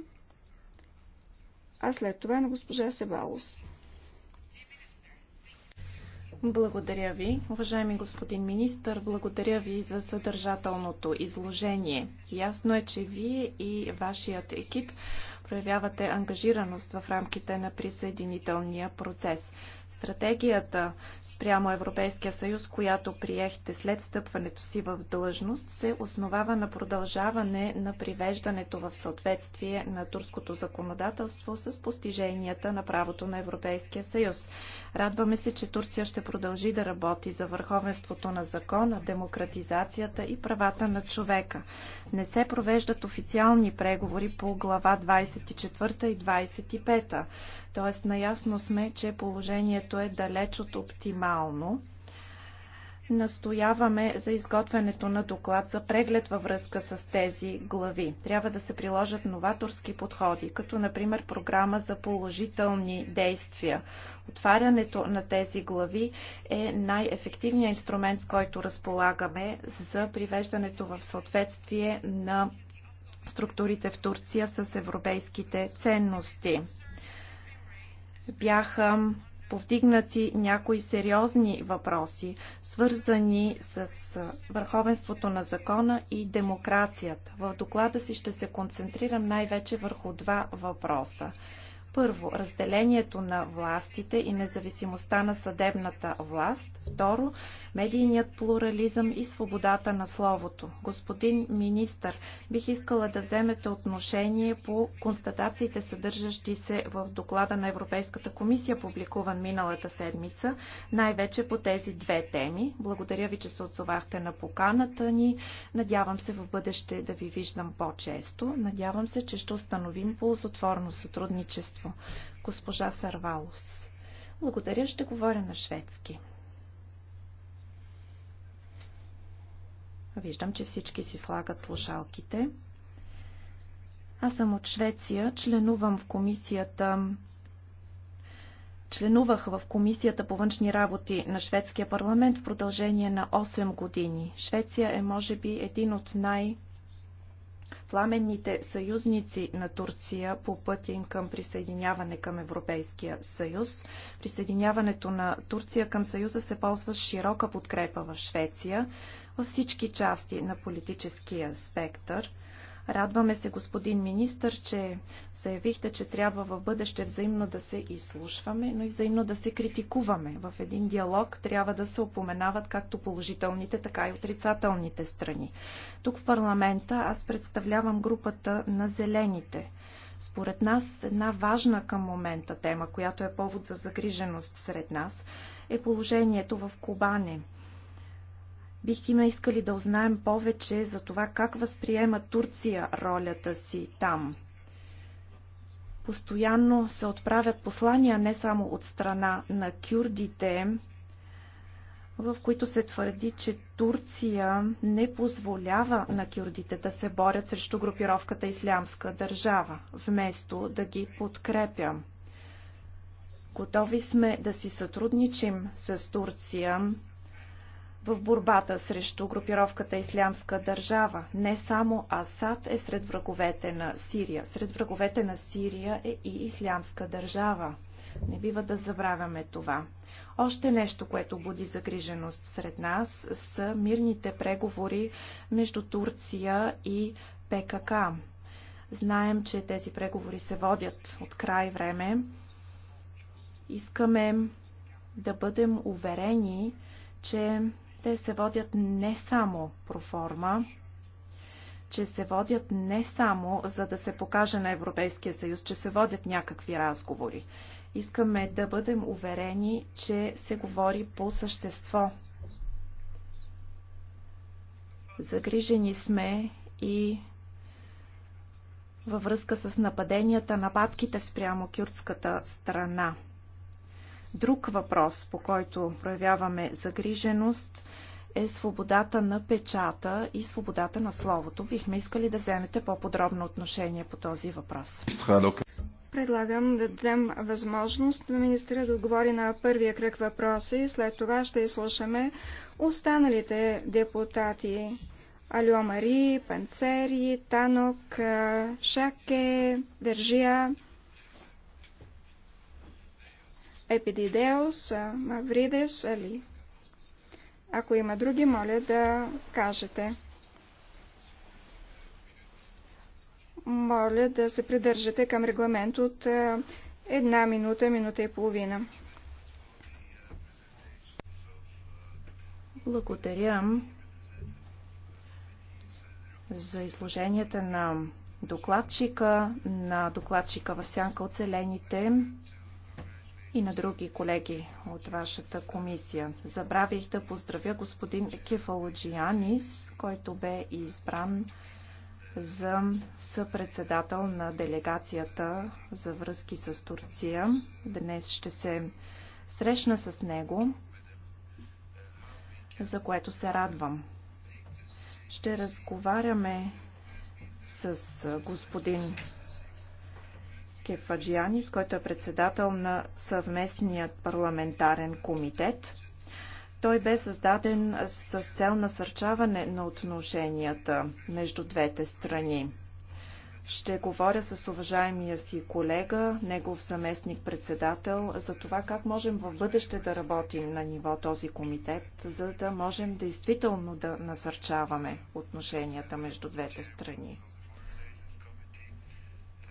Speaker 4: а след това на госпожа Себалус. Благодаря
Speaker 5: ви, уважаеми господин министр. Благодаря ви за съдържателното изложение. Ясно е, че вие и вашият екип проявявате ангажираност в рамките на присъединителния процес. Стратегията спрямо Европейския съюз, която приехте след стъпването си в длъжност, се основава на продължаване на привеждането в съответствие на турското законодателство с постиженията на правото на Европейския съюз. Радваме се, че Турция ще продължи да работи за върховенството на закона, демократизацията и правата на човека. Не се провеждат официални преговори по глава 24 и 25. Тоест, наясно сме, че положението е далеч от оптимално. Настояваме за изготвянето на доклад за преглед във връзка с тези глави. Трябва да се приложат новаторски подходи, като например програма за положителни действия. Отварянето на тези глави е най-ефективният инструмент, с който разполагаме за привеждането в съответствие на структурите в Турция с европейските ценности бяха повдигнати някои сериозни въпроси, свързани с върховенството на закона и демокрацията. В доклада си ще се концентрирам най-вече върху два въпроса. Първо, разделението на властите и независимостта на съдебната власт. Второ, медийният плурализъм и свободата на словото. Господин министър, бих искала да вземете отношение по констатациите, съдържащи се в доклада на Европейската комисия, публикуван миналата седмица, най-вече по тези две теми. Благодаря ви, че се отзовахте на поканата ни. Надявам се в бъдеще да ви виждам по-често. Надявам се, че ще установим ползотворно сътрудничество. Госпожа Сарвалос. Благодаря, ще говоря на шведски. Виждам, че всички си слагат слушалките. Аз съм от Швеция, членувам в комисията Членувах в Комисията по външни работи на Шведския парламент в продължение на 8 години. Швеция е, може би, един от най- пламенните съюзници на Турция по пътя им към присъединяване към Европейския съюз. Присъединяването на Турция към съюза се ползва с широка подкрепа в Швеция във всички части на политическия спектър. Радваме се, господин министър, че заявихте, че трябва в бъдеще взаимно да се изслушваме, но и взаимно да се критикуваме. В един диалог трябва да се опоменават както положителните, така и отрицателните страни. Тук в парламента аз представлявам групата на зелените. Според нас една важна към момента тема, която е повод за загриженост сред нас, е положението в Кубане – Бихме искали да узнаем повече за това как възприема Турция ролята си там. Постоянно се отправят послания не само от страна на кюрдите, в които се твърди, че Турция не позволява на кюрдите да се борят срещу групировката Ислямска държава, вместо да ги подкрепя. Готови сме да си сътрудничим с Турция в борбата срещу групировката Ислямска държава. Не само Асад е сред враговете на Сирия. Сред враговете на Сирия е и Ислямска държава. Не бива да забравяме това. Още нещо, което буди загриженост сред нас, са мирните преговори между Турция и ПКК. Знаем, че тези преговори се водят от край време. Искаме да бъдем уверени, че те се водят не само проформа, че се водят не само за да се покаже на Европейския съюз, че се водят някакви разговори. Искаме да бъдем уверени, че се говори по същество. Загрижени сме и във връзка с нападенията, нападките спрямо кюртската страна. Друг въпрос, по който проявяваме загриженост, е свободата на печата и свободата на словото. Бихме искали да вземете по-подробно отношение по този въпрос.
Speaker 4: Предлагам да дадем възможност на министра да отговори на първия кръг въпроси. След това ще изслушаме останалите депутати. Алио Мари, Панцери, Танок, Шаке, Държия. Епидидеус, Мавридес, или... Ако има други, моля да кажете. Моля да се придържате към регламент от една минута, минута и половина.
Speaker 5: Благодаря за изложенията на докладчика, на докладчика в сянка от зелените, и на други колеги от вашата комисия. Забравих да поздравя господин Кефалоджианис, който бе избран за съпредседател на делегацията за връзки с Турция. Днес ще се срещна с него, за което се радвам. Ще разговаряме с господин Кефаджианис, който е председател на съвместният парламентарен комитет. Той бе създаден с цел насърчаване на отношенията между двете страни. Ще говоря с уважаемия си колега, негов заместник-председател, за това как можем в бъдеще да работим на ниво този комитет, за да можем действително да насърчаваме отношенията между двете страни.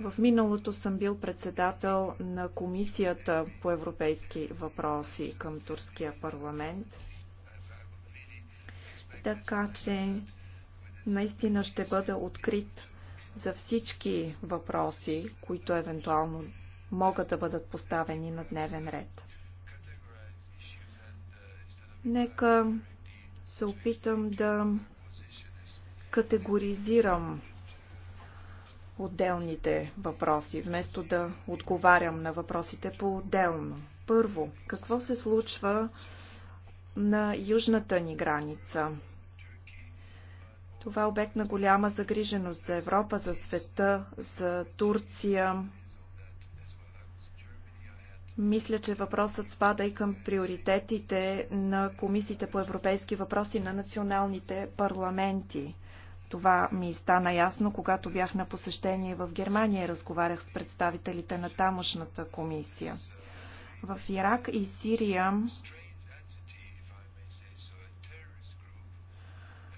Speaker 5: В миналото съм бил председател на Комисията по европейски въпроси към Турския парламент. Така че наистина ще бъда открит за всички въпроси, които евентуално могат да бъдат поставени на дневен ред. Нека се опитам да категоризирам отделните въпроси, вместо да отговарям на въпросите по-отделно. Първо, какво се случва на южната ни граница? Това е обект на голяма загриженост за Европа, за света, за Турция. Мисля, че въпросът спада и към приоритетите на комисиите по европейски въпроси на националните парламенти. Това ми стана ясно, когато бях на посещение в Германия и разговарях с представителите на тамошната комисия. В Ирак и Сирия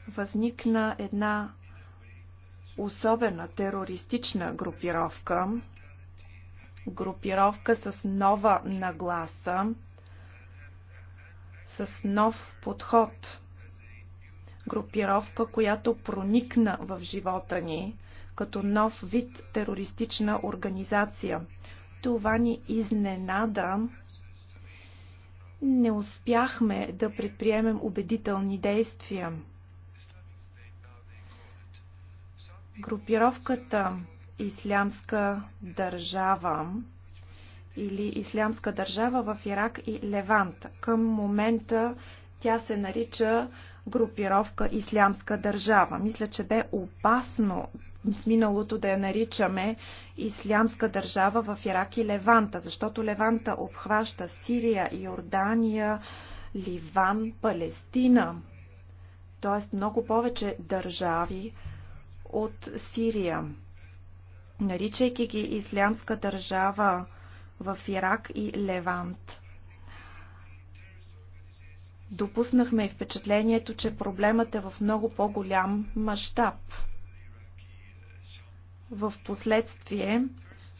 Speaker 5: възникна една особена терористична групировка, групировка с нова нагласа, с нов подход – групировка, която проникна в живота ни като нов вид терористична организация. Това ни изненада. Не успяхме да предприемем убедителни действия. Групировката Ислямска държава или Ислямска държава в Ирак и Левант. Към момента тя се нарича групировка Ислямска държава. Мисля, че бе опасно в миналото да я наричаме Ислямска държава в Ирак и Леванта, защото Леванта обхваща Сирия, Йордания, Ливан, Палестина, т.е. много повече държави от Сирия. Наричайки ги Ислямска държава в Ирак и Левант, допуснахме и впечатлението, че проблемът е в много по-голям мащаб. В последствие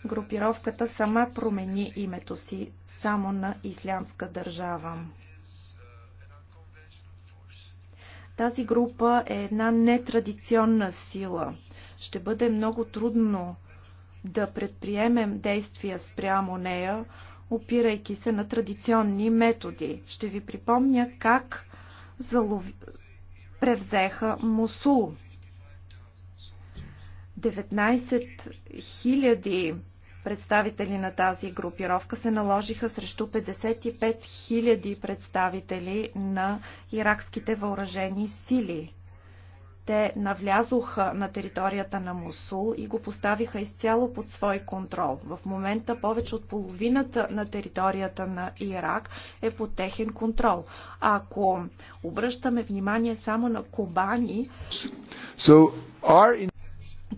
Speaker 5: групировката сама промени името си само на Ислямска държава. Тази група е една нетрадиционна сила. Ще бъде много трудно да предприемем действия спрямо нея, опирайки се на традиционни методи. Ще ви припомня как залов... превзеха Мусул. 19 000 представители на тази групировка се наложиха срещу 55 000 представители на иракските въоръжени сили. Те навлязоха на територията на Мусул и го поставиха изцяло под свой контрол. В момента повече от половината на територията на Ирак е под техен контрол. Ако обръщаме внимание само на Кобани,
Speaker 1: so, our...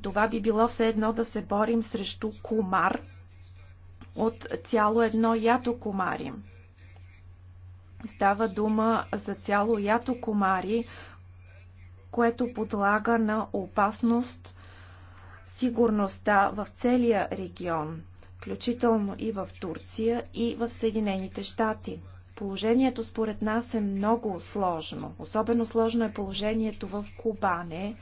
Speaker 5: това би било все едно да се борим срещу комар от цяло едно ято комари. Става дума за цяло ято комари, което подлага на опасност сигурността в целия регион, включително и в Турция и в Съединените щати. Положението според нас е много сложно. Особено сложно е положението в Кубане,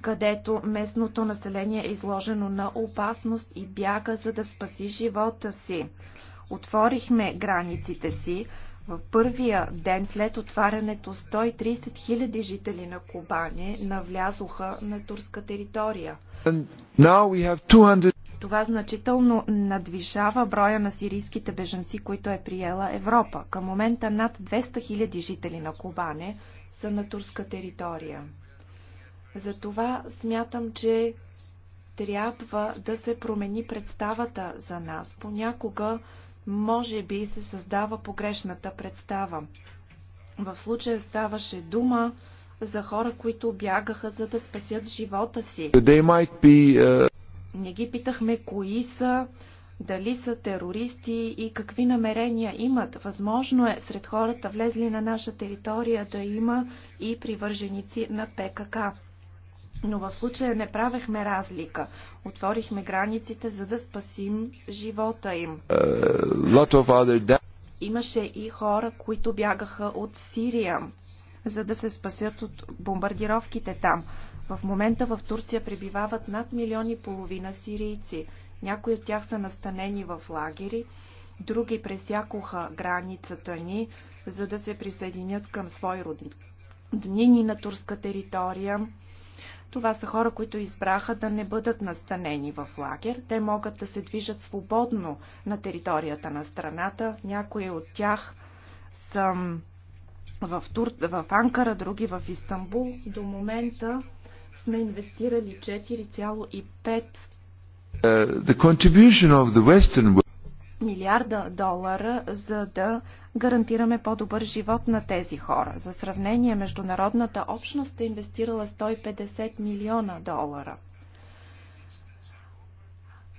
Speaker 5: където местното население е изложено на опасност и бяга, за да спаси живота си. Отворихме границите си, в първия ден след отварянето 130 000 жители на Кобане навлязоха на турска територия.
Speaker 1: 200...
Speaker 5: Това значително надвишава броя на сирийските бежанци, които е приела Европа. Към момента над 200 хиляди жители на Кобане са на турска територия. Затова смятам, че трябва да се промени представата за нас. Понякога може би се създава погрешната представа. В случая ставаше дума за хора, които бягаха за да спасят живота си. Be...
Speaker 1: Uh,
Speaker 5: Не ги питахме кои са, дали са терористи и какви намерения имат. Възможно е сред хората, влезли на наша територия, да има и привърженици на ПКК. Но в случая не правехме разлика. Отворихме границите, за да спасим живота им. Uh, Имаше и хора, които бягаха от Сирия, за да се спасят от бомбардировките там. В момента в Турция пребивават над милион и половина сирийци. Някои от тях са настанени в лагери, други пресякоха границата ни, за да се присъединят към свои родни днини на турска територия. Това са хора, които избраха да не бъдат настанени в лагер. Те могат да се движат свободно на територията на страната. Някои от тях са в, Тур... в Анкара, други в Истанбул. До момента сме инвестирали 4,5 uh,
Speaker 1: the contribution of the Western
Speaker 5: милиарда долара, за да гарантираме по-добър живот на тези хора. За сравнение, международната общност е инвестирала 150 милиона долара.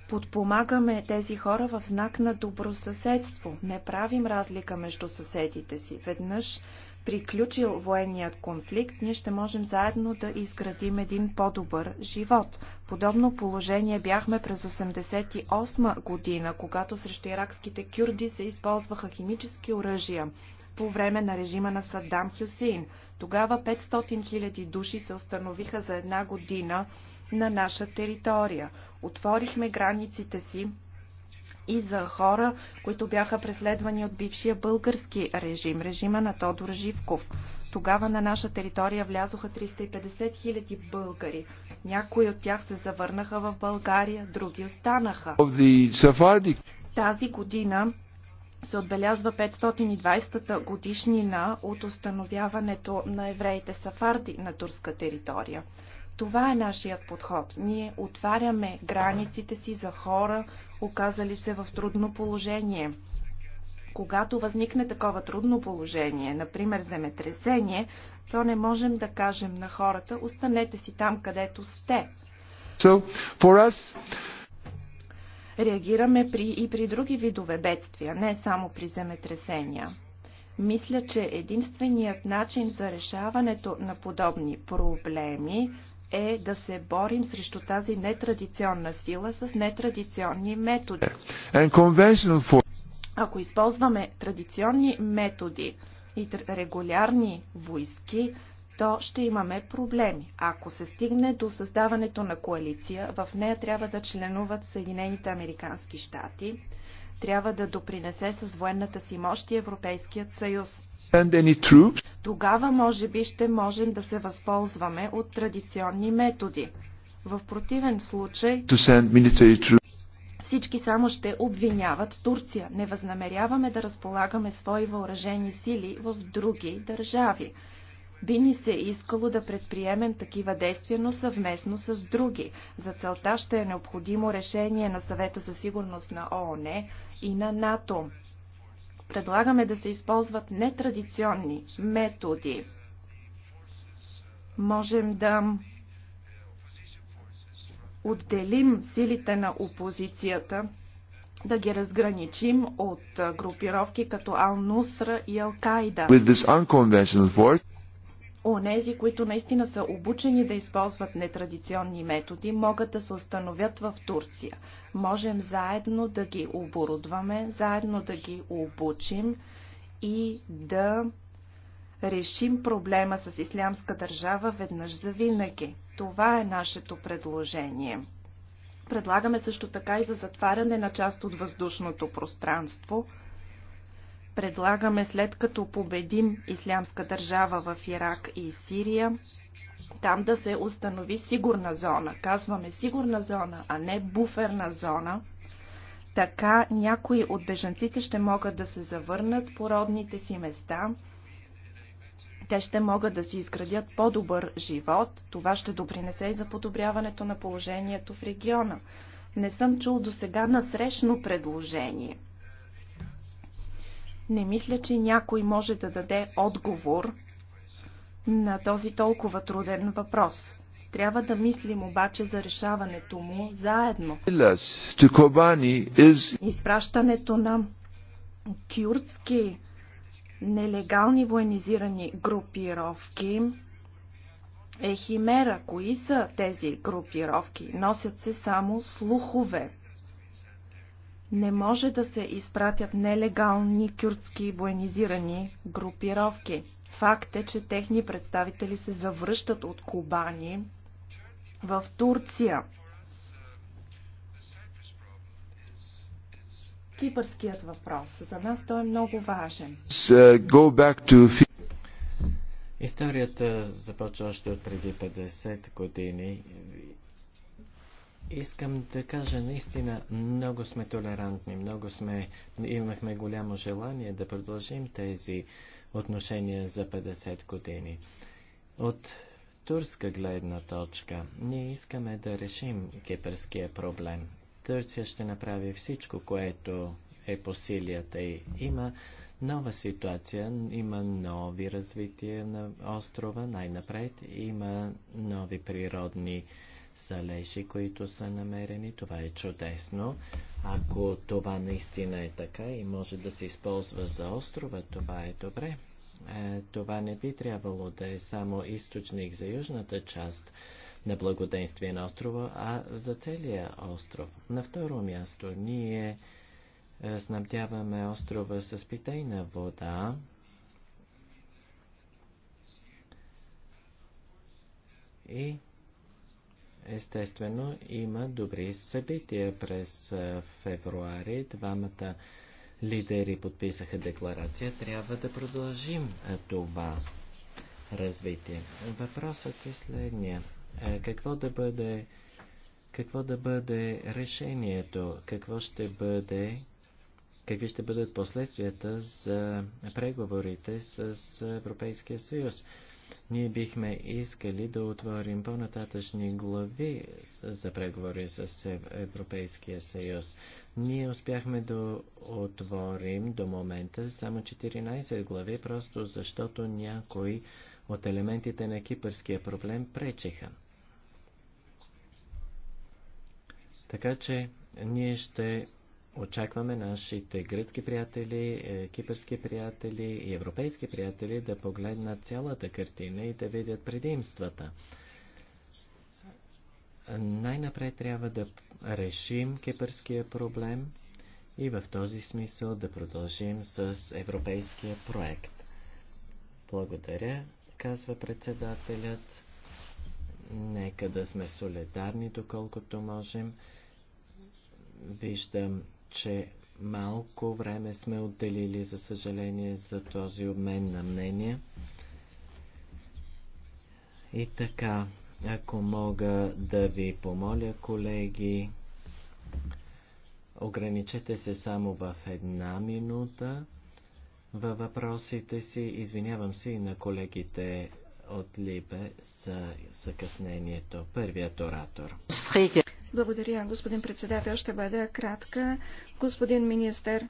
Speaker 5: Подпомагаме тези хора в знак на добросъседство. Не правим разлика между съседите си. Веднъж приключил военният конфликт, ние ще можем заедно да изградим един по-добър живот. Подобно положение бяхме през 1988 година, когато срещу иракските кюрди се използваха химически оръжия по време на режима на Саддам Хюсейн. Тогава 500 000 души се установиха за една година на наша територия. Отворихме границите си и за хора, които бяха преследвани от бившия български режим, режима на Тодор Живков. Тогава на наша територия влязоха 350 хиляди българи. Някои от тях се завърнаха в България, други останаха. Тази година се отбелязва 520-та годишнина от установяването на евреите сафарди на турска територия. Това е нашият подход. Ние отваряме границите си за хора, оказали се в трудно положение. Когато възникне такова трудно положение, например земетресение, то не можем да кажем на хората, останете си там, където сте.
Speaker 1: So, for us...
Speaker 5: Реагираме при и при други видове бедствия, не само при земетресения. Мисля, че единственият начин за решаването на подобни проблеми е да се борим срещу тази нетрадиционна сила с нетрадиционни методи. Ако използваме традиционни методи и регулярни войски, то ще имаме проблеми. Ако се стигне до създаването на коалиция, в нея трябва да членуват Съединените Американски щати, трябва да допринесе с военната си мощ и Европейският съюз. Тогава може би ще можем да се възползваме от традиционни методи. В противен случай всички само ще обвиняват Турция. Не възнамеряваме да разполагаме свои въоръжени сили в други държави. Би ни се искало да предприемем такива действия, но съвместно с други. За целта ще е необходимо решение на съвета за сигурност на ООН и на НАТО. Предлагаме да се използват нетрадиционни методи. Можем да отделим силите на опозицията, да ги разграничим от групировки като Ал-Нусра и Ал-Кайда онези, които наистина са обучени да използват нетрадиционни методи, могат да се установят в Турция. Можем заедно да ги оборудваме, заедно да ги обучим и да решим проблема с ислямска държава веднъж за винаги. Това е нашето предложение. Предлагаме също така и за затваряне на част от въздушното пространство – Предлагаме след като победим Ислямска държава в Ирак и Сирия, там да се установи сигурна зона. Казваме сигурна зона, а не буферна зона. Така някои от бежанците ще могат да се завърнат по родните си места. Те ще могат да си изградят по-добър живот. Това ще допринесе и за подобряването на положението в региона. Не съм чул до сега насрещно предложение. Не мисля, че някой може да даде отговор на този толкова труден въпрос. Трябва да мислим обаче за решаването му заедно. Изпращането на кюрдски нелегални военизирани групировки е химера. Кои са тези групировки? Носят се само слухове. Не може да се изпратят нелегални кюртски военизирани групировки. Факт е, че техни представители се завръщат от Кубани в Турция. Кипърският въпрос. За нас той е много важен.
Speaker 1: Е,
Speaker 2: Историята започва още от преди 50 години Искам да кажа, наистина много сме толерантни, много сме, имахме голямо желание да продължим тези отношения за 50 години. От турска гледна точка ние искаме да решим кипърския проблем. Турция ще направи всичко, което е по силията И Има нова ситуация, има нови развитие на острова, най-напред има нови природни залежи, които са намерени. Това е чудесно. Ако това наистина е така и може да се използва за острова, това е добре. Е, това не би трябвало да е само източник за южната част на благоденствие на острова, а за целия остров. На второ място ние е, снабдяваме острова с питейна вода. И Естествено, има добри събития през февруари. Двамата лидери подписаха декларация. Трябва да продължим това развитие. Въпросът е следния. Какво да бъде, какво да бъде решението? Какво ще бъде какви ще бъдат последствията за преговорите с Европейския съюз. Ние бихме искали да отворим по-нататъчни глави за преговори с Европейския съюз. Ние успяхме да отворим до момента само 14 глави, просто защото някои от елементите на кипърския проблем пречеха. Така че ние ще Очакваме нашите гръцки приятели, е, кипърски приятели и европейски приятели да погледнат цялата картина и да видят предимствата. Най-напред трябва да решим кипърския проблем и в този смисъл да продължим с европейския проект. Благодаря, казва председателят. Нека да сме солидарни доколкото можем. Виждам че малко време сме отделили, за съжаление, за този обмен на мнения. И така, ако мога да ви помоля, колеги, ограничете се само в една минута във въпросите си. Извинявам се и на колегите от Либе за съкъснението. Първият оратор.
Speaker 4: Благодаря, господин председател. Ще бъда кратка. Господин министър,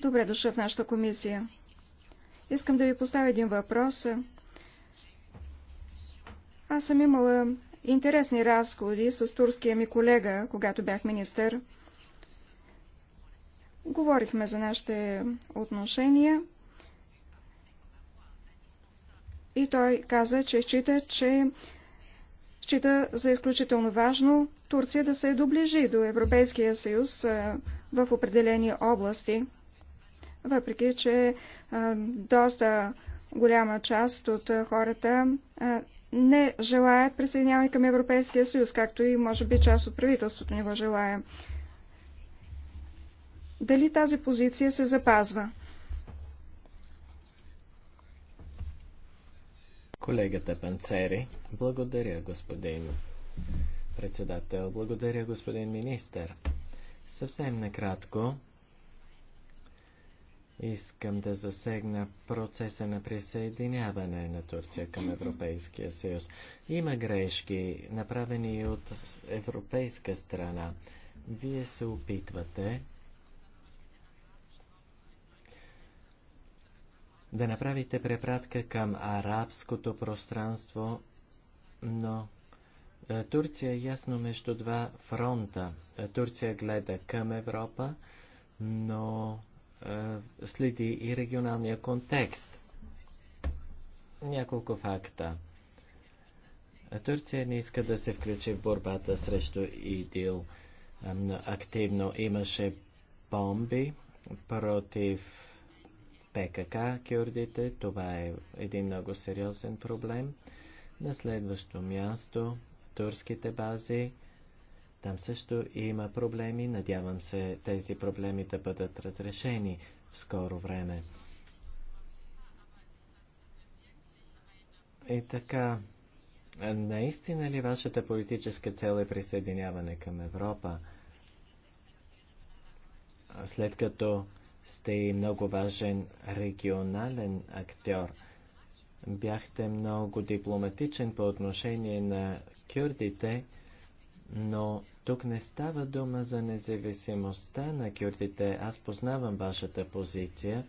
Speaker 4: добре дошъл в нашата комисия. Искам да ви поставя един въпрос. Аз съм имала интересни разходи с турския ми колега, когато бях министър. Говорихме за нашите отношения и той каза, че счита, че счита за изключително важно Турция да се доближи до Европейския съюз в определени области, въпреки че доста голяма част от хората не желаят присъединяване към Европейския съюз, както и може би част от правителството не го желая. Дали тази позиция се запазва?
Speaker 2: Колегата Панцери. Благодаря, господин председател. Благодаря, господин министър. Съвсем накратко искам да засегна процеса на присъединяване на Турция към Европейския съюз. Има грешки, направени от европейска страна. Вие се опитвате да направите препратка към арабското пространство, но е, Турция е ясно между два фронта. Е, Турция гледа към Европа, но е, следи и регионалния контекст. Няколко факта. Е, Турция не иска да се включи в борбата срещу ИДИЛ. Активно имаше бомби против ПКК кюрдите. Това е един много сериозен проблем. На следващо място турските бази. Там също има проблеми. Надявам се тези проблеми да бъдат разрешени в скоро време. И така, наистина ли вашата политическа цел е присъединяване към Европа? След като сте и много важен регионален актьор. Бяхте много дипломатичен по отношение на кюрдите, но тук не става дума за независимостта на кюрдите. Аз познавам вашата позиция,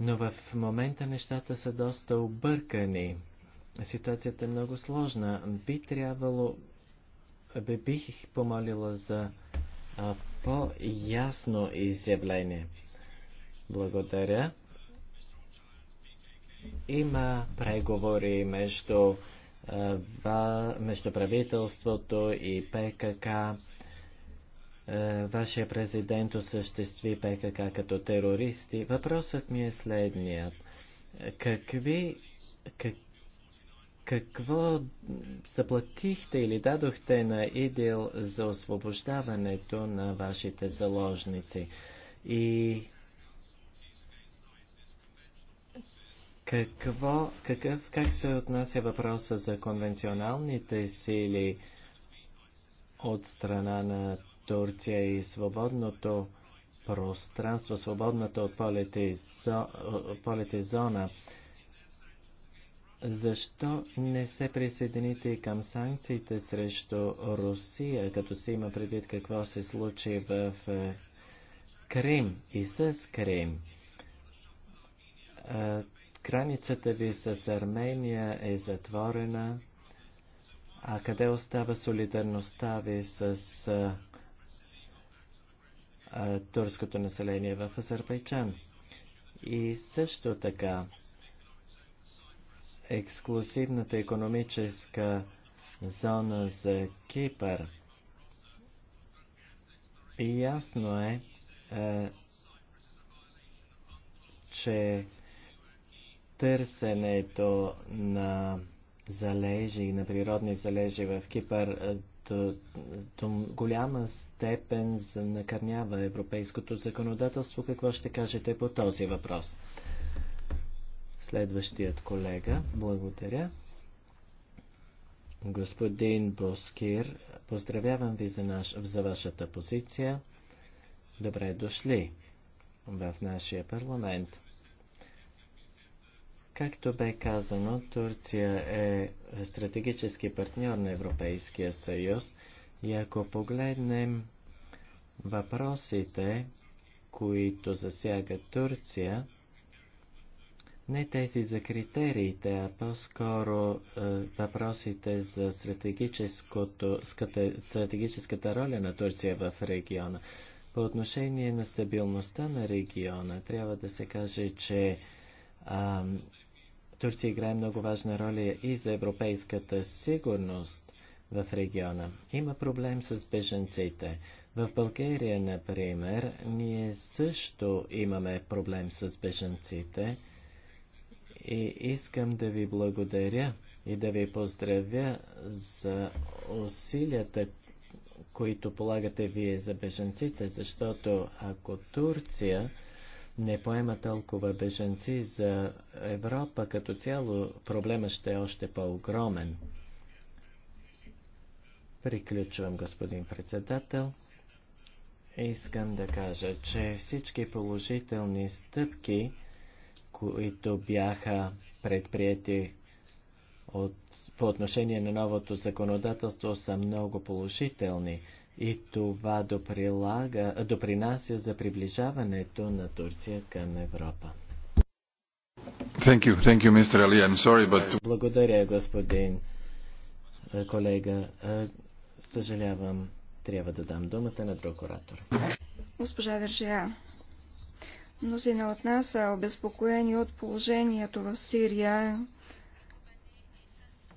Speaker 2: но в момента нещата са доста объркани. Ситуацията е много сложна. Би трябвало... Би бих помолила за по-ясно изявление. Благодаря. Има преговори между, между правителството и ПКК. Вашия президент осъществи ПКК като терористи. Въпросът ми е следният. Какви, как, какво заплатихте или дадохте на Идил за освобождаването на вашите заложници? И какво, какъв, как се отнася въпроса за конвенционалните сили от страна на Турция и свободното пространство, свободната от полите, зо, полети зона? Защо не се присъедините към санкциите срещу Русия, като се има предвид какво се случи в е, Крим и с Крим? Е, границата ви с Армения е затворена, а къде остава солидарността ви с е, турското население в Азербайджан? И също така, ексклюзивната економическа зона за Кипър. И ясно е, е че търсенето на залежи, на природни залежи в Кипър е, до, до голяма степен накърнява европейското законодателство. Какво ще кажете по този въпрос? Следващият колега. Благодаря. Господин Боскир, поздравявам ви за, наш, за вашата позиция. Добре дошли в нашия парламент. Както бе казано, Турция е стратегически партньор на Европейския съюз и ако погледнем въпросите, които засягат Турция, не тези за критериите, а по-скоро е, въпросите за стратегическата роля на Турция в региона. По отношение на стабилността на региона, трябва да се каже, че а, Турция играе много важна роля и за европейската сигурност в региона. Има проблем с беженците. В България, например, ние също имаме проблем с беженците. И искам да ви благодаря и да ви поздравя за усилията, които полагате вие за беженците, защото ако Турция не поема толкова беженци за Европа като цяло, проблема ще е още по-огромен. Приключвам, господин председател. Искам да кажа, че всички положителни стъпки, които бяха предприяти от, по отношение на новото законодателство са много положителни и това доприлага, допринася за приближаването на Турция към Европа.
Speaker 1: Thank you, thank you, Mr. Ali. I'm sorry, but...
Speaker 2: Благодаря, господин колега. Съжалявам, трябва да дам думата на друг оратор.
Speaker 4: Госпожа Вержия, Мнозина от нас са обезпокоени от положението в Сирия.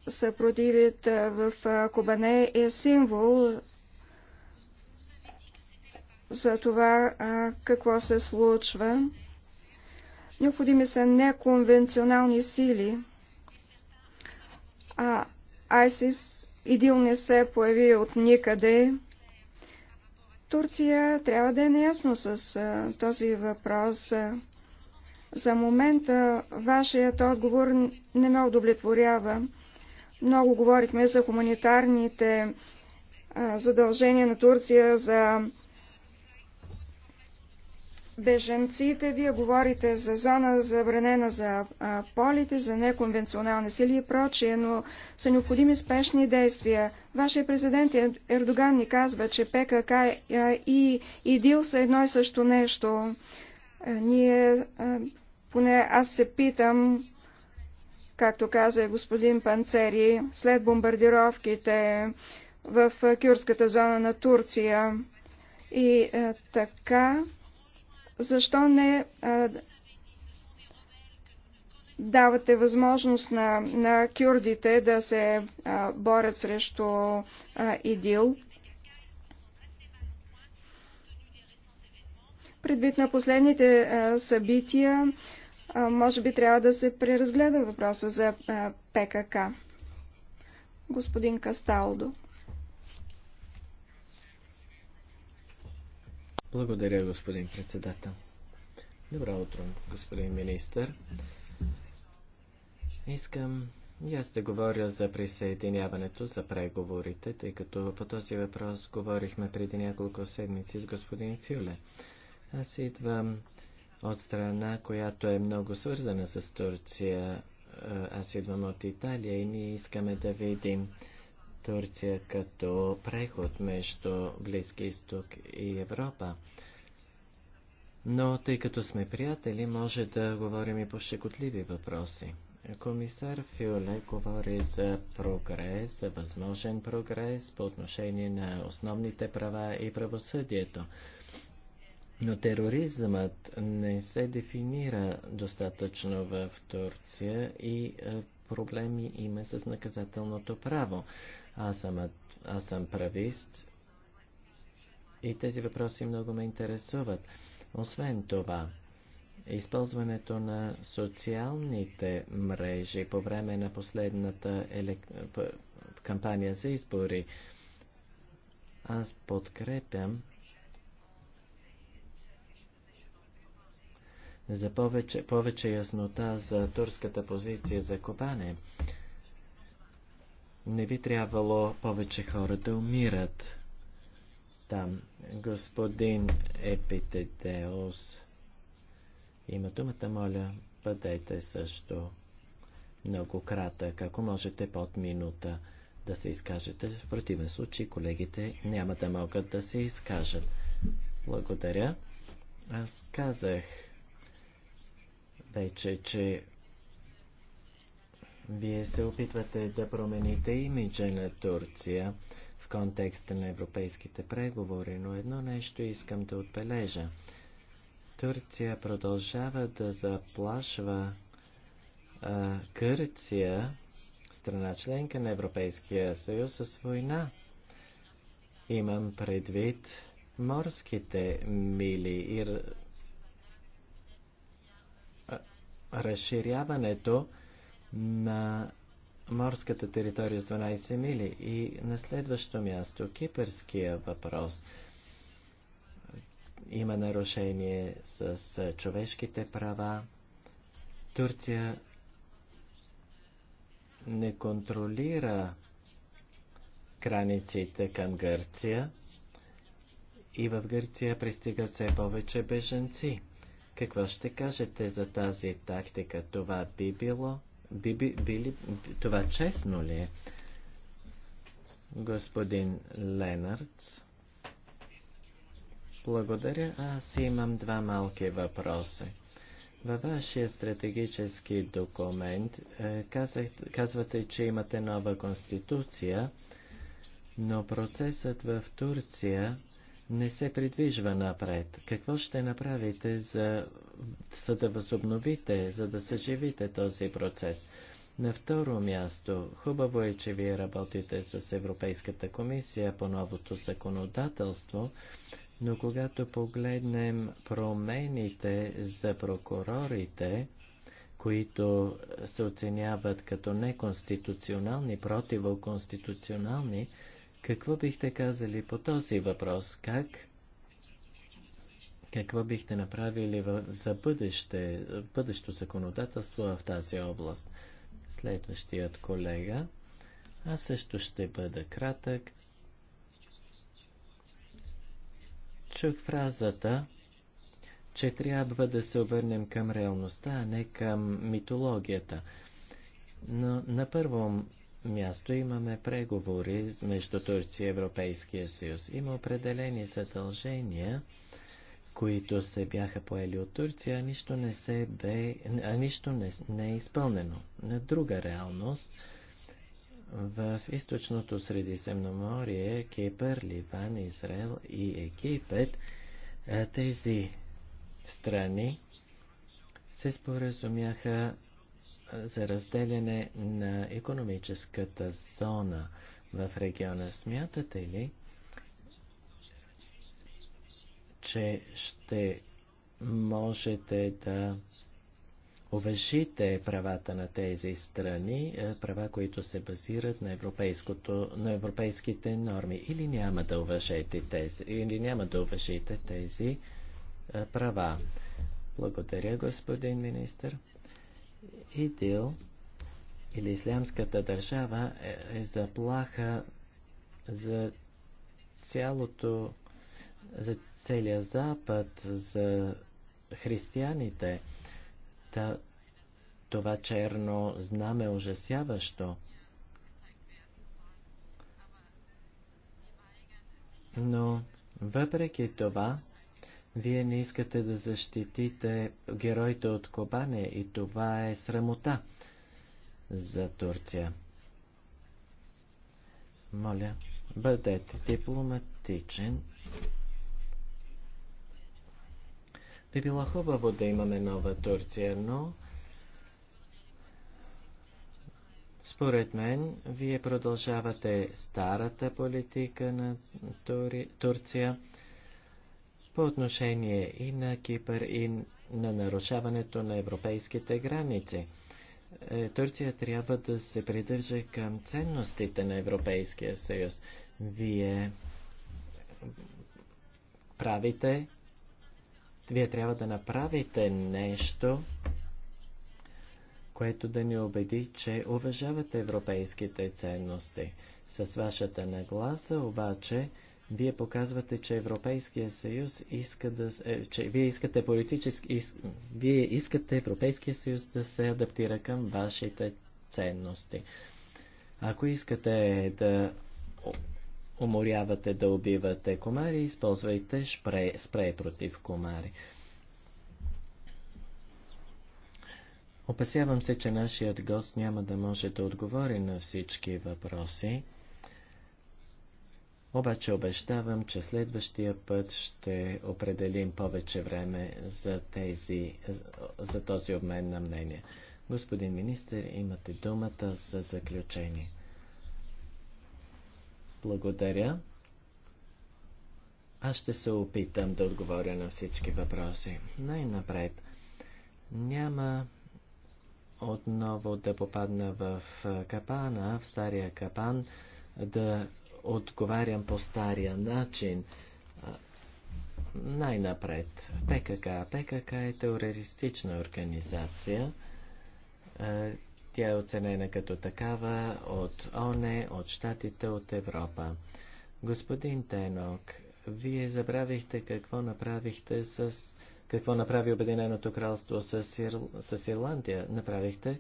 Speaker 4: Съпротивът в Кобане е символ за това какво се случва. Необходими са неконвенционални сили. А ISIS идил не се появи от никъде. Турция трябва да е неясно с а, този въпрос. За момента вашият отговор не ме удовлетворява. Много говорихме за хуманитарните а, задължения на Турция за беженците. Вие говорите за зона забранена за полите, за неконвенционални сили и прочие, но са необходими спешни действия. Вашия президент Ердоган ни казва, че ПКК и ИДИЛ са едно и също нещо. Ние, поне аз се питам, както каза господин Панцери, след бомбардировките в кюрската зона на Турция, и е, така защо не давате възможност на, на кюрдите да се а, борят срещу а, ИДИЛ. Предвид на последните а, събития, а, може би трябва да се преразгледа въпроса за а, ПКК. Господин Касталдо.
Speaker 2: Благодаря, господин председател. Добро утро, господин министър. Искам и аз да говоря за присъединяването, за преговорите, тъй като по този въпрос говорихме преди няколко седмици с господин Фюле. Аз идвам от страна, която е много свързана с Турция. Аз идвам от Италия и ние искаме да видим Турция като преход между Близки изток и Европа. Но тъй като сме приятели, може да говорим и по щекотливи въпроси. Комисар Фюле говори за прогрес, за възможен прогрес по отношение на основните права и правосъдието. Но тероризмът не се дефинира достатъчно в Турция и е, проблеми има с наказателното право. Аз съм, аз съм правист и тези въпроси много ме интересуват. Освен това, използването на социалните мрежи по време на последната елек... кампания за избори, аз подкрепям за повече, повече яснота за турската позиция за Кобане. Не би трябвало повече хора да умират там. Господин Епитетеос има думата, моля, бъдете също много кратък, ако можете под минута да се изкажете. В противен случай колегите няма да могат да се изкажат. Благодаря. Аз казах вече, че вие се опитвате да промените имиджа на Турция в контекста на европейските преговори, но едно нещо искам да отбележа. Турция продължава да заплашва а, Кърция, страна членка на Европейския съюз, с война. Имам предвид морските мили и разширяването на морската територия с 12 мили. И на следващо място, кипърския въпрос. Има нарушение с човешките права. Турция не контролира границите към Гърция и в Гърция пристигат все повече беженци. Какво ще кажете за тази тактика? Това би било би, би, били, това честно ли е? Господин Ленардс. Благодаря. Аз имам два малки въпроса. Във вашия стратегически документ е, казах, казвате, че имате нова конституция, но процесът в Турция не се придвижва напред. Какво ще направите, за, за да възобновите, за да съживите този процес? На второ място, хубаво е, че вие работите с Европейската комисия по новото законодателство, но когато погледнем промените за прокурорите, които се оценяват като неконституционални, противоконституционални, какво бихте казали по този въпрос? Как? Какво бихте направили за бъдеще, бъдещо законодателство в тази област? Следващият колега. Аз също ще бъда кратък. Чух фразата, че трябва да се обърнем към реалността, а не към митологията. Но на първо място имаме преговори между Турция и Европейския съюз. Има определени задължения, които се бяха поели от Турция, а нищо не, се бе, а нищо не, не е изпълнено. На друга реалност, в източното Средиземноморие, Кипър, Ливан, Израел и Египет, тези страни се споразумяха за разделяне на економическата зона в региона. Смятате ли, че ще можете да уважите правата на тези страни, е, права, които се базират на, на европейските норми, или няма да уважите тези, или няма да уважите тези е, права. Благодаря, господин министр. ИДИЛ или Ислямската държава е, е заплаха за цялото, за целия Запад, за християните. Та, това черно знаме е ужасяващо. Но, въпреки това, вие не искате да защитите героите от Кобане и това е срамота за Турция. Моля, бъдете дипломатичен. Би било хубаво да имаме нова Турция, но според мен вие продължавате старата политика на Тури... Турция по отношение и на Кипър, и на нарушаването на европейските граници. Е, Турция трябва да се придържа към ценностите на Европейския съюз. Вие правите, вие трябва да направите нещо, което да ни убеди, че уважавате европейските ценности. С вашата нагласа обаче вие показвате, че Европейския съюз иска да... Е, че вие искате политически... Из, вие искате Европейския съюз да се адаптира към вашите ценности. Ако искате да уморявате, да убивате комари, използвайте шпрей, спрей против комари. Опасявам се, че нашият гост няма да може да отговори на всички въпроси. Обаче обещавам, че следващия път ще определим повече време за, тези, за този обмен на мнения. Господин министр, имате думата за заключение. Благодаря. Аз ще се опитам да отговоря на всички въпроси. Най-напред. Няма отново да попадна в капана, в стария капан, да отговарям по стария начин. Най-напред, ПКК. ПКК е терористична организация. Тя е оценена като такава от ОНЕ, от Штатите, от Европа. Господин Тенок, вие забравихте какво направихте с... какво направи Обединеното кралство с, Ир... с Ирландия. Направихте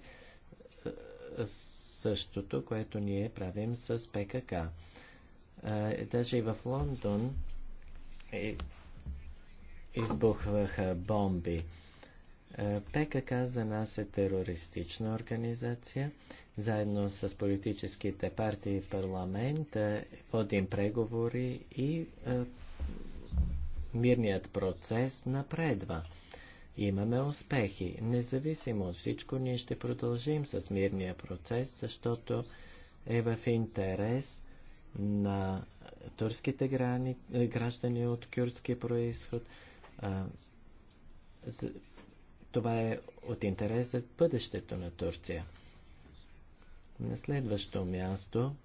Speaker 2: същото, което ние правим с ПКК. Е, даже и в Лондон е, избухваха бомби. Е, ПКК за нас е терористична организация. Заедно с политическите партии и парламент водим преговори и мирният процес напредва. Имаме успехи. Независимо от всичко, ние ще продължим с мирния процес, защото е в интерес на турските грани, е, граждани от кюрдски происход. А, за, това е от интерес за бъдещето на Турция. На следващо място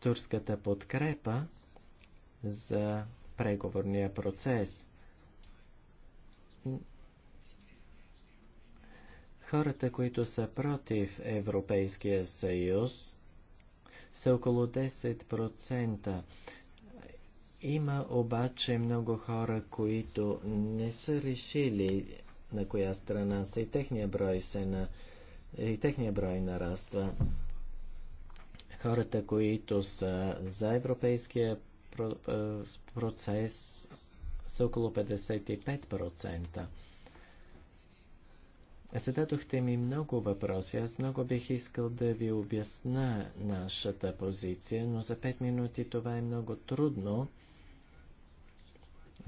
Speaker 2: турската подкрепа за преговорния процес. Хората, които са против Европейския съюз, са около 10%. Има обаче много хора, които не са решили на коя страна са и техния брой, се на... и техния брой нараства. Хората, които са за европейския процес, са около 55%. Зададохте ми много въпроси. Аз много бих искал да ви обясна нашата позиция, но за 5 минути това е много трудно,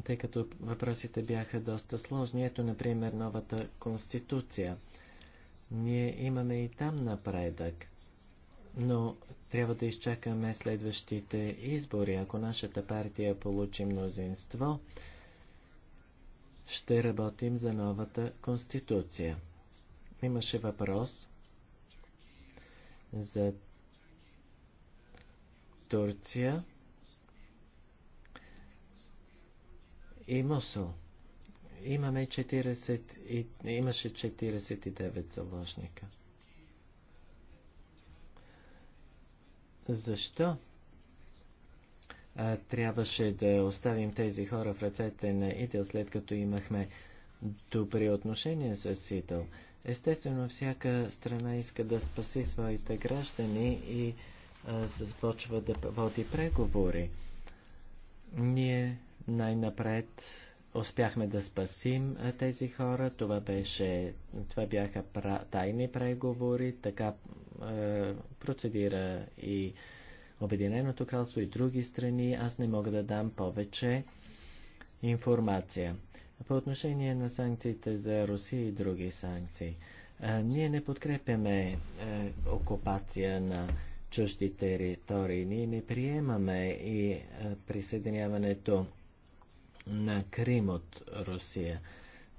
Speaker 2: тъй като въпросите бяха доста сложни. Ето, например, новата конституция. Ние имаме и там напредък, но трябва да изчакаме следващите избори. Ако нашата партия получи мнозинство, ще работим за новата конституция. Имаше въпрос за Турция и Мусул. Имаме 40 и, имаше 49 заложника. Защо? А, трябваше да оставим тези хора в ръцете на Идил, след като имахме добри отношения с Идил. Естествено, всяка страна иска да спаси своите граждани и започва да води преговори. Ние най-напред успяхме да спасим тези хора. Това, беше, това бяха тайни преговори, така е, процедира и Обединеното кралство и други страни. Аз не мога да дам повече информация. По отношение на санкциите за Русия и други санкции, а, ние не подкрепяме а, е, окупация на чужди територии. Ние не приемаме и а, е, присъединяването на Крим от Русия.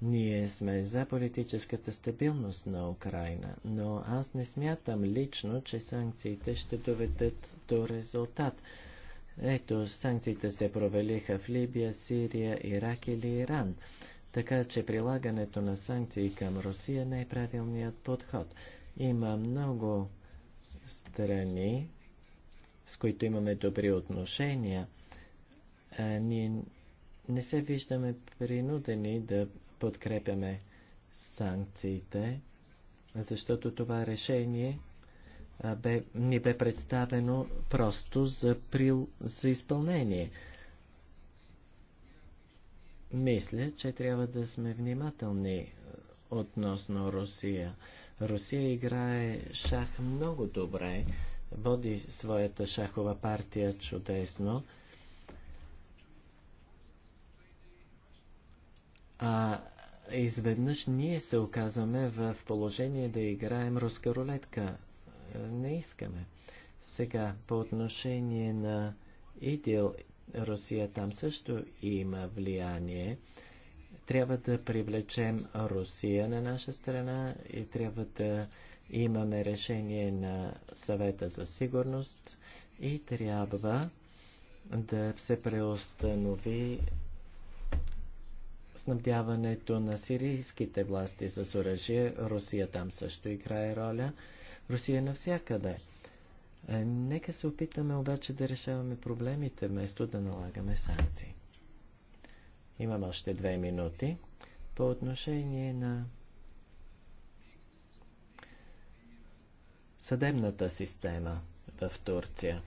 Speaker 2: Ние сме за политическата стабилност на Украина, но аз не смятам лично, че санкциите ще доведат до резултат. Ето, санкциите се провалиха в Либия, Сирия, Ирак или Иран, така че прилагането на санкции към Русия не е правилният подход. Има много страни, с които имаме добри отношения. А ние не се виждаме принудени да подкрепяме санкциите, защото това решение бе, ни бе представено просто за, прил, за изпълнение. Мисля, че трябва да сме внимателни относно Русия. Русия играе шах много добре, води своята шахова партия чудесно. А изведнъж ние се оказваме в положение да играем руска рулетка не искаме. Сега, по отношение на ИДИЛ, Русия там също има влияние. Трябва да привлечем Русия на наша страна и трябва да имаме решение на съвета за сигурност и трябва да се преустанови снабдяването на сирийските власти с оръжие. Русия там също играе роля. Русия е навсякъде. Е, нека се опитаме обаче да решаваме проблемите, вместо да налагаме санкции. Имам още две минути по отношение на съдебната система в Турция.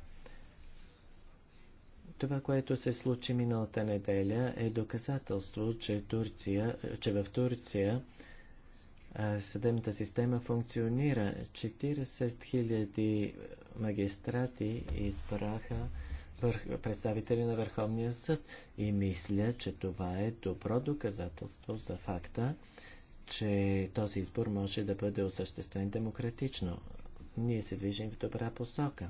Speaker 2: Това, което се случи миналата неделя, е доказателство, че, Турция, че в Турция съдебната система функционира. 40 000 магистрати избраха представители на Върховния съд и мисля, че това е добро доказателство за факта, че този избор може да бъде осъществен демократично. Ние се движим в добра посока.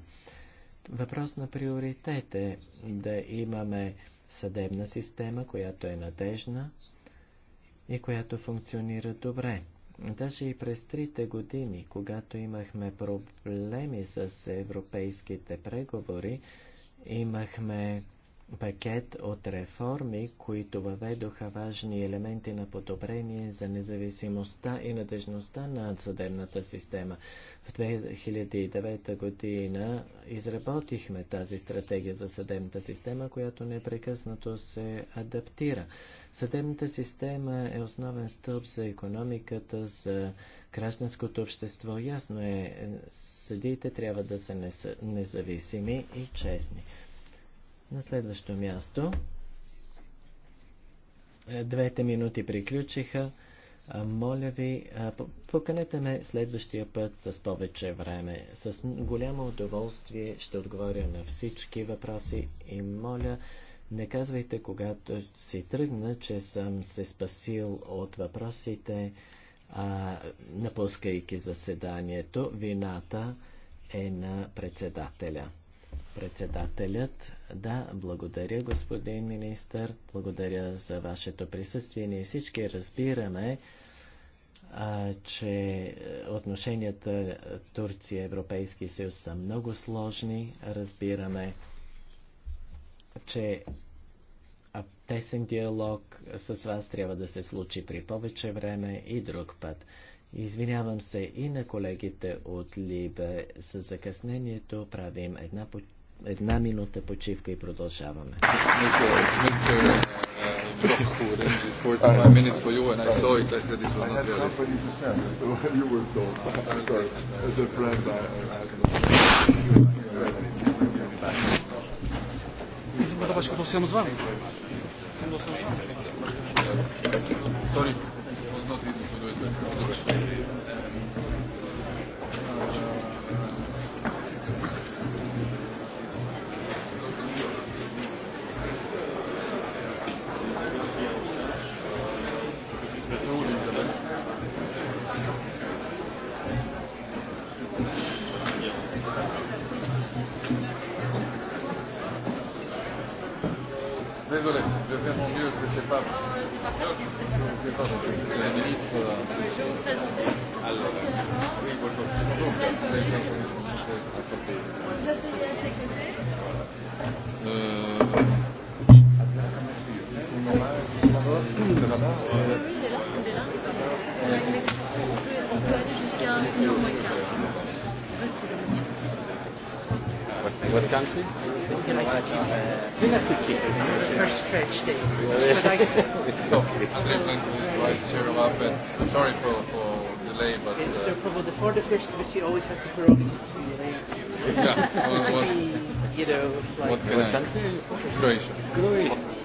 Speaker 2: Въпрос на приоритет е да имаме съдебна система, която е надежна и която функционира добре. Даже и през трите години, когато имахме проблеми с европейските преговори, имахме пакет от реформи, които въведоха важни елементи на подобрение за независимостта и надежността на съдебната система. В 2009 година изработихме тази стратегия за съдебната система, която непрекъснато се адаптира. Съдебната система е основен стълб за економиката, за гражданското общество. Ясно е, съдиите трябва да са независими и честни. На следващо място. Е, двете минути приключиха. Моля ви, поканете ме следващия път с повече време. С голямо удоволствие ще отговоря на всички въпроси и моля, не казвайте, когато си тръгна, че съм се спасил от въпросите, а, напускайки заседанието. Вината е на председателя. Председателят, да, благодаря господин министър, благодаря за вашето присъствие. Ние всички разбираме, а, че е, отношенията е, Турция-Европейски съюз са много сложни. Разбираме, че тесен диалог с вас трябва да се случи при повече време и друг път. Извинявам се и на колегите от Либе. С закъснението правим една почивка. Една минута почивка и продължаваме.
Speaker 1: Mislim da baš като съм с вами. Sorry, was not easy to do it. désolé, je vais faire mon mieux, je ne sais pas. Je ne sais pas, c'est la ministre. oui, bonjour. Bonjour, Oui, oui, là, là. On a une On peut aller jusqu'à 1h moins quart. monsieur. What country? First stretch day. Sorry for, for delay, but... It's the problem. The for the first committee always have the prerogative to be late. yeah. well, what, you know, like... What, what country? Croatia. Croatia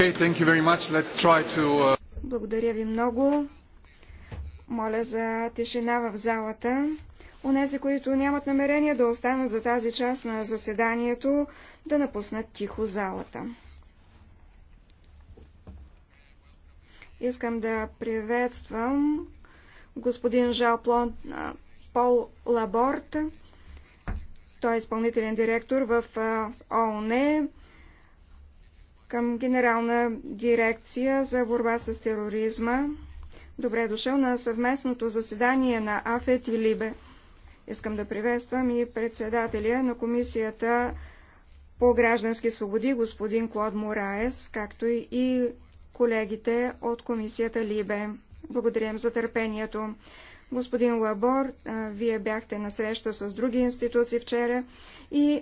Speaker 1: Uh,
Speaker 4: Благодаря ви много. Моля за тишина в залата. Онези, които нямат намерение да останат за тази част на заседанието, да напуснат тихо залата. Искам да приветствам господин Жал Плон, Пол Лаборт. Той е изпълнителен директор в ООН към Генерална дирекция за борба с тероризма. Добре дошъл на съвместното заседание на АФЕТ и ЛИБЕ. Искам да приветствам и председателя на Комисията по граждански свободи, господин Клод Мораес, както и колегите от Комисията ЛИБЕ. Благодарим за търпението. Господин Лабор, вие бяхте на среща с други институции вчера и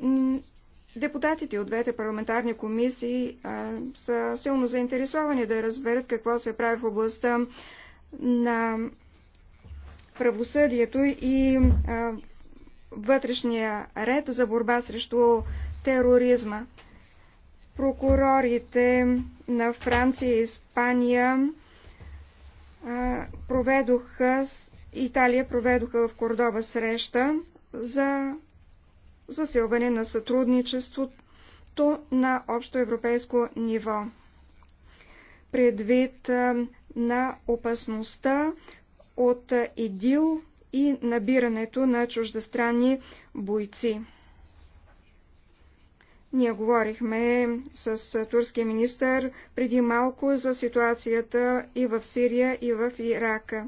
Speaker 4: Депутатите от двете парламентарни комисии а, са силно заинтересовани да разберат какво се прави в областта на правосъдието и а, вътрешния ред за борба срещу тероризма. Прокурорите на Франция и Испания а, проведоха, Италия проведоха в Кордоба среща за засилване на сътрудничеството на общо европейско ниво. Предвид на опасността от ИДИЛ и набирането на чуждестранни бойци. Ние говорихме с турския министр преди малко за ситуацията и в Сирия, и в Ирака.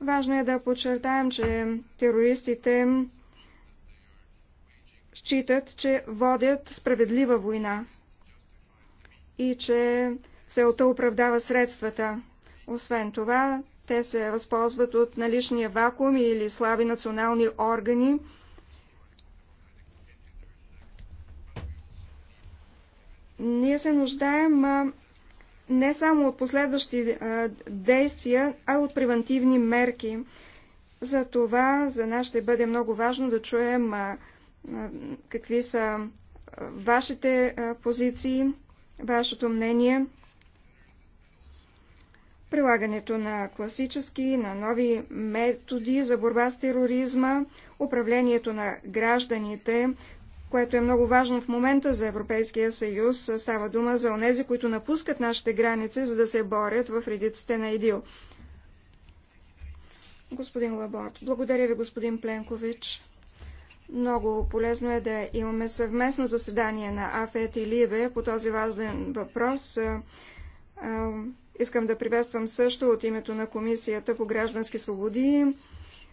Speaker 4: Важно е да подчертаем, че терористите считат, че водят справедлива война и че целта оправдава средствата. Освен това, те се възползват от наличния вакуум или слаби национални органи. Ние се нуждаем не само от последващи действия, а от превентивни мерки. За това за нас ще бъде много важно да чуем какви са вашите позиции, вашето мнение. Прилагането на класически, на нови методи за борба с тероризма, управлението на гражданите, което е много важно в момента за Европейския съюз. Става дума за онези, които напускат нашите граници, за да се борят в редиците на ИДИЛ. Господин Лаборт, благодаря ви, господин Пленкович. Много полезно е да имаме съвместно заседание на АФЕТ и ЛИБЕ по този важен въпрос. Искам да приветствам също от името на Комисията по граждански свободи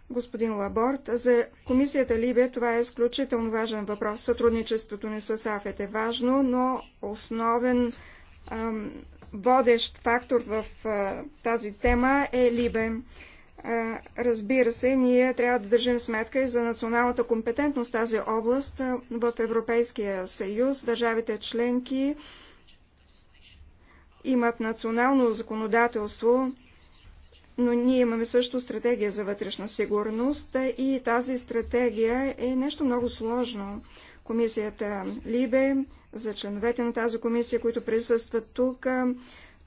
Speaker 4: господин Лаборт. За Комисията Либе това е изключително важен въпрос. Сътрудничеството ни с АФЕТ е важно, но основен водещ фактор в тази тема е Либе. Разбира се, ние трябва да държим сметка и за националната компетентност тази област в Европейския съюз. Държавите членки имат национално законодателство, но ние имаме също стратегия за вътрешна сигурност и тази стратегия е нещо много сложно. Комисията Либе, за членовете на тази комисия, които присъстват тук,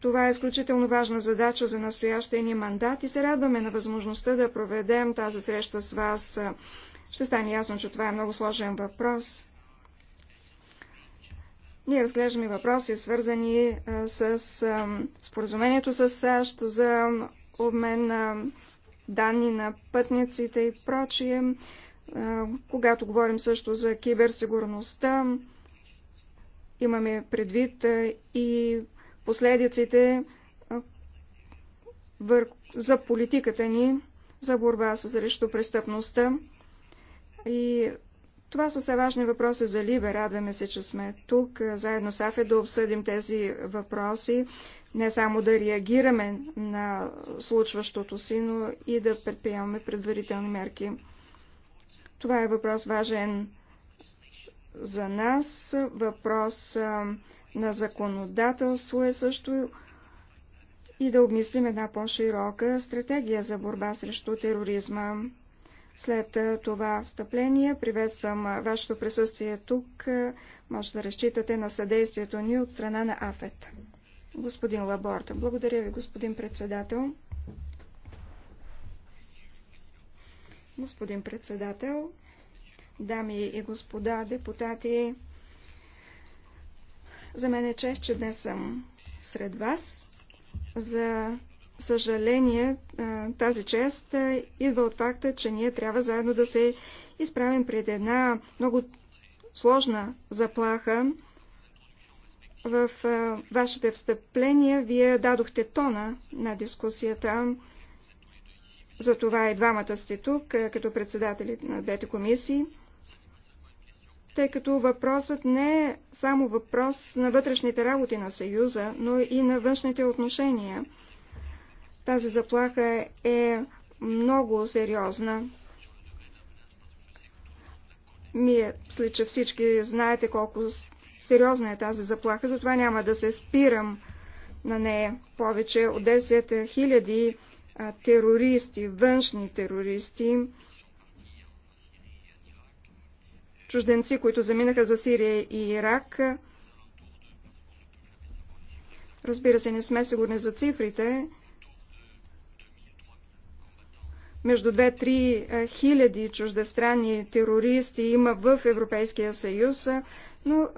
Speaker 4: това е изключително важна задача за настоящия ни мандат и се радваме на възможността да проведем тази среща с вас. Ще стане ясно, че това е много сложен въпрос. Ние разглеждаме въпроси, свързани е, с е, споразумението с САЩ за обмен на данни на пътниците и прочие. Е, когато говорим също за киберсигурността, имаме предвид и последиците за политиката ни за борба срещу престъпността. И това са все важни въпроси за Либе. Радваме се, че сме тук, заедно с Афе, да обсъдим тези въпроси. Не само да реагираме на случващото си, но и да предприемаме предварителни мерки. Това е въпрос важен за нас, въпрос на законодателство е също и да обмислим една по-широка стратегия за борба срещу тероризма. След това встъпление приветствам вашето присъствие тук. Може да разчитате на съдействието ни от страна на АФЕТ. Господин Лаборта, благодаря ви, господин председател. Господин председател, дами и господа депутати, за мен е чест, че днес съм сред вас. За съжаление, тази чест идва от факта, че ние трябва заедно да се изправим пред една много сложна заплаха. В вашите встъпления вие дадохте тона на дискусията. Затова и двамата сте тук, като председатели на двете комисии тъй като въпросът не е само въпрос на вътрешните работи на Съюза, но и на външните отношения. Тази заплаха е много сериозна. Мие, след че всички знаете колко сериозна е тази заплаха, затова няма да се спирам на нея. Повече от 10 000 терористи, външни терористи, чужденци, които заминаха за Сирия и Ирак. Разбира се, не сме сигурни за цифрите. Между 2-3 хиляди чуждестранни терористи има в Европейския съюз, но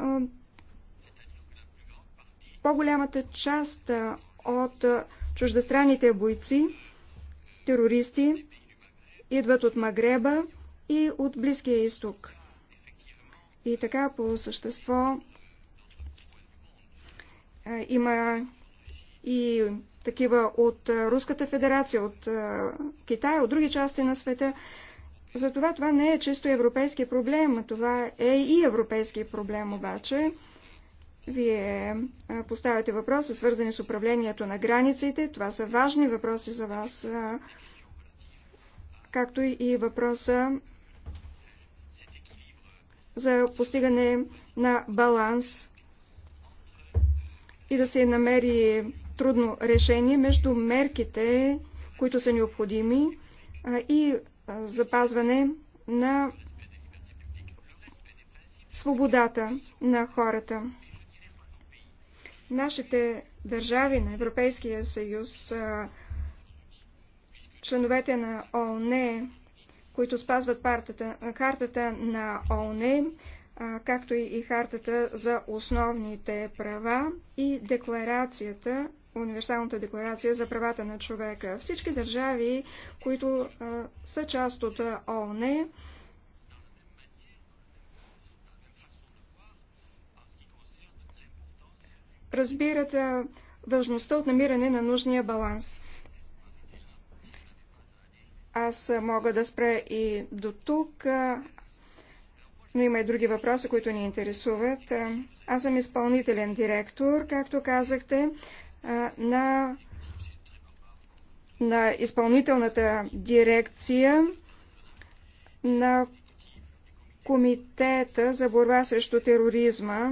Speaker 4: по-голямата част от чуждестранните бойци, терористи, идват от Магреба и от Близкия изток. И така по същество е, има и такива от Руската федерация, от е, Китай, от други части на света. Затова това не е чисто европейски проблем, това е и европейски проблем обаче. Вие е, поставяте въпроси, свързани с управлението на границите. Това са важни въпроси за вас, както и въпроса за постигане на баланс и да се намери трудно решение между мерките, които са необходими и запазване на свободата на хората. Нашите държави на Европейския съюз, членовете на ООН, които спазват партата, картата на ООН, както и хартата за основните права и декларацията, универсалната декларация за правата на човека. Всички държави, които а, са част от ООН, разбират а, важността от намиране на нужния баланс. Аз мога да спра и до тук, но има и други въпроси, които ни интересуват. Аз съм изпълнителен директор, както казахте, на, на изпълнителната дирекция на Комитета за борба срещу тероризма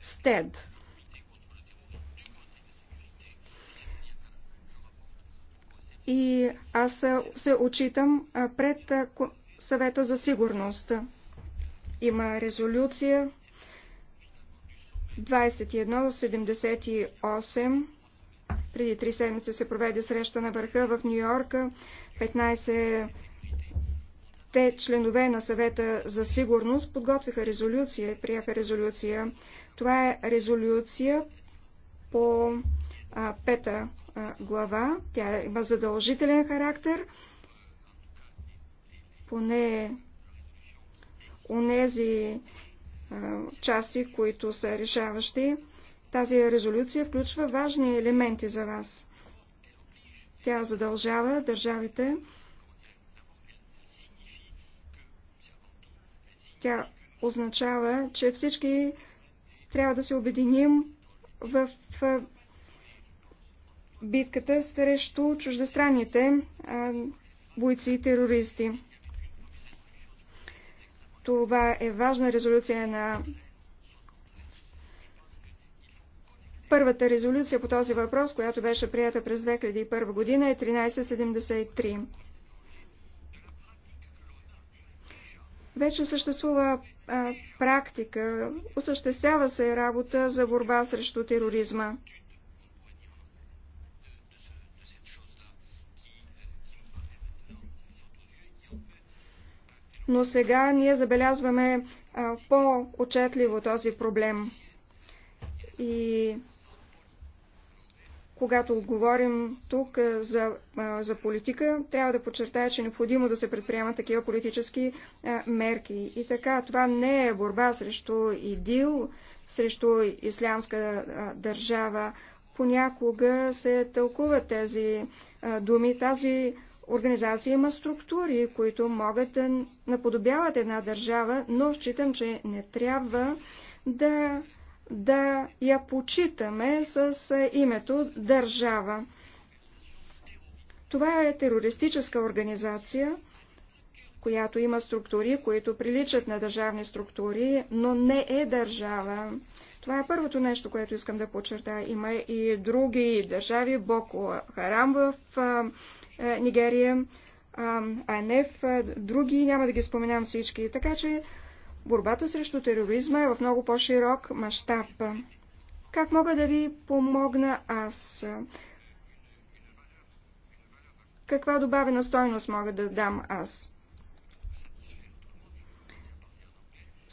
Speaker 4: СТЕД. и аз се отчитам пред съвета за сигурност. Има резолюция 2178. Преди три седмици се проведе среща на върха в Нью Йорка. 15 те членове на съвета за сигурност подготвиха резолюция, приеха резолюция. Това е резолюция по пета глава. Тя има задължителен характер. Поне нези части, които са решаващи. Тази резолюция включва важни елементи за вас. Тя задължава държавите. Тя означава, че всички трябва да се обединим в битката срещу чуждестранните бойци и терористи. Това е важна резолюция на първата резолюция по този въпрос, която беше прията през 2001 година е 1373. Вече съществува а, практика, осъществява се работа за борба срещу тероризма. но сега ние забелязваме по-отчетливо този проблем. И когато говорим тук за, за политика, трябва да подчертая, че е необходимо да се предприемат такива политически мерки. И така, това не е борба срещу ИДИЛ, срещу ислямска държава. Понякога се тълкуват тези думи. Тази организация има структури, които могат да наподобяват една държава, но считам, че не трябва да, да я почитаме с името държава. Това е терористическа организация, която има структури, които приличат на държавни структури, но не е държава. Това е първото нещо, което искам да подчертая. Има и други държави, Боко Харам в а, е, Нигерия, АНФ, други, няма да ги споменам всички. Така че борбата срещу тероризма е в много по-широк мащаб. Как мога да ви помогна аз? Каква добавена стойност мога да дам аз?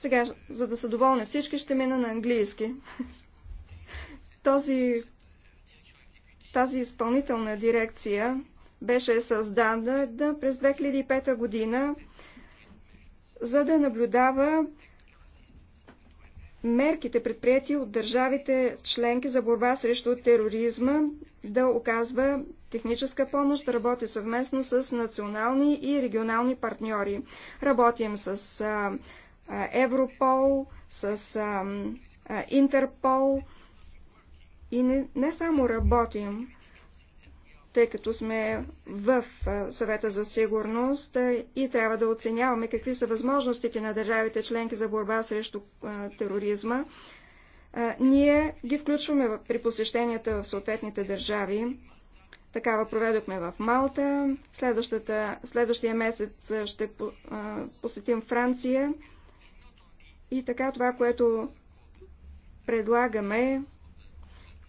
Speaker 4: Сега, за да са доволни всички, ще мина на английски. Този, тази изпълнителна дирекция беше създадена през 2005 година, за да наблюдава мерките предприяти от държавите членки за борба срещу тероризма, да оказва техническа помощ, да работи съвместно с национални и регионални партньори. Работим с Европол, с Интерпол. И не, не само работим, тъй като сме в съвета за сигурност и трябва да оценяваме какви са възможностите на държавите членки за борба срещу тероризма. Ние ги включваме при посещенията в съответните държави. Такава проведохме в Малта. Следващия месец ще посетим Франция. И така това, което предлагаме,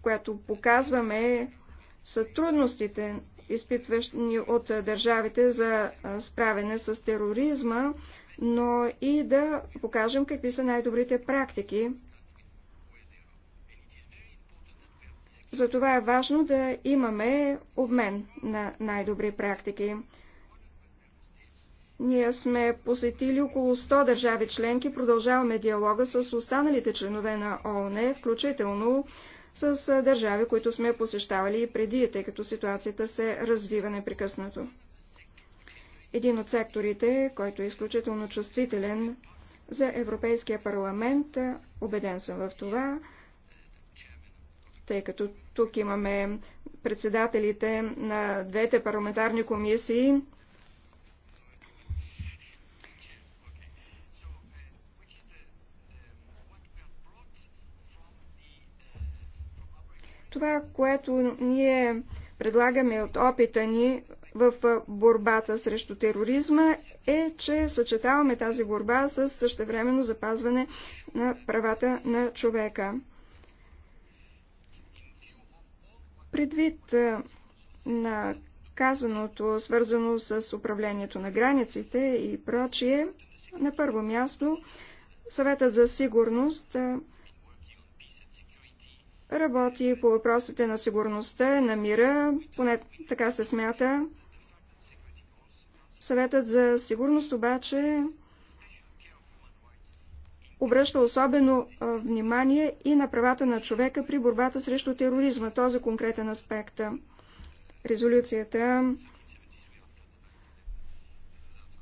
Speaker 4: което показваме, са трудностите, изпитващи от държавите за справяне с тероризма, но и да покажем какви са най-добрите практики. Затова е важно да имаме обмен на най-добри практики. Ние сме посетили около 100 държави членки, продължаваме диалога с останалите членове на ООН, включително с държави, които сме посещавали и преди, тъй като ситуацията се развива непрекъснато. Един от секторите, който е изключително чувствителен за Европейския парламент, убеден съм в това, тъй като тук имаме председателите на двете парламентарни комисии, Това, което ние предлагаме от опита ни в борбата срещу тероризма е, че съчетаваме тази борба с същевременно запазване на правата на човека. Предвид на казаното, свързано с управлението на границите и прочие, на първо място Съветът за сигурност работи по въпросите на сигурността, на мира, поне така се смята. Съветът за сигурност обаче обръща особено внимание и на правата на човека при борбата срещу тероризма, този конкретен аспект. Резолюцията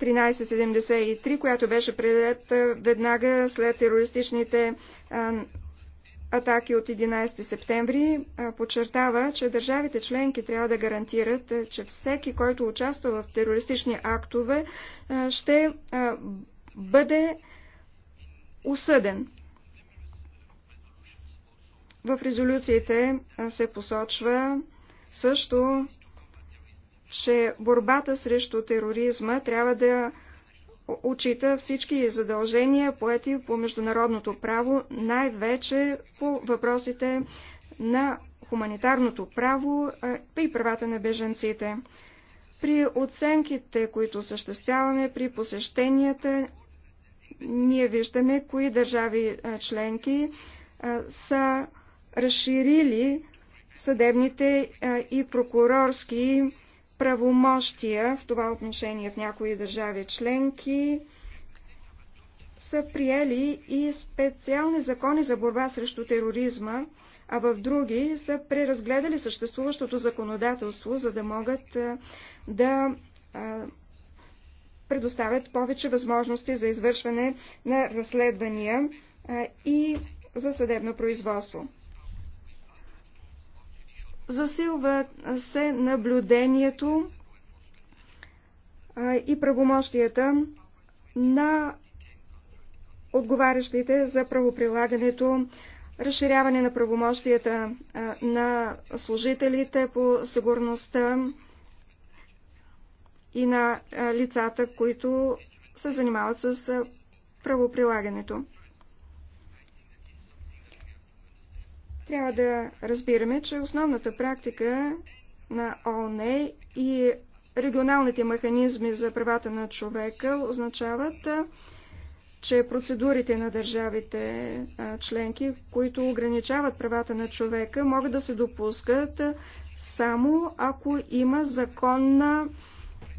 Speaker 4: 1373, която беше предета веднага след терористичните атаки от 11 септември подчертава, че държавите членки трябва да гарантират, че всеки, който участва в терористични актове, ще бъде осъден. В резолюциите се посочва също, че борбата срещу тероризма трябва да учита всички задължения, поети по международното право, най-вече по въпросите на хуманитарното право и правата на беженците. При оценките, които съществяваме при посещенията, ние виждаме кои държави членки са разширили съдебните и прокурорски правомощия в това отношение в някои държави членки са приели и специални закони за борба срещу тероризма, а в други са преразгледали съществуващото законодателство, за да могат да предоставят повече възможности за извършване на разследвания и за съдебно производство. Засилва се наблюдението и правомощията на отговарящите за правоприлагането, разширяване на правомощията на служителите по сигурността и на лицата, които се занимават с правоприлагането. Трябва да разбираме, че основната практика на ООН и регионалните механизми за правата на човека означават, че процедурите на държавите членки, които ограничават правата на човека, могат да се допускат само ако има законна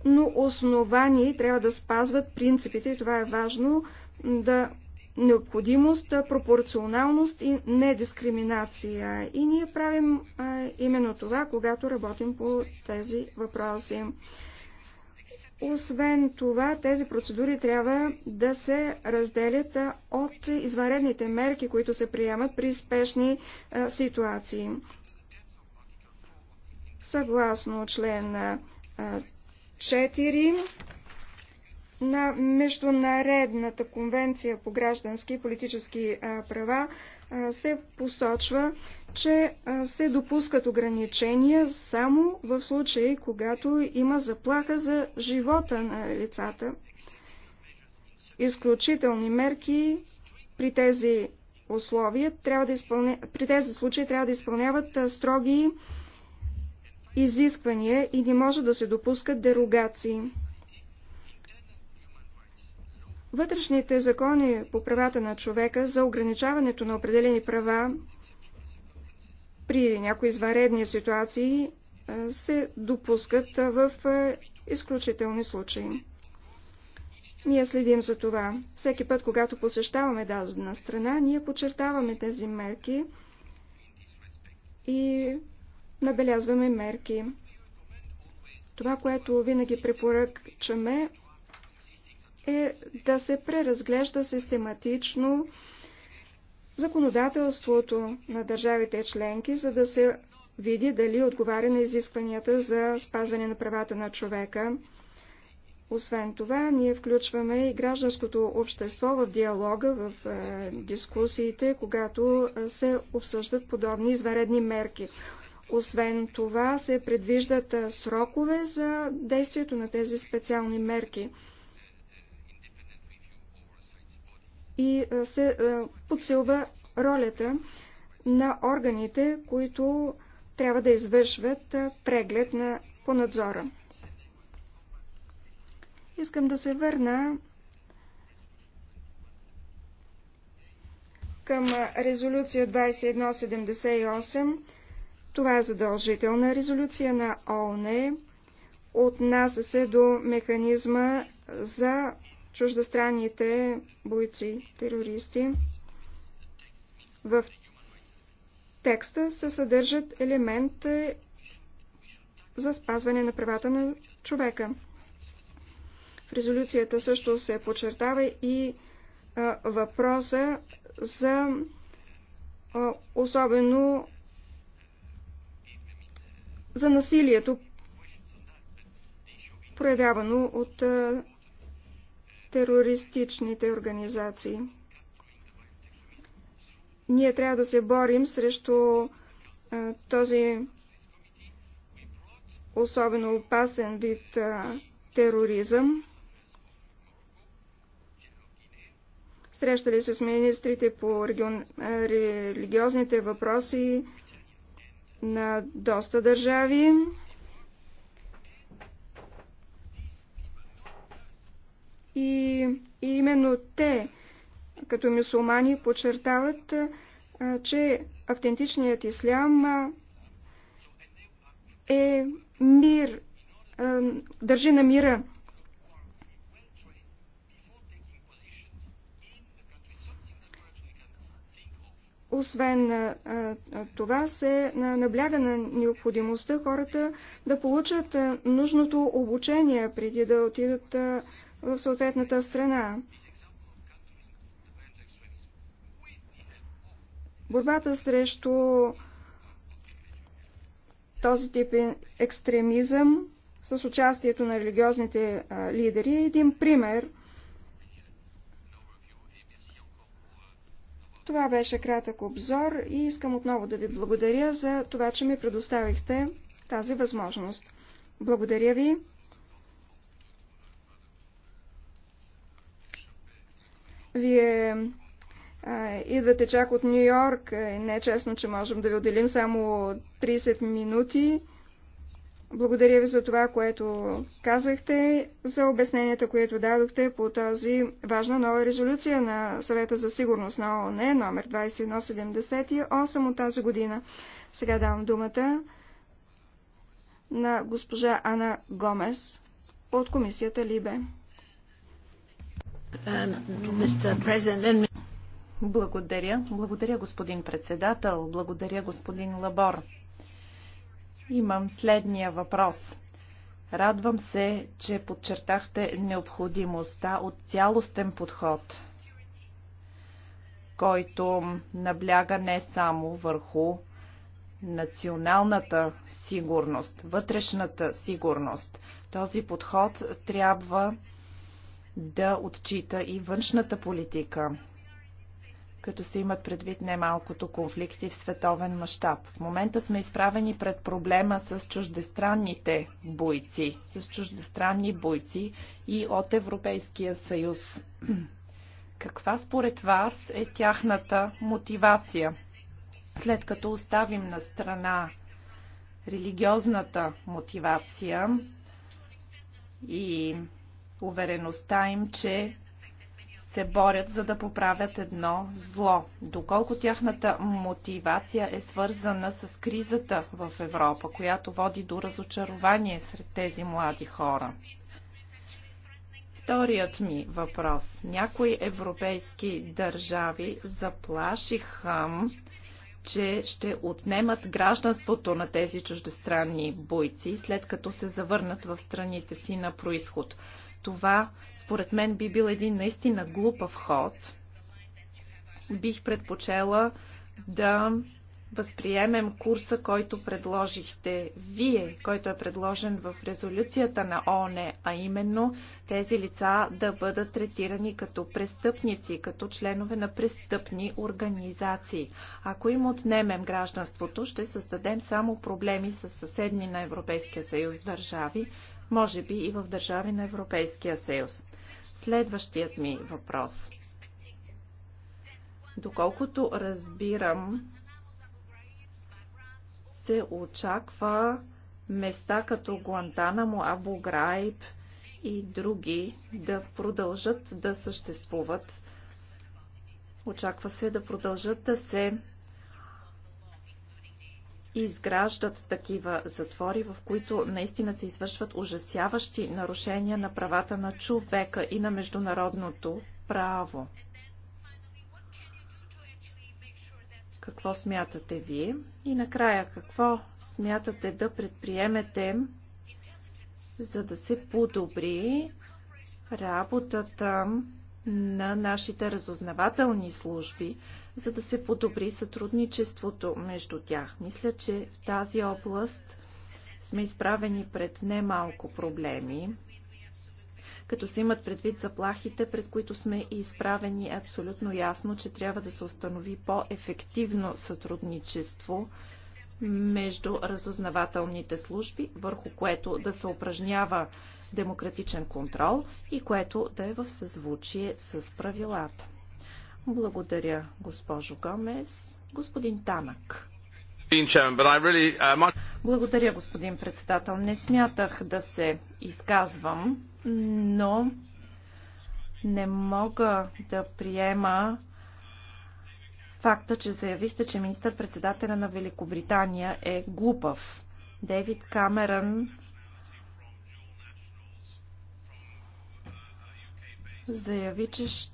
Speaker 4: но основание трябва да спазват принципите, и това е важно, да необходимост, пропорционалност и недискриминация. И ние правим а, именно това, когато работим по тези въпроси. Освен това, тези процедури трябва да се разделят от извънредните мерки, които се приемат при спешни а, ситуации. Съгласно член а, 4 на Междунаредната конвенция по граждански и политически права се посочва, че се допускат ограничения само в случаи, когато има заплаха за живота на лицата. Изключителни мерки при тези условия трябва да изпълня... при тези случаи трябва да изпълняват строги изисквания и не може да се допускат дерогации. Вътрешните закони по правата на човека за ограничаването на определени права при някои изваредни ситуации се допускат в изключителни случаи. Ние следим за това. Всеки път, когато посещаваме дадена страна, ние подчертаваме тези мерки и набелязваме мерки. Това, което винаги препоръчаме, е да се преразглежда систематично законодателството на държавите членки, за да се види дали отговаря на изискванията за спазване на правата на човека. Освен това, ние включваме и гражданското общество в диалога, в е, дискусиите, когато се обсъждат подобни изваредни мерки. Освен това, се предвиждат е, срокове за действието на тези специални мерки. и се подсилва ролята на органите, които трябва да извършват преглед на, по надзора. Искам да се върна към резолюция 2178. Това е задължителна резолюция на ООН. Отнася се до механизма за чуждестранните бойци, терористи. В текста се съдържат елементи за спазване на правата на човека. В резолюцията също се подчертава и а, въпроса за а, особено за насилието, проявявано от а, терористичните организации. Ние трябва да се борим срещу а, този особено опасен вид а, тероризъм. Срещали се с министрите по регион... религиозните въпроси на доста държави. И, и именно те, като мусулмани, подчертават, че автентичният ислям е мир, държи на мира. Освен а, това се набляга на необходимостта хората да получат нужното обучение преди да отидат а, в съответната страна. Борбата срещу този тип е екстремизъм с участието на религиозните лидери е един пример. Това беше кратък обзор и искам отново да ви благодаря за това, че ми предоставихте тази възможност. Благодаря ви. Вие идвате чак от Нью Йорк. Е, не е честно, че можем да ви отделим само 30 минути. Благодаря ви за това, което казахте, за обясненията, които дадохте по тази важна нова резолюция на Съвета за сигурност на ООН, номер 2178 от тази година. Сега давам думата на госпожа Ана Гомес от комисията Либе.
Speaker 5: Благодаря. Благодаря, господин председател. Благодаря, господин Лабор. Имам следния въпрос. Радвам се, че подчертахте необходимостта от цялостен подход, който набляга не само върху националната сигурност, вътрешната сигурност. Този подход трябва да отчита и външната политика, като се имат предвид немалкото конфликти в световен мащаб. В момента сме изправени пред проблема с чуждестранните бойци, с чуждестранни бойци и от Европейския съюз. Каква според вас е тяхната мотивация? След като оставим на страна религиозната мотивация и увереността им, че се борят за да поправят едно зло. Доколко тяхната мотивация е свързана с кризата в Европа, която води до разочарование сред тези млади хора. Вторият ми въпрос. Някои европейски държави заплашиха, че ще отнемат гражданството на тези чуждестранни бойци, след като се завърнат в страните си на происход. Това, според мен, би бил един наистина глупав ход. Бих предпочела да възприемем курса, който предложихте вие, който е предложен в резолюцията на ООН, а именно тези лица да бъдат третирани като престъпници, като членове на престъпни организации. Ако им отнемем гражданството, ще създадем само проблеми с съседни на Европейския съюз държави, може би и в държави на Европейския съюз. Следващият ми въпрос. Доколкото разбирам, се очаква места като Гуантанамо, Абу Грайб и други да продължат да съществуват. Очаква се да продължат да се изграждат такива затвори, в които наистина се извършват ужасяващи нарушения на правата на човека и на международното право. Какво смятате вие? И накрая, какво смятате да предприемете, за да се подобри работата на нашите разузнавателни служби, за да се подобри сътрудничеството между тях. Мисля, че в тази област сме изправени пред немалко проблеми, като се имат предвид заплахите, пред които сме изправени е абсолютно ясно, че трябва да се установи по-ефективно сътрудничество между разузнавателните служби, върху което да се упражнява демократичен контрол и което да е в съзвучие с правилата. Благодаря, госпожо Гомес. Господин Танък. Uh, Благодаря, господин председател. Не смятах да се изказвам, но не мога да приема факта, че заявихте, че министър-председателя на Великобритания е глупав. Дейвид Камерън заяви, че ще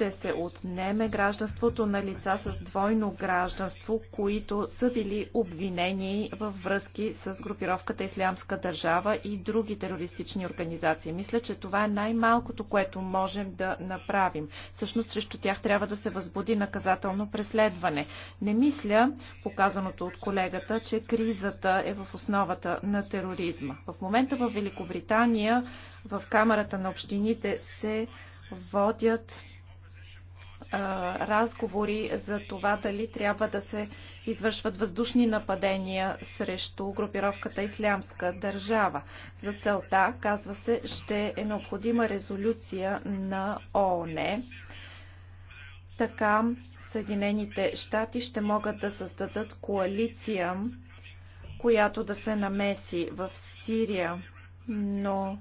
Speaker 5: ще се отнеме гражданството на лица с двойно гражданство, които са били обвинени във връзки с групировката Ислямска държава и други терористични организации. Мисля, че това е най-малкото, което можем да направим. Всъщност, срещу тях трябва да се възбуди наказателно преследване. Не мисля, показаното от колегата, че кризата е в основата на тероризма. В момента в Великобритания, в Камерата на общините се водят разговори за това дали трябва да се извършват въздушни нападения срещу групировката Ислямска държава. За целта, казва се, ще е необходима резолюция на ООН. Така Съединените щати ще могат да създадат коалиция, която да се намеси в Сирия. Но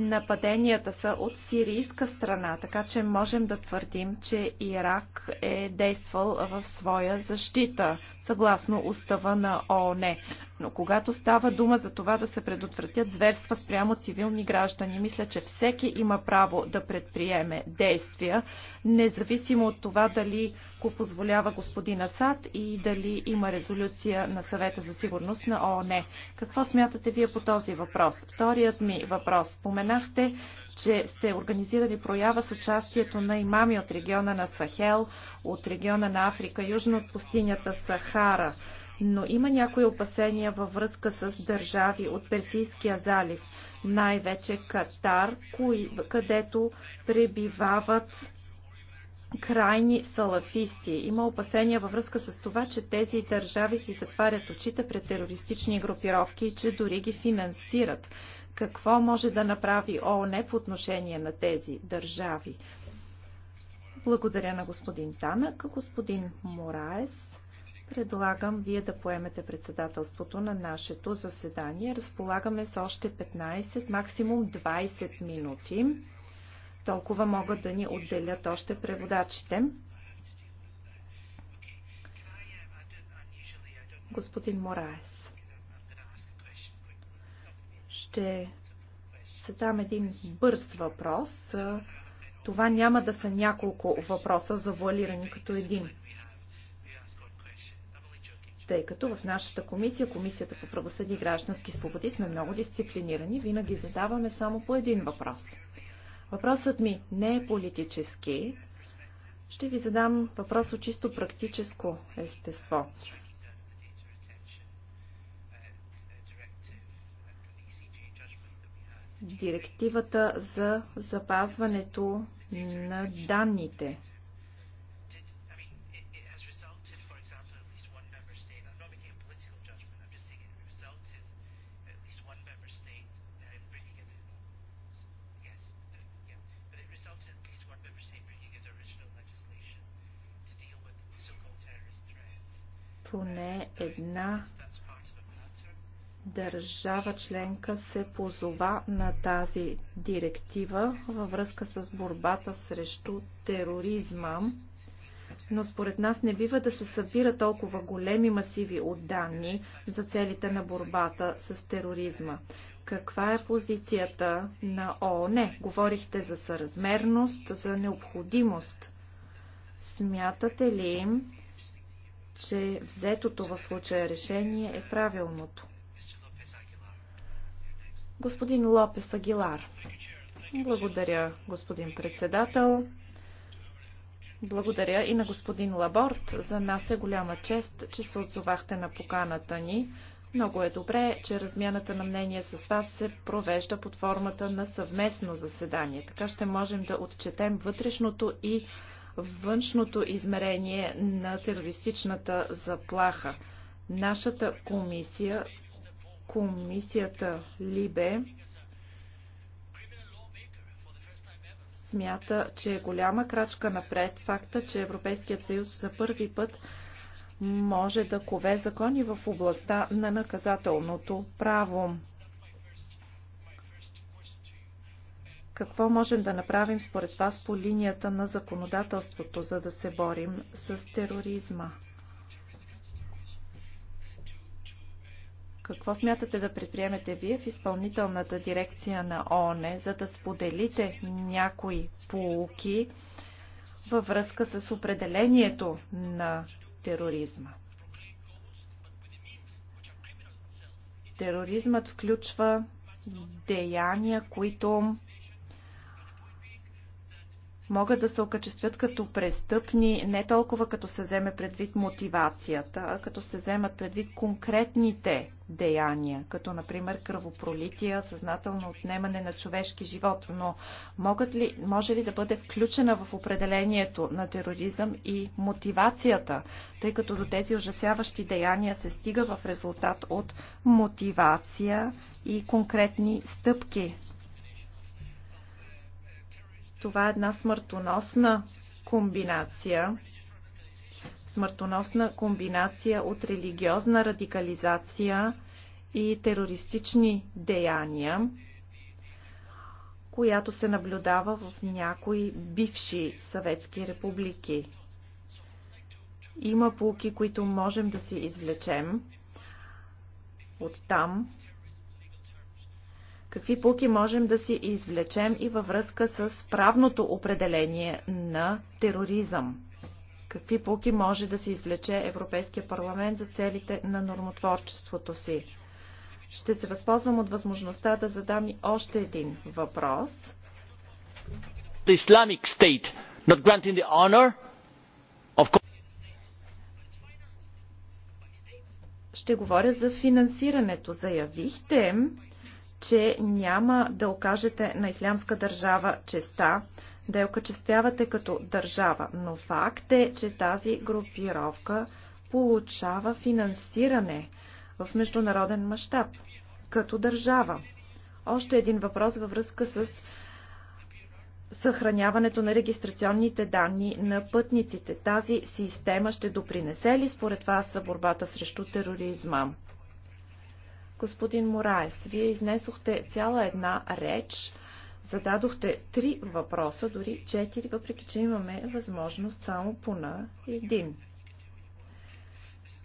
Speaker 5: Нападенията са от сирийска страна, така че можем да твърдим, че Ирак е действал в своя защита съгласно устава на ООН. Но когато става дума за това да се предотвратят зверства спрямо цивилни граждани, мисля, че всеки има право да предприеме действия, независимо от това дали го позволява господин Асад и дали има резолюция на съвета за сигурност на ООН. Какво смятате вие по този въпрос? Вторият ми въпрос. Споменахте, че сте организирали проява с участието на имами от региона на Сахел, от региона на Африка, южно от пустинята Сахара. Но има някои опасения във връзка с държави от Персийския залив, най-вече Катар, кои, където пребивават крайни салафисти. Има опасения във връзка с това, че тези държави си затварят очите пред терористични групировки и че дори ги финансират. Какво може да направи ООН по отношение на тези държави? Благодаря на господин Танък. Господин Мораес, предлагам вие да поемете председателството на нашето заседание. Разполагаме с още 15, максимум 20 минути. Толкова могат да ни отделят още преводачите. Господин Мораес, ще задам един бърз въпрос това няма да са няколко въпроса, завуалирани като един. Тъй като в нашата комисия, Комисията по правосъди и граждански свободи, сме много дисциплинирани, винаги задаваме само по един въпрос. Въпросът ми не е политически. Ще ви задам въпрос от чисто практическо естество. директивата за запазването на данните. поне една държава членка се позова на тази директива във връзка с борбата срещу тероризма. Но според нас не бива да се събира толкова големи масиви от данни за целите на борбата с тероризма. Каква е позицията на ООН? Говорихте за съразмерност, за необходимост. Смятате ли, че взетото в случая решение е правилното? Господин Лопес Агилар. Благодаря, господин председател. Благодаря и на господин Лаборт. За нас е голяма чест, че се отзовахте на поканата ни. Много е добре, че размяната на мнение с вас се провежда под формата на съвместно заседание. Така ще можем да отчетем вътрешното и външното измерение на терористичната заплаха. Нашата комисия Комисията Либе смята, че е голяма крачка напред факта, че Европейският съюз за първи път може да кове закони в областта на наказателното право. Какво можем да направим според вас по линията на законодателството, за да се борим с тероризма? Какво смятате да предприемете вие в изпълнителната дирекция на ООН, за да споделите някои полуки във връзка с определението на тероризма? Тероризмът включва деяния, които могат да се окачествят като престъпни не толкова като се вземе предвид мотивацията, а като се вземат предвид конкретните деяния, като например кръвопролития, съзнателно отнемане на човешки живот, но могат ли, може ли да бъде включена в определението на тероризъм и мотивацията, тъй като до тези ужасяващи деяния се стига в резултат от мотивация и конкретни стъпки това е една смъртоносна комбинация. Смъртоносна комбинация от религиозна радикализация и терористични деяния, която се наблюдава в някои бивши съветски републики. Има полки, които можем да си извлечем от там, Какви пуки можем да си извлечем и във връзка с правното определение на тероризъм? Какви пуки може да се извлече Европейския парламент за целите на нормотворчеството си? Ще се възползвам от възможността да задам и още един въпрос. The Islamic State not granting the honor of... Ще говоря за финансирането. Заявихте, че няма да окажете на Ислямска държава честа, да я окачествявате като държава. Но факт е, че тази групировка получава финансиране в международен мащаб като държава. Още един въпрос във връзка с съхраняването на регистрационните данни на пътниците. Тази система ще допринесе ли според вас борбата срещу тероризма? Господин Мораес, вие изнесохте цяла една реч, зададохте три въпроса, дори четири, въпреки че имаме възможност само по на един.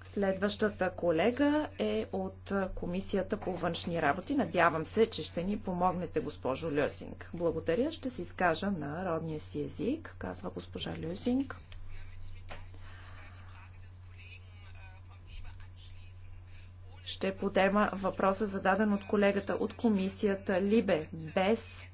Speaker 5: Следващата колега е от Комисията по външни работи. Надявам се, че ще ни помогнете, госпожо Льосинг. Благодаря, ще се изкажа на родния си език, казва госпожа Люсинг. ще подема въпроса зададен от колегата от комисията Либе. Без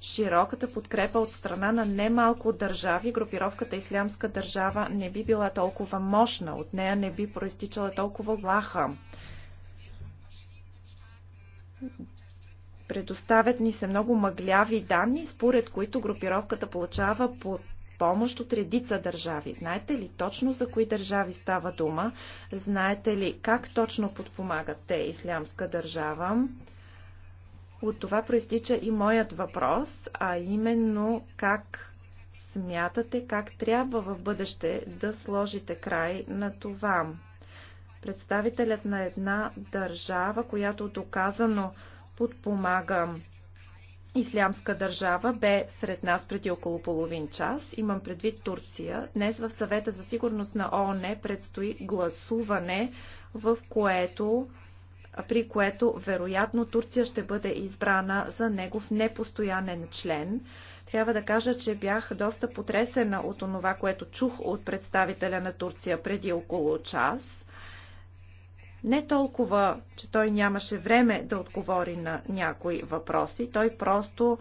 Speaker 5: широката подкрепа от страна на немалко държави, групировката Ислямска държава не би била толкова мощна, от нея не би проистичала толкова лаха. Предоставят ни се много мъгляви данни, според които групировката получава под помощ от редица държави. Знаете ли точно за кои държави става дума? Знаете ли как точно подпомагат те ислямска държава? От това проистича и моят въпрос, а именно как смятате, как трябва в бъдеще да сложите край на това. Представителят на една държава, която доказано подпомага Ислямска държава бе сред нас преди около половин час. Имам предвид Турция. Днес в съвета за сигурност на ООН предстои гласуване, в което при което вероятно Турция ще бъде избрана за негов непостоянен член. Трябва да кажа, че бях доста потресена от онова, което чух от представителя на Турция преди около час. Не толкова, че той нямаше време да отговори на някои въпроси, той просто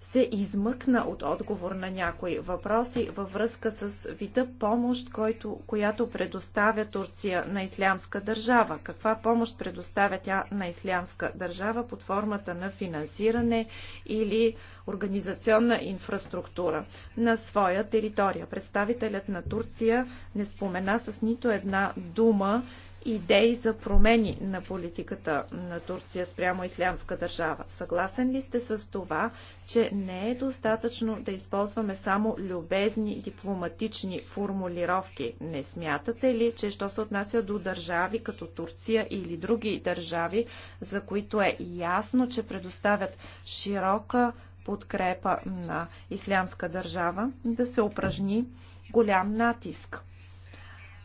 Speaker 5: се измъкна от отговор на някои въпроси във връзка с вида помощ, който, която предоставя Турция на ислямска държава. Каква помощ предоставя тя на ислямска държава под формата на финансиране или организационна инфраструктура на своя територия? Представителят на Турция не спомена с нито една дума идеи за промени на политиката на Турция спрямо ислямска държава. Съгласен ли сте с това, че не е достатъчно да използваме само любезни дипломатични формулировки? Не смятате ли, че що се отнася до държави като Турция или други държави, за които е ясно, че предоставят широка подкрепа на ислямска държава, да се упражни голям натиск?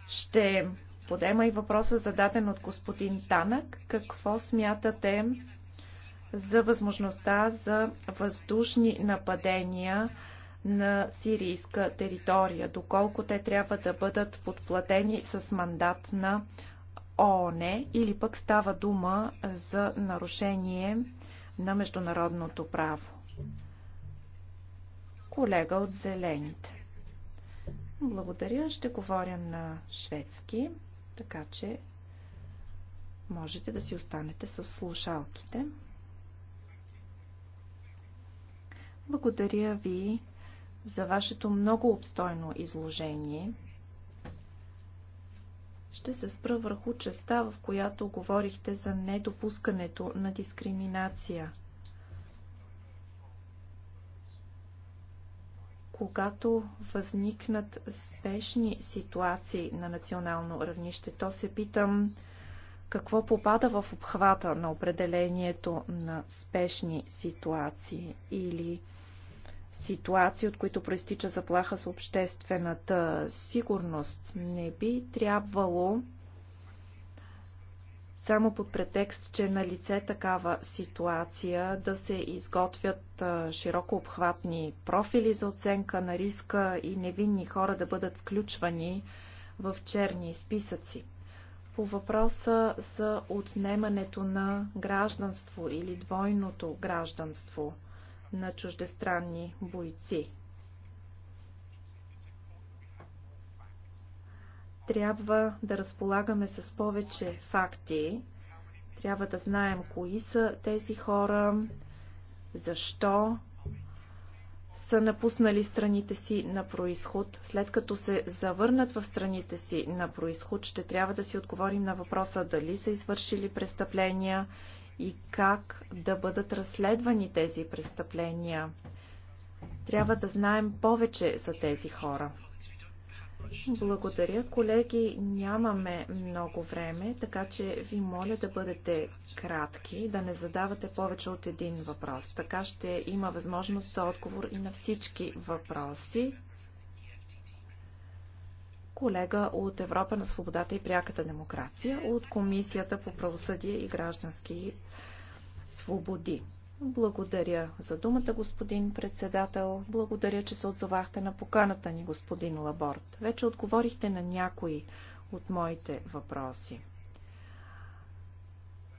Speaker 5: Ще Подема и въпроса зададен от господин Танък. Какво смятате за възможността за въздушни нападения на сирийска територия, доколко те трябва да бъдат подплатени с мандат на ООН или пък става дума за нарушение на международното право. Колега от Зелените. Благодаря, ще говоря на шведски така че можете да си останете с слушалките. Благодаря ви за вашето много обстойно изложение. Ще се спра върху частта, в която говорихте за недопускането на дискриминация – когато възникнат спешни ситуации на национално равнище, то се питам какво попада в обхвата на определението на спешни ситуации или ситуации, от които проистича заплаха с обществената сигурност. Не би трябвало само под претекст, че е на лице такава ситуация да се изготвят широко обхватни профили за оценка на риска и невинни хора да бъдат включвани в черни списъци. По въпроса за отнемането на гражданство или двойното гражданство на чуждестранни бойци. трябва да разполагаме с повече факти, трябва да знаем кои са тези хора, защо са напуснали страните си на происход. След като се завърнат в страните си на происход, ще трябва да си отговорим на въпроса дали са извършили престъпления и как да бъдат разследвани тези престъпления. Трябва да знаем повече за тези хора. Благодаря, колеги. Нямаме много време, така че ви моля да бъдете кратки, да не задавате повече от един въпрос. Така ще има възможност за отговор и на всички въпроси. Колега от Европа на свободата и пряката демокрация, от Комисията по правосъдие и граждански свободи. Благодаря за думата, господин председател. Благодаря, че се отзовахте на поканата ни, господин Лаборт. Вече отговорихте на някои от моите въпроси.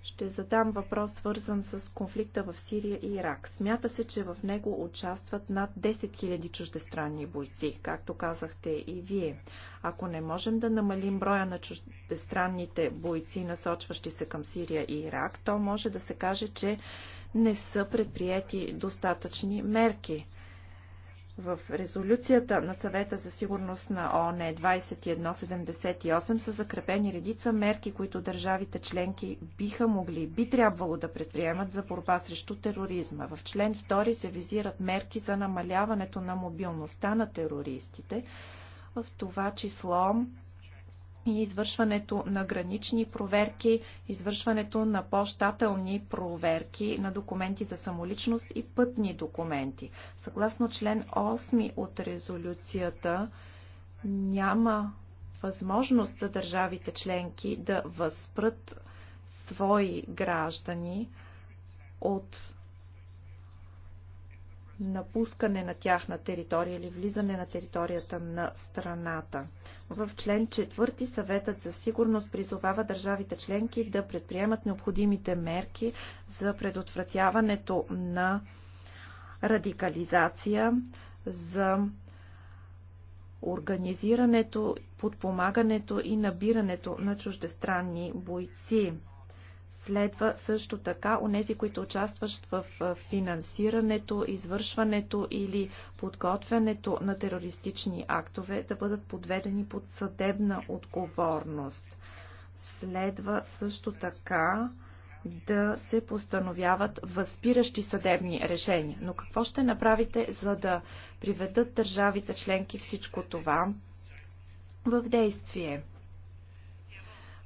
Speaker 5: Ще задам въпрос, свързан с конфликта в Сирия и Ирак. Смята се, че в него участват над 10 000 чуждестранни бойци, както казахте и вие. Ако не можем да намалим броя на чуждестранните бойци, насочващи се към Сирия и Ирак, то може да се каже, че не са предприяти достатъчни мерки. В резолюцията на съвета за сигурност на ООН 2178 са закрепени редица мерки, които държавите членки биха могли, би трябвало да предприемат за борба срещу тероризма. В член 2 се визират мерки за намаляването на мобилността на терористите, в това число и извършването на гранични проверки, извършването на по-щателни проверки на документи за самоличност и пътни документи. Съгласно член 8 от резолюцията няма възможност за държавите членки да възпрат свои граждани от напускане на тяхна територия или влизане на територията на страната. В член 4 съветът за сигурност призовава държавите членки да предприемат необходимите мерки за предотвратяването на радикализация, за организирането, подпомагането и набирането на чуждестранни бойци. Следва също така онези, които участват в финансирането, извършването или подготвянето на терористични актове да бъдат подведени под съдебна отговорност. Следва също така да се постановяват възпиращи съдебни решения. Но какво ще направите, за да приведат държавите членки всичко това в действие?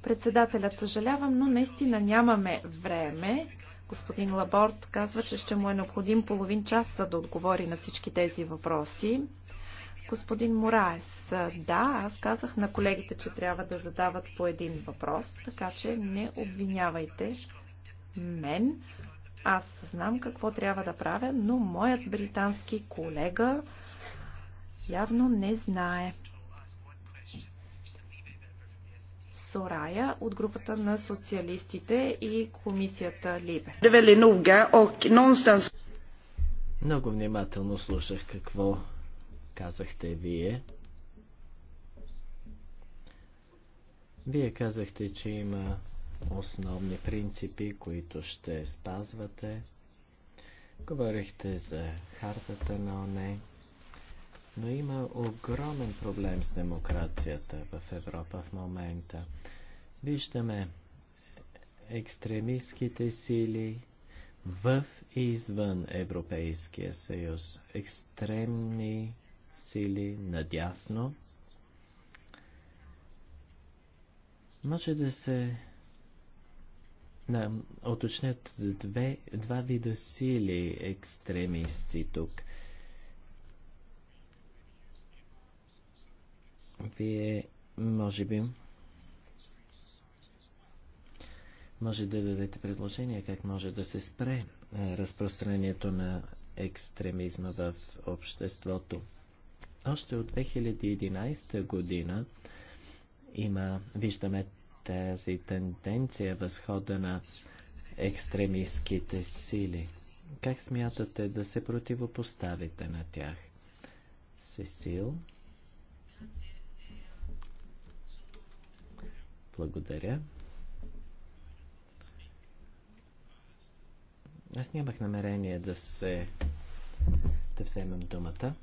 Speaker 5: Председателят съжалявам, но наистина нямаме време. Господин Лаборт казва, че ще му е необходим половин час, за да отговори на всички тези въпроси. Господин Мораес, да, аз казах на колегите, че трябва да задават по един въпрос, така че не обвинявайте мен. Аз знам какво трябва да правя, но моят британски колега явно не знае. Сорая от групата на социалистите и комисията Либе. Е,
Speaker 2: Много внимателно слушах какво казахте вие. Вие казахте, че има основни принципи, които ще спазвате. Говорихте за хартата на ОНЕ. Но има огромен проблем с демокрацията в Европа в момента. Виждаме екстремистските сили в и извън Европейския съюз. Екстремни сили надясно. Може да се уточнят две, два вида сили екстремисти тук – Вие, може би, може да дадете предложение как може да се спре е, разпространението на екстремизма в обществото. Още от 2011 година има, виждаме тази тенденция възхода на екстремистските сили. Как смятате да се противопоставите на тях? Сесил? Благодаря. Аз нямах намерение да се да вземем думата.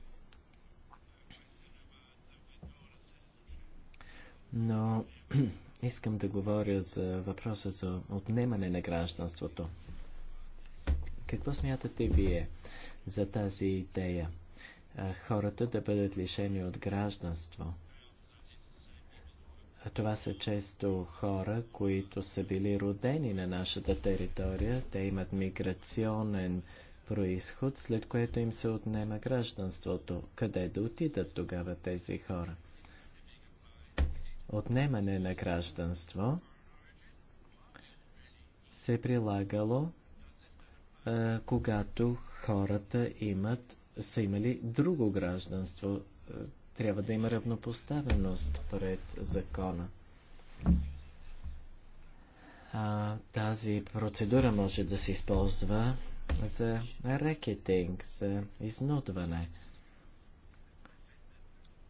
Speaker 2: Но искам да говоря за въпроса за отнемане на гражданството. Какво смятате вие за тази идея? Хората да бъдат лишени от гражданство – това са често хора, които са били родени на нашата територия. Те имат миграционен происход, след което им се отнема гражданството. Къде да отидат тогава тези хора? Отнемане на гражданство се прилагало, когато хората имат, са имали друго гражданство. Трябва да има равнопоставеност пред закона. А, тази процедура може да се използва за рекетинг, за изнудване.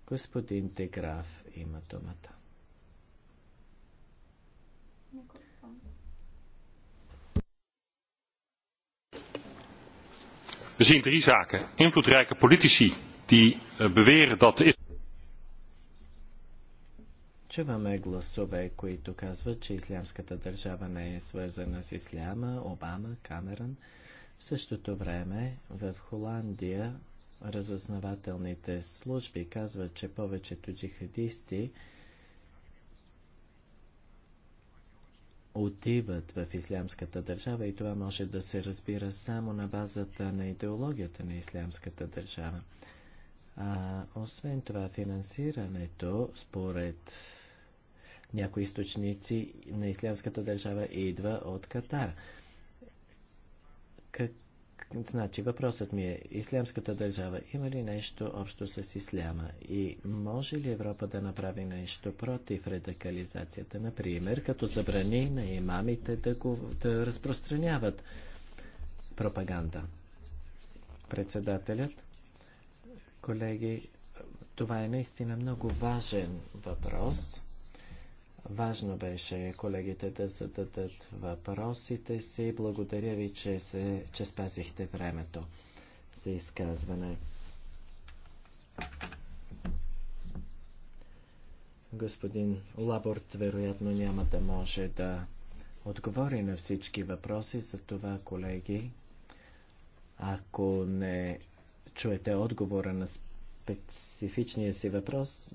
Speaker 2: Господин Деграф има думата. We zien drie
Speaker 3: zaken. Invloedrijke politici die eh, beweren dat de
Speaker 2: Чуваме гласове, които казват, че ислямската държава не е свързана с исляма, Обама, Камерън. В същото време в Холандия разузнавателните служби казват, че повечето джихадисти отиват в ислямската държава и това може да се разбира само на базата на идеологията на ислямската държава. А, освен това, финансирането според някои източници на Ислямската държава идва от Катар. Как... Значи, въпросът ми е, Ислямската държава има ли нещо общо с Исляма и може ли Европа да направи нещо против радикализацията, например, като забрани на имамите да, го, да разпространяват пропаганда? Председателят, колеги, това е наистина много важен въпрос. Важно беше колегите да зададат въпросите си. Благодаря ви, че, се, че спазихте времето за изказване. Господин Лаборт вероятно няма да може да отговори на всички въпроси, за това, колеги, ако не чуете отговора на специфичния си въпрос,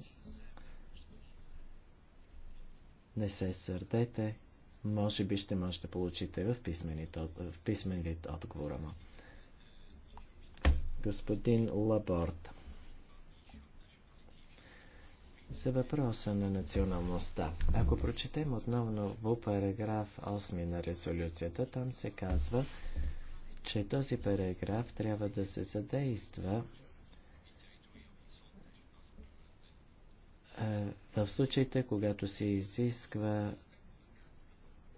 Speaker 2: не се сърдете. Може би ще можете да получите в, в писмените отговора му. Господин Лаборт. За въпроса на националността. Ако прочетем отново в параграф 8 на резолюцията, там се казва, че този параграф трябва да се задейства Е, в случаите, когато се изисква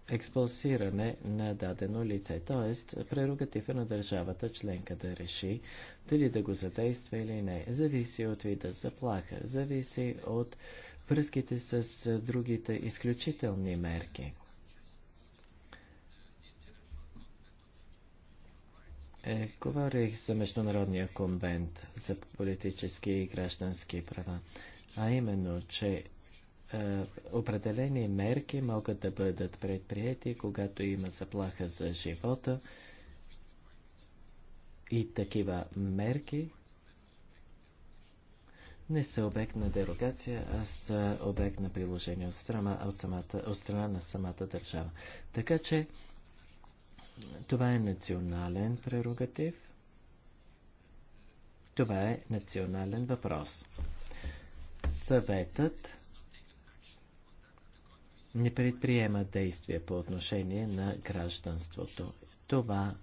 Speaker 2: експулсиране на дадено лице, т.е. прерогатива на държавата членка да реши дали да го задейства или не. Зависи от вида заплаха, зависи от връзките с другите изключителни мерки. Е, говорих за Международния конвент за политически и граждански права а именно, че е, определени мерки могат да бъдат предприяти, когато има заплаха за живота и такива мерки не са обект на дерогация, а са обект на приложение от страна, от, самата, от страна на самата държава. Така че това е национален прерогатив. Това е национален въпрос съветът не предприема действия по отношение на гражданството. Това,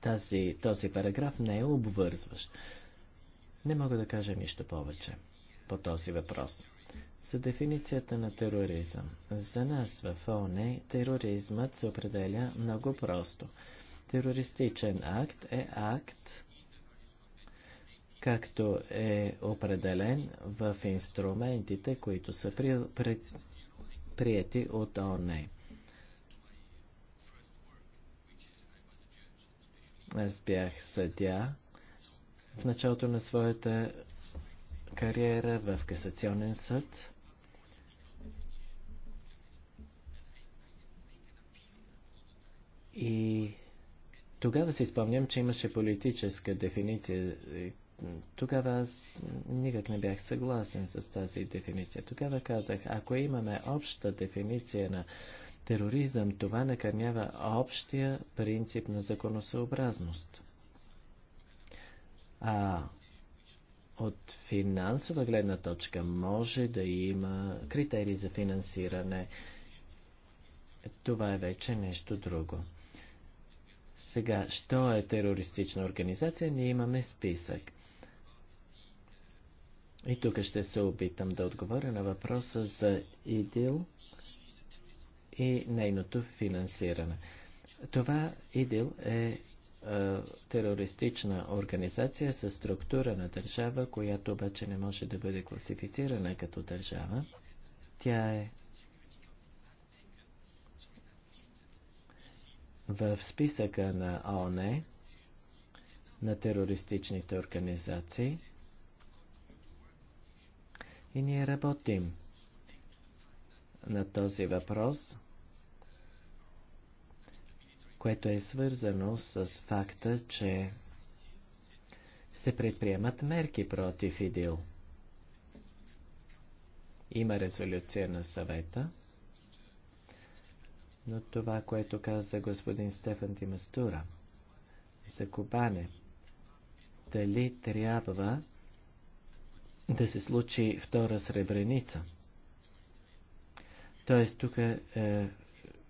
Speaker 2: тази, този параграф не е обвързващ. Не мога да кажа нищо повече по този въпрос. За дефиницията на тероризъм. За нас в ООН тероризмът се определя много просто. Терористичен акт е акт, както е определен в инструментите, които са при, при, прияти от ОНЕ. Аз бях съдя в началото на своята кариера в касационен съд. И тогава си спомням, че имаше политическа дефиниция, тогава аз никак не бях съгласен с тази дефиниция. Тогава казах, ако имаме обща дефиниция на тероризъм, това накърнява общия принцип на законосъобразност. А от финансова гледна точка може да има критерии за финансиране. Това е вече нещо друго. Сега, що е терористична организация? Ние имаме списък. И тук ще се опитам да отговоря на въпроса за ИДИЛ и нейното финансиране. Това ИДИЛ е, е терористична организация със структура на държава, която обаче не може да бъде класифицирана като държава. Тя е в списъка на ООН на терористичните организации – и ние работим на този въпрос, което е свързано с факта, че се предприемат мерки против ИДИЛ. Има резолюция на съвета, но това, което каза господин Стефан Тимастура за Кубане, дали трябва да се случи втора сребреница. Тоест, тук е,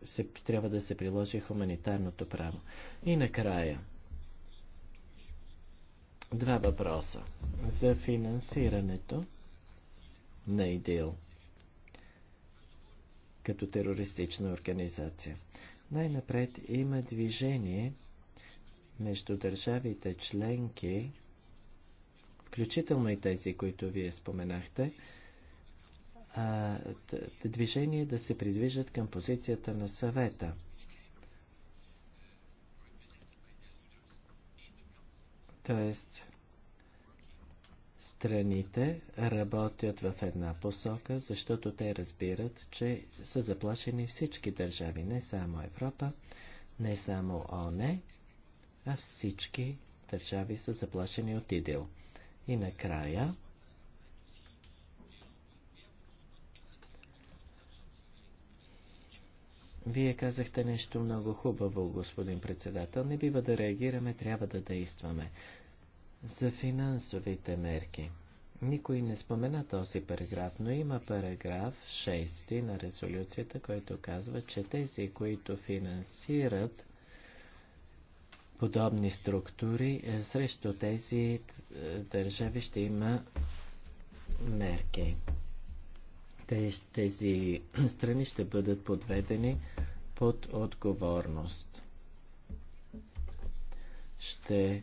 Speaker 2: се, трябва да се приложи хуманитарното право. И накрая, два въпроса за финансирането на ИДИЛ като терористична организация. Най-напред има движение между държавите членки включително и тези, които вие споменахте, движение да се придвижат към позицията на съвета. Тоест, страните работят в една посока, защото те разбират, че са заплашени всички държави, не само Европа, не само ОНЕ, а всички държави са заплашени от идил. И накрая, Вие казахте нещо много хубаво, господин председател. Не бива да реагираме, трябва да действаме. За финансовите мерки. Никой не спомена този параграф, но има параграф 6 на резолюцията, който казва, че тези, които финансират подобни структури, е, срещу тези е, държави ще има мерки. Тези страни ще бъдат подведени под отговорност. Ще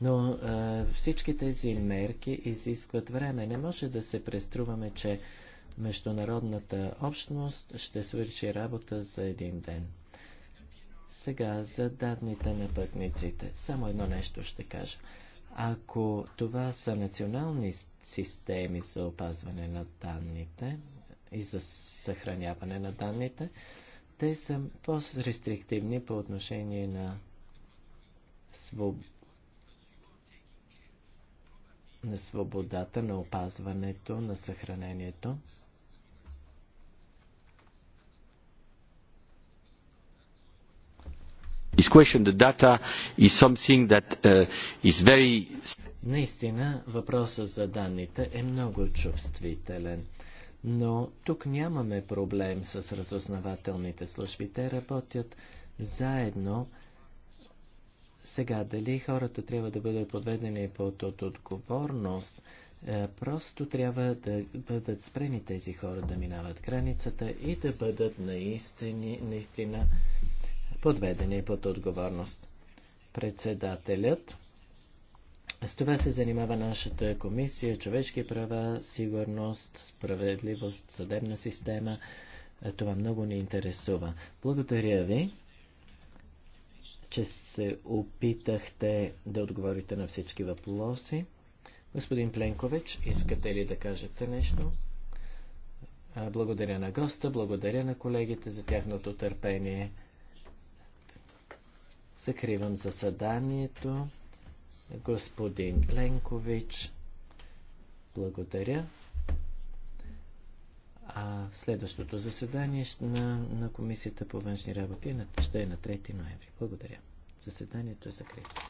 Speaker 2: но а, е, всички тези мерки изискват време. Не може да се преструваме, че международната общност ще свърши работа за един ден. Сега за данните на пътниците. Само едно нещо ще кажа. Ако това са национални системи за опазване на данните и за съхраняване на данните, те са по-рестриктивни по отношение на своб... на свободата, на опазването, на съхранението.
Speaker 3: this question, the data, is something that uh, is very...
Speaker 2: Наистина, въпросът за данните е много чувствителен. Но тук нямаме проблем с разузнавателните служби. Те работят заедно. Сега, дали хората трябва да бъдат подведени под от отговорност, е, просто трябва да бъдат спрени тези хора да минават границата и да бъдат наистина, наистина подведени под отговорност. Председателят с това се занимава нашата комисия човешки права, сигурност, справедливост, съдебна система. Е, това много ни интересува. Благодаря ви, че се опитахте да отговорите на всички въпроси. Господин Пленкович, искате ли да кажете нещо? Е, благодаря на госта, благодаря на колегите за тяхното търпение. Закривам заседанието. Господин Ленкович, благодаря. А следващото заседание на, на Комисията по външни работи е ще е на 3 ноември. Благодаря. Заседанието е закрито.